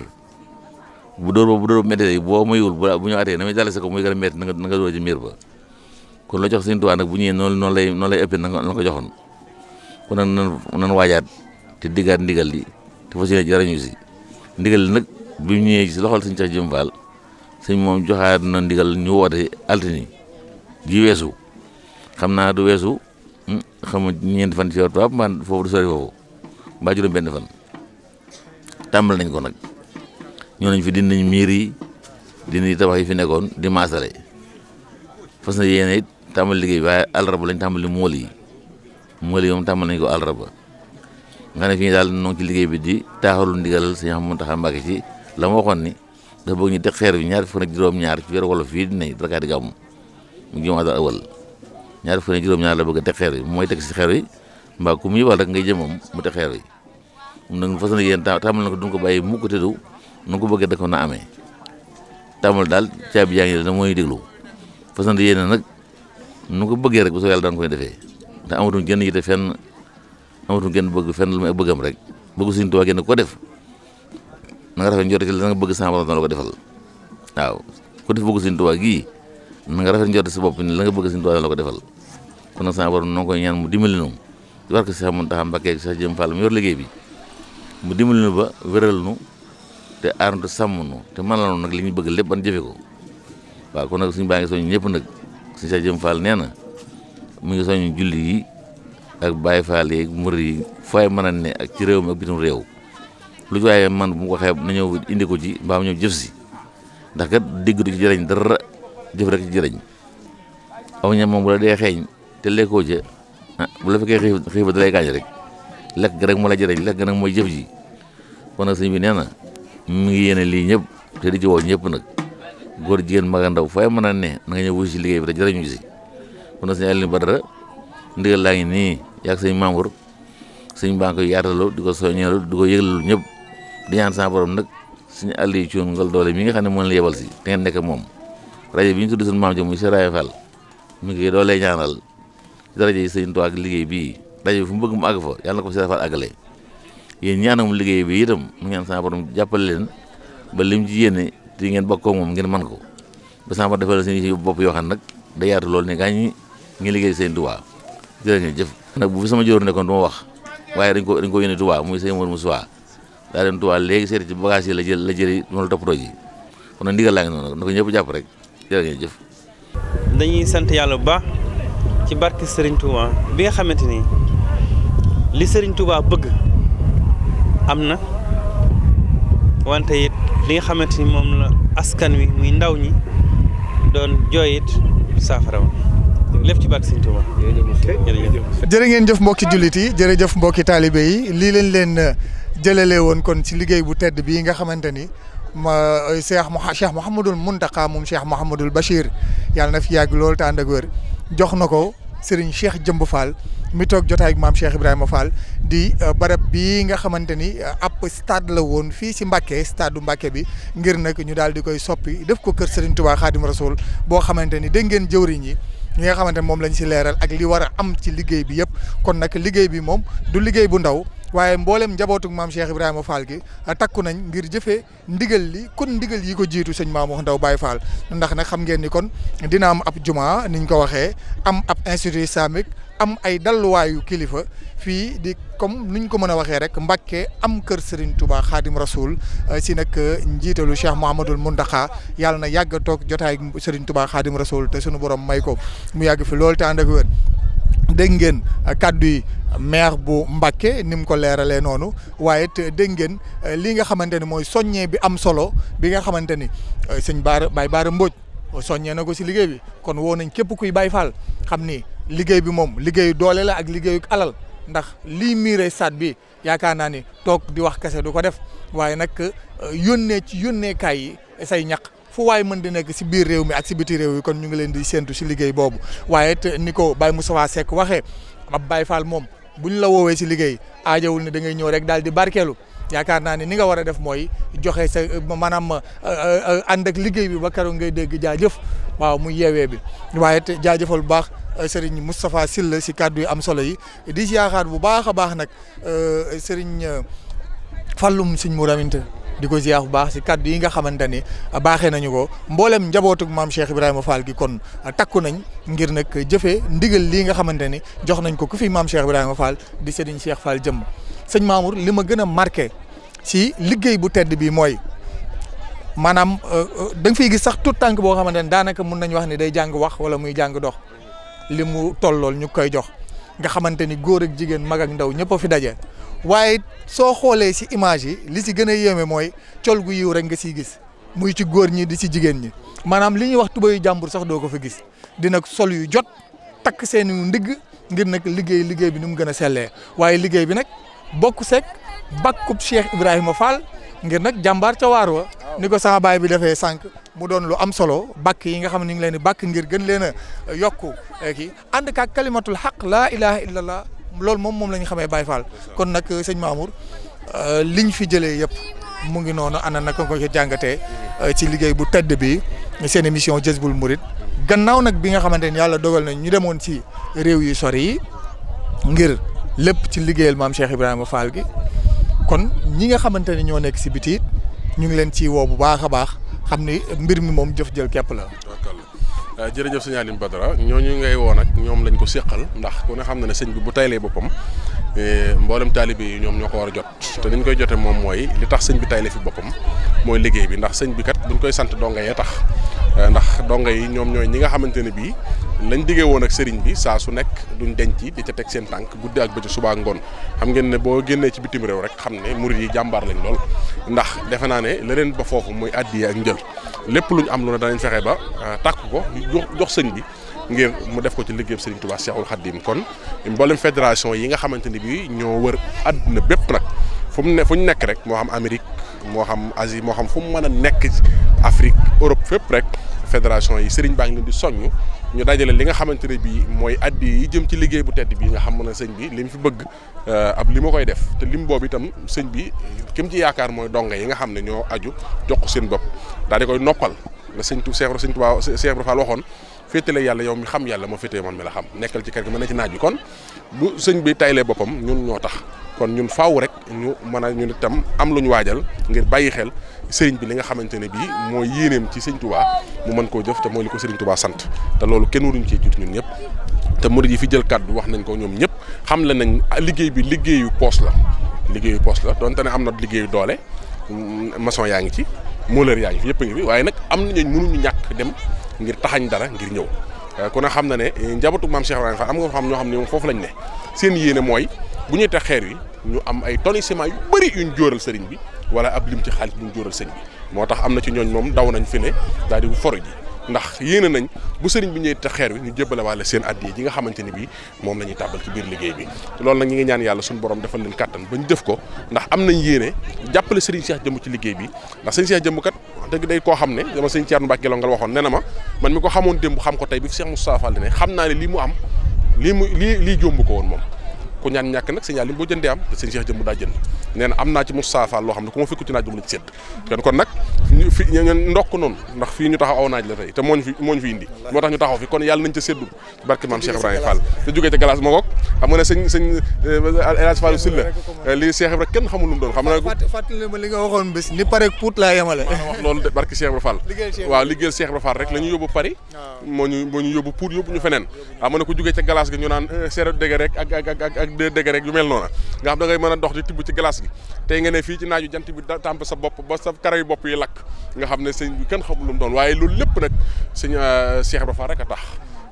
[SPEAKER 15] bu dóor boobu bu dóor bu méttee boo mayul bu ñu atee ko muy gën a métti na nga dóor ci miir ba kon la jox Sëñ nag bu ñëwee noonu noonu lay noonu lay ëppee na nga ko joxoon kon nan waajaat te diggaat ndigal li te fas yéene jariñu si ndigal li nag bu mu ñëwee si loxol Sëñ Cheikh Jëm Fall moom joxaat na ndigal ñu woote altini ji weesu xam naa du weesu hmm, xam nga ñeenti fan ci weeru tubaab mbaa foofu du sori foofu mbaa juróom benn fan tàmbal nañ ko nag ñoo nañ fi dindi nañ miir yi dindi tabax yi fi nekkoon di maasale fas na yéene it tàmbali liggéey bi waaye àllarba lañ tàmbali mool yi mool na moom tàmbali nañ ko àllarba nga ne fii daal noo ngi liggéey bi di taaxalu ndigalal Sëñ Muntaxa Mbàkke ci la ma ni dafa bëgg ñu teg xeer bi juróom-ñaar ci weeru wolof fii di ne dara di gàmm mu jumaada awal ñaari fan ak juróom-ñaar la bëgg a teg xeer mooy teg si xeer yi mbaa ku mu ngay jëmam mu teg xeer yi mu nag fas na na ko du ko bàyyi mukk te du nu ko bëggee da ko na amee tàmbali daal caabi yaa da mooy déglu fas na nu ko bëggee rek bu so yàlla daan koy defee te amatuñ genn yite fenn amatuñ genn bëgg fenn lu may bëggam rek bëgg suñu tubaab kenn ko def na nga rafet njort ci la nga bëgg sama borom dana ko defal waaw ku def bëgg suñu tubaab gii na nga rafet njort si bopp ni la nga bëgg suñu tubaab dana ko defal kon na sama borom noo koy ñaan mu dimbali nu di war si xamun taxam sa jëm Fall mu yor liggéey bi mu dimbali nu ba wéral nu te aar nu te sàmm nu te mënal nu nag li ñu bëgg lépp ban jëfe ko waaw kon nag suñu baa ngi soññ ñëpp nag si Cheikh Jëm Fall nee na mu ngi soñu julli yi ak Baye Fall yeeg murid yi fooy mën ne ak ci réew mi ak bitim réew lu ci waaye man bu mu ko xeeb na ñëw indi ko ci mbaam ñoo ñëw jëf si ndax kat dégg du ci jëriñ dara jëf rek ci jëriñ aw ñam moom dee xeeñ te lekkoo ca ah bu la fekkee xiif gaañ rek lekk ga rek moo la lekk ga nag mooy jëf ji kon nag sëñ bi nee na mu ngi yéene lii ñëpp te di nag góor jigéen mag ndaw fooy mën a ne na nga ñëw wuyu si liggéey bi te jërëjëf ñu si kon nag sëñ Badara ndigal laa ngi nii yàgg sëñ Mamour sëñ baa ngi koy yaatalu di ko soññeelu di ko yëglalu di ñaan sa borom nag suñu àll yi coon ngal doole mi nga xam ne moom la yebal si te ngeen nekk moom rajo bi ñu tudd seen maam ji muy Serigne Fall mi ngi doolee ñaanal daraja yi sëñ Tuubaa ak liggéey bii rajo bi fu mu bëgg mu àgg fa yàlla na ko Serigne Fall àggale liggéey bi itam mu ñaan sa borom jàppale leen ba lim ci yéene di ngeen bokkoo moom ngeen man ko ba sama defal seen yi bopp yoo xam nag da yaatu loolu ne gaa ngi liggéey seen Tuubaa jërë ngeen jëf nag bu fi sama jóor nekkoon du ma wax waaye dañ ko dañ ko yónnee Tuubaa muy sëñ Mor Moussa daa dem Tuubaa léegi seeti ci yi la jël la jëli ma la toppatoo ji kon nag ndigal laa ngi noonu na ko ñëpp jàpp rek jërë ngeen jëf
[SPEAKER 11] dañuy sant yàlla bu baax ci barke Serigne Touba bi nga xamante ni li Serigne Touba bëgg am na wante it li nga xamante ni moom la askan wi muy ndaw ñi doon jooyit saafara woon lépp ci barke Sëñ Tuuba
[SPEAKER 2] jërë ngeen jëf mbokki jullit yi jërëjëf mbokki taalibe yi lii leen leen euh, jëlale woon kon ci liggéey bu tedd bii nga xamante ni ma euh, Cheikh Mouha Cheikh Mouhamadul Muntaqa moom Cheikh Mouhamadul Bachir yàlla na fi yàgg lool te ànd ak wér jox na ko. Serigne Cheikh Jëmb Fall mi toog jotaay maam Cheikh Ibrahima Fall di euh, barab bii nga xamante ni euh, ab stade la woon fii si Mbacke stade du Mbacke bi ngir nag ñu daal di koy soppi def ko kër Serigne Touba Khadim Rasoul boo xamante ni dégg ngeen jëwriñ yi. ñi nga xamante moom lañ si leeral ak li war a am ci liggéey bi yëpp kon nag liggéey bi moom du liggéey bu ndaw waaye mbooleem njabootuk maam Cheikh Ibrahima Fall gi takku nañ ngir jëfe ndigal li kon ndigal yi ko jiitu sëñ Mamour Ndao Baye Fall ndax nag xam ngeen ni kon dina am ab juma niñ ko waxee am ab institut islamique am ay dalluwaayu kilifa fii di comme nuñ ko mën a waxee rek Mbàkke am kër Serigne Touba Khadim Rasoul si nag njiitalu Cheikh Mouhamadul Mountakha yàlla na yàgg a toog jotaay Serigne Touba Khadim Rasoul te sunu borom may ko mu yàgg fi loolu te ànd ak dégg ngeen kàddu yi maire bu mbakke ni mu ko leeralee noonu waaye it dégg ngeen eh, li nga xamante ni mooy soññee bi am solo bi nga xamante ni eh, sëñ Baara Baye Baara Mbodj soññee na ko si liggéey bi kon woo nañ képp kuy Baye Fall xam ni liggéey bi moom liggéeyu doole la ak liggéeyu alal ndax lii miire stade bi yaakaar naa ni toog di wax kese du ko def waaye nag eh, yónnee ci yónneekaay yi say ñaq fu waay mën di nekk si biir réew mi ak si biti réew yi kon ñu ngi leen di séntu si liggéey boobu waaye te ni ko Baye Moustapha Seck waxee ab Baye Fall moom buñ la woowee si liggéey aajawul ne da ngay ñëw rek daal di barkeelu yaakaar naa ne ni nga war a def mooy joxe sa maanaam uh, uh, ànd ak liggéey bi ba keroog ngay dégg jaajëf waaw mu yeewee bi waaye te jaajëfal bu baax uh, Serigne Moustapha silla si kàddu yi am solo yi di si yaakaar bu baax a baax nag Serigne Falloum Serigne Mourante. di ko ziar bu baax si kaddu yi nga xamante ni ah, baaxee nañu ko mboolem njabootug maam Cheikh Ibrahima Fall gi kon ah, takku nañ ngir nag jëfe ndigal lii nga xamante ni jox nañ ko ku fi maam Cheikh Ibrahima Fall di Serigne Cheikh Fall jëm sëñ Mamour li ma gën a marke si liggéey bu tedd bi mooy maanaam euh, euh, da nga fiy gis sax tout tànk boo xamante ni daanaka mun nañu wax ni day jàng wax wala muy jàng dox li mu tollool ñu koy jox nga xamante ni góor ak jigéen mag ak ndaw ñëpp fi daje. waaye soo xoolee si image yi li si gën a yéeme mooy col gu yiw rek nga siy gis muy ci góor ñi di si jigéen ñi maanaam li ñuy wax tubayu jàmbur sax doo ko fa gis dina sol yu jot takk seen yu ndigg ngir nag liggéey liggéey bi nu mu gën a sellee waaye liggéey bi nag bokk sekk bakkub Cheikh Ibrahima Fall ngir nag jàmbaar ca waar wa ni ko sama baay bi defee sànq mu doon lu am solo bakk yi nga xam ne ñu ngi leen di bakk ngir gën leen a yokku eh, kii ànd kaak xaq laa ilaha illallah loolu moom moom lañu ñu xamee Baye Fall kon nag euh, sëñ Mamour euh, liñ fi jëlee yëpp mu ngi noonu ana nag ko ci jàngatee euh, ci liggéey bu tedd bi seen émission Jazboul Mouride gannaaw nag bi nga xamante ni yàlla dogal na ñu demoon ci réew yu sori yi ngir lépp ci liggéeyal maam Cheikh Ibrahima Fall gi kon ñi nga xamante ni ñoo nekk si biti ñu ngi leen ci wow bu baax a baax xam ni mbir mi moom jëf jël képp la
[SPEAKER 1] Euh, jërëjëf sëñ Alim ñoo ñu ngay woo nag ñoom lañ ko séqal ndax ko ne xam na ne sëñ bi bu taylee boppam e, mboolem taalibe yi ñoom ñoo ko war a jot te niñ koy jotee moom mooy li tax sëñ bi tayle fi boppam mooy liggéey bi ndax sëñ bi kat buñ koy sant donga yee tax euh, ndax donga yi ñoom ñooy ñi nga xamante ne bii lañ diggee woon ak sëriñ bi saa su nekk duñ denc di ca teg seen tànk guddi ak bëccëg suba ngoon xam ngeen ne boo génnee ci bitim réew rek xam ne murid yi jàmbaar lañ lool ndax defe naa ne leneen ba foofu muy addiya ak njël lépp luñ am lu ne danañ fexe ba euh, tàkk ko jox sëñ bi ngir mu def ko ci liggéeyam Serigne Touba Cheikhoul Khadim kon mboolem fédération yi nga xamante ni bii ñoo wër àdduna bépp nag fu mu ne fu ñu nekk rek moo xam Amérique moo xam Asie moo xam fu mu mën a nekk Afrique Europe fépp rek fédération yi Serigne baa ngi di soññ ñu dajale li nga xamante ne bii mooy addi yi jëm ci liggéey bu tedd bii nga xam ne sëñ bi li mu fi bëgg euh, ab li ma koy def te lim boob itam sëñ bi kim ci yaakaar mooy donga yi nga xam ne ñoo aju jox ko seen bopp daal di koy noppal la sëñ tu Cheikh sëñ Tuubaa Cheikh Fall waxoon féetale yàlla yow mi xam yàlla ma féetee man mi la xam nekkal ci kër gi mën na ci naaj bi kon bu sëñ bi taylee boppam ñun ñoo tax kon ñun faw rek ñu mën a ñun itam am lu ñu waajal ngir bàyyi xel sëriñ bi li nga xamante ne bii mooy yéeneem ci sëriñ Touba mu mën koo jëf te mooy li ko sëriñ Touba sant te loolu kenn waruñ cee jut ñun ñëpp te murid yi fi jël kàddu wax nañ ko ñoom ñëpp xam la nañ liggéey bi liggéeyu poos la liggéeyu poos la donte ne am na liggéeyu doole mason yaa ngi ci mooleur yaa ngi fi yëpp a ngi fi waaye nag am na ñooñ mënuñu ñàkk dem ngir taxañ dara ngir ñëw euh, kon a xam na ne euh, njabootu maam Cheikh Ibrahima Fall am nga xam ñoo xam ne moom foofu lañ ne seen yéene mooy bu ñuy tax xeer yi ñu am ay tonni ciment yu bëri yuñ sëriñ bi wala ab lim ci xaalis bu ñu jóoral sëñ bi moo tax am na ci ñooñ moom daw nañ fi ne daal di foro ji ndax yéene nañ bu sëriñ bi ñëwee te xeer wi ñu jébbale waale seen yi ji nga xamante ni bii moom la ñuy tàbbal ci biir liggéey bi lool nag ñi ngi ñaan yàlla suñ borom defal leen kàttan ba ñu def ko ndax am nañ yéene jàppale sëriñ Cheikh jëmb ci liggéey bi ndax sëriñ Cheikh jëmb kat wax dëgg koo xam ne dama sëriñ Thierno Mbacke Longal waxoon ne na ma man ko xamoon démb xam ko tey bi fi Cheikh ne xam naa ne lii am lii mu lii lii jomb ko woon moom ku ñaan ñàkk nag signal yi boo jëndee am te sëñ Cheikh jëmm daa jënd nee na am naa ci Moustapha Fall loo xam ne ku ma fekku naaj moo de barke Cheikh Ibrahima waaw liggéeyal Cheikh Ibrahima Fall rek la yóbbu Paris moo ñu yóbbu puut yóbbu ñu feneen am na ko jógee ca glace ga ñu naan eh, seere dégg rek de deux degré rek yu mel noona nga xam da ngay mën a dox di tibb ci glace gi tey nga ne fii ci naaju jant bi tàmp sa bopp ba sa karaw bopp yi lakk nga xam ne sëñ bi kenn xamul lu doon waaye loolu lépp nag sëñ euh, Cheikh Ibra Fall rek a tax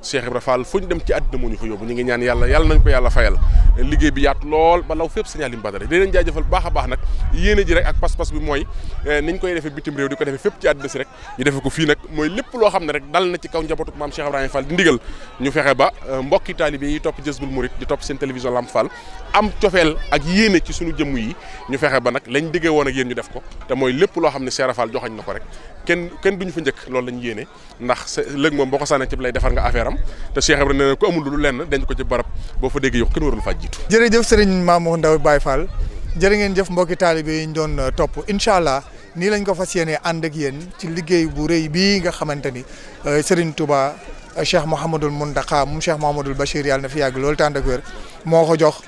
[SPEAKER 1] Cheikh Ibra Fall fu ñu dem ci àddina moo ñu fa yóbbu ñu ngi ñaan yàlla yàlla nañ ko yàlla fayal liggéey bi yaatu lool ba law fépp Serigne a baax nag yéene ji rek ak pas-pas bi mooy eh, niñ koy defee bitim réew di ko defee fépp ci àddina si rek ñu defe ko fii nag mooy lépp loo xam ne rek dal na ci kaw njabootu maam Cheikh Ibrahima Fall di ndigal ñu fexe ba eh, mbokki taalibe yi topp Jazboul Mouride di topp seen télévision Lamp Fall am cofeel ak yéene ci suñu jëmm yi ñu fexe ba nag lañ diggee woon ak yéen ñu ko te mooy lépp loo xam ne Cheikh Fall joxañ na ko rek Ken kenn duñu fa ñëk loolu lañu yéene ndax lëg mom boko sané ci lay défar nga affaire am té Cheikh ibrahim nee ko amul lu lenn dañ ko ci barap bo fa dégg yox kenn warul faa
[SPEAKER 2] jëre jëf Serigne mamou ndaw Baye Fall jëre ngeen jëf mbokki talibé yi ñu doon uh, top inshallah allah lañ ko fas yéenee ànd ak yeen ci liggéey bu reuy bi nga xamanteni ni uh, Serigne Touba uh, Cheikh Mouhamadul mundaqa mu Cheikh Mouhamadul Bachir yàlla na fi yag loolu tànd ak wër moko jox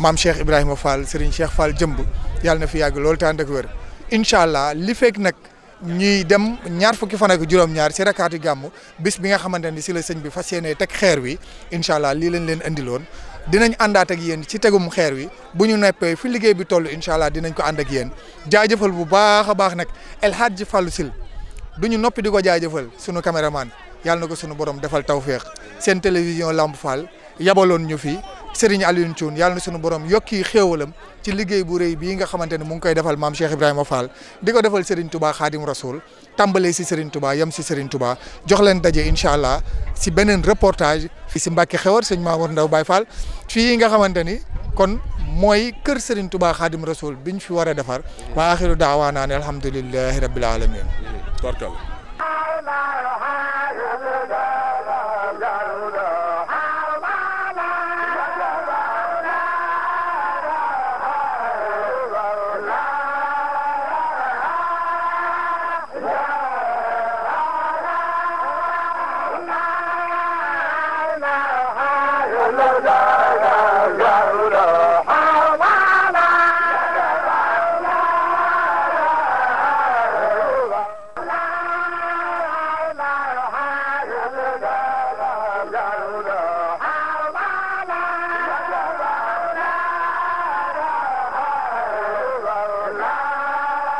[SPEAKER 2] mam Cheikh ibrahim Fall Serigne Cheikh Fall jëmb fi yag loolu ak wër inshallah li fek nak. ñuy dem ñaar fukki fan ak juróom-ñaar si rakaati gàmm bis bi nga xamante ni si la sëñ bi fas yéenee teg xeer wi incha allah lii lañ leen indiloon dinañ àndaat ak yéen ci tegum xeer wi bu ñu neppee fi liggéey bi toll incha allah dinañ ko ànd ak yéen jaajëfal bu baax a baax nag El Hadji Fallou Sil du ñu noppi di ko jaajëfal sunu caméraman yàlla ko sunu borom defal tawféex seen télévision Lamp Fall yabaloon ñu fi. Serigne Alioune Thioune yàlla na sunu borom yokki xéewalam ci liggéey bu rëy bii nga xamante ne mu ngi koy defal maam Cheikh Ibrahima Fall di ko defal Serigne Touba Khadim Rasoul tàmbalee si Serigne Touba yem si Serigne jox leen daje incha allah si beneen reportage si Mbacke Xewar sëñ Mamour Ndaw Baye Fall fii nga xamante ni kon mooy kër Serigne Touba Khadim Rasoul biñ fi war a defar wa axiru daawaanaa ne alhamdulilahi rabbil alamin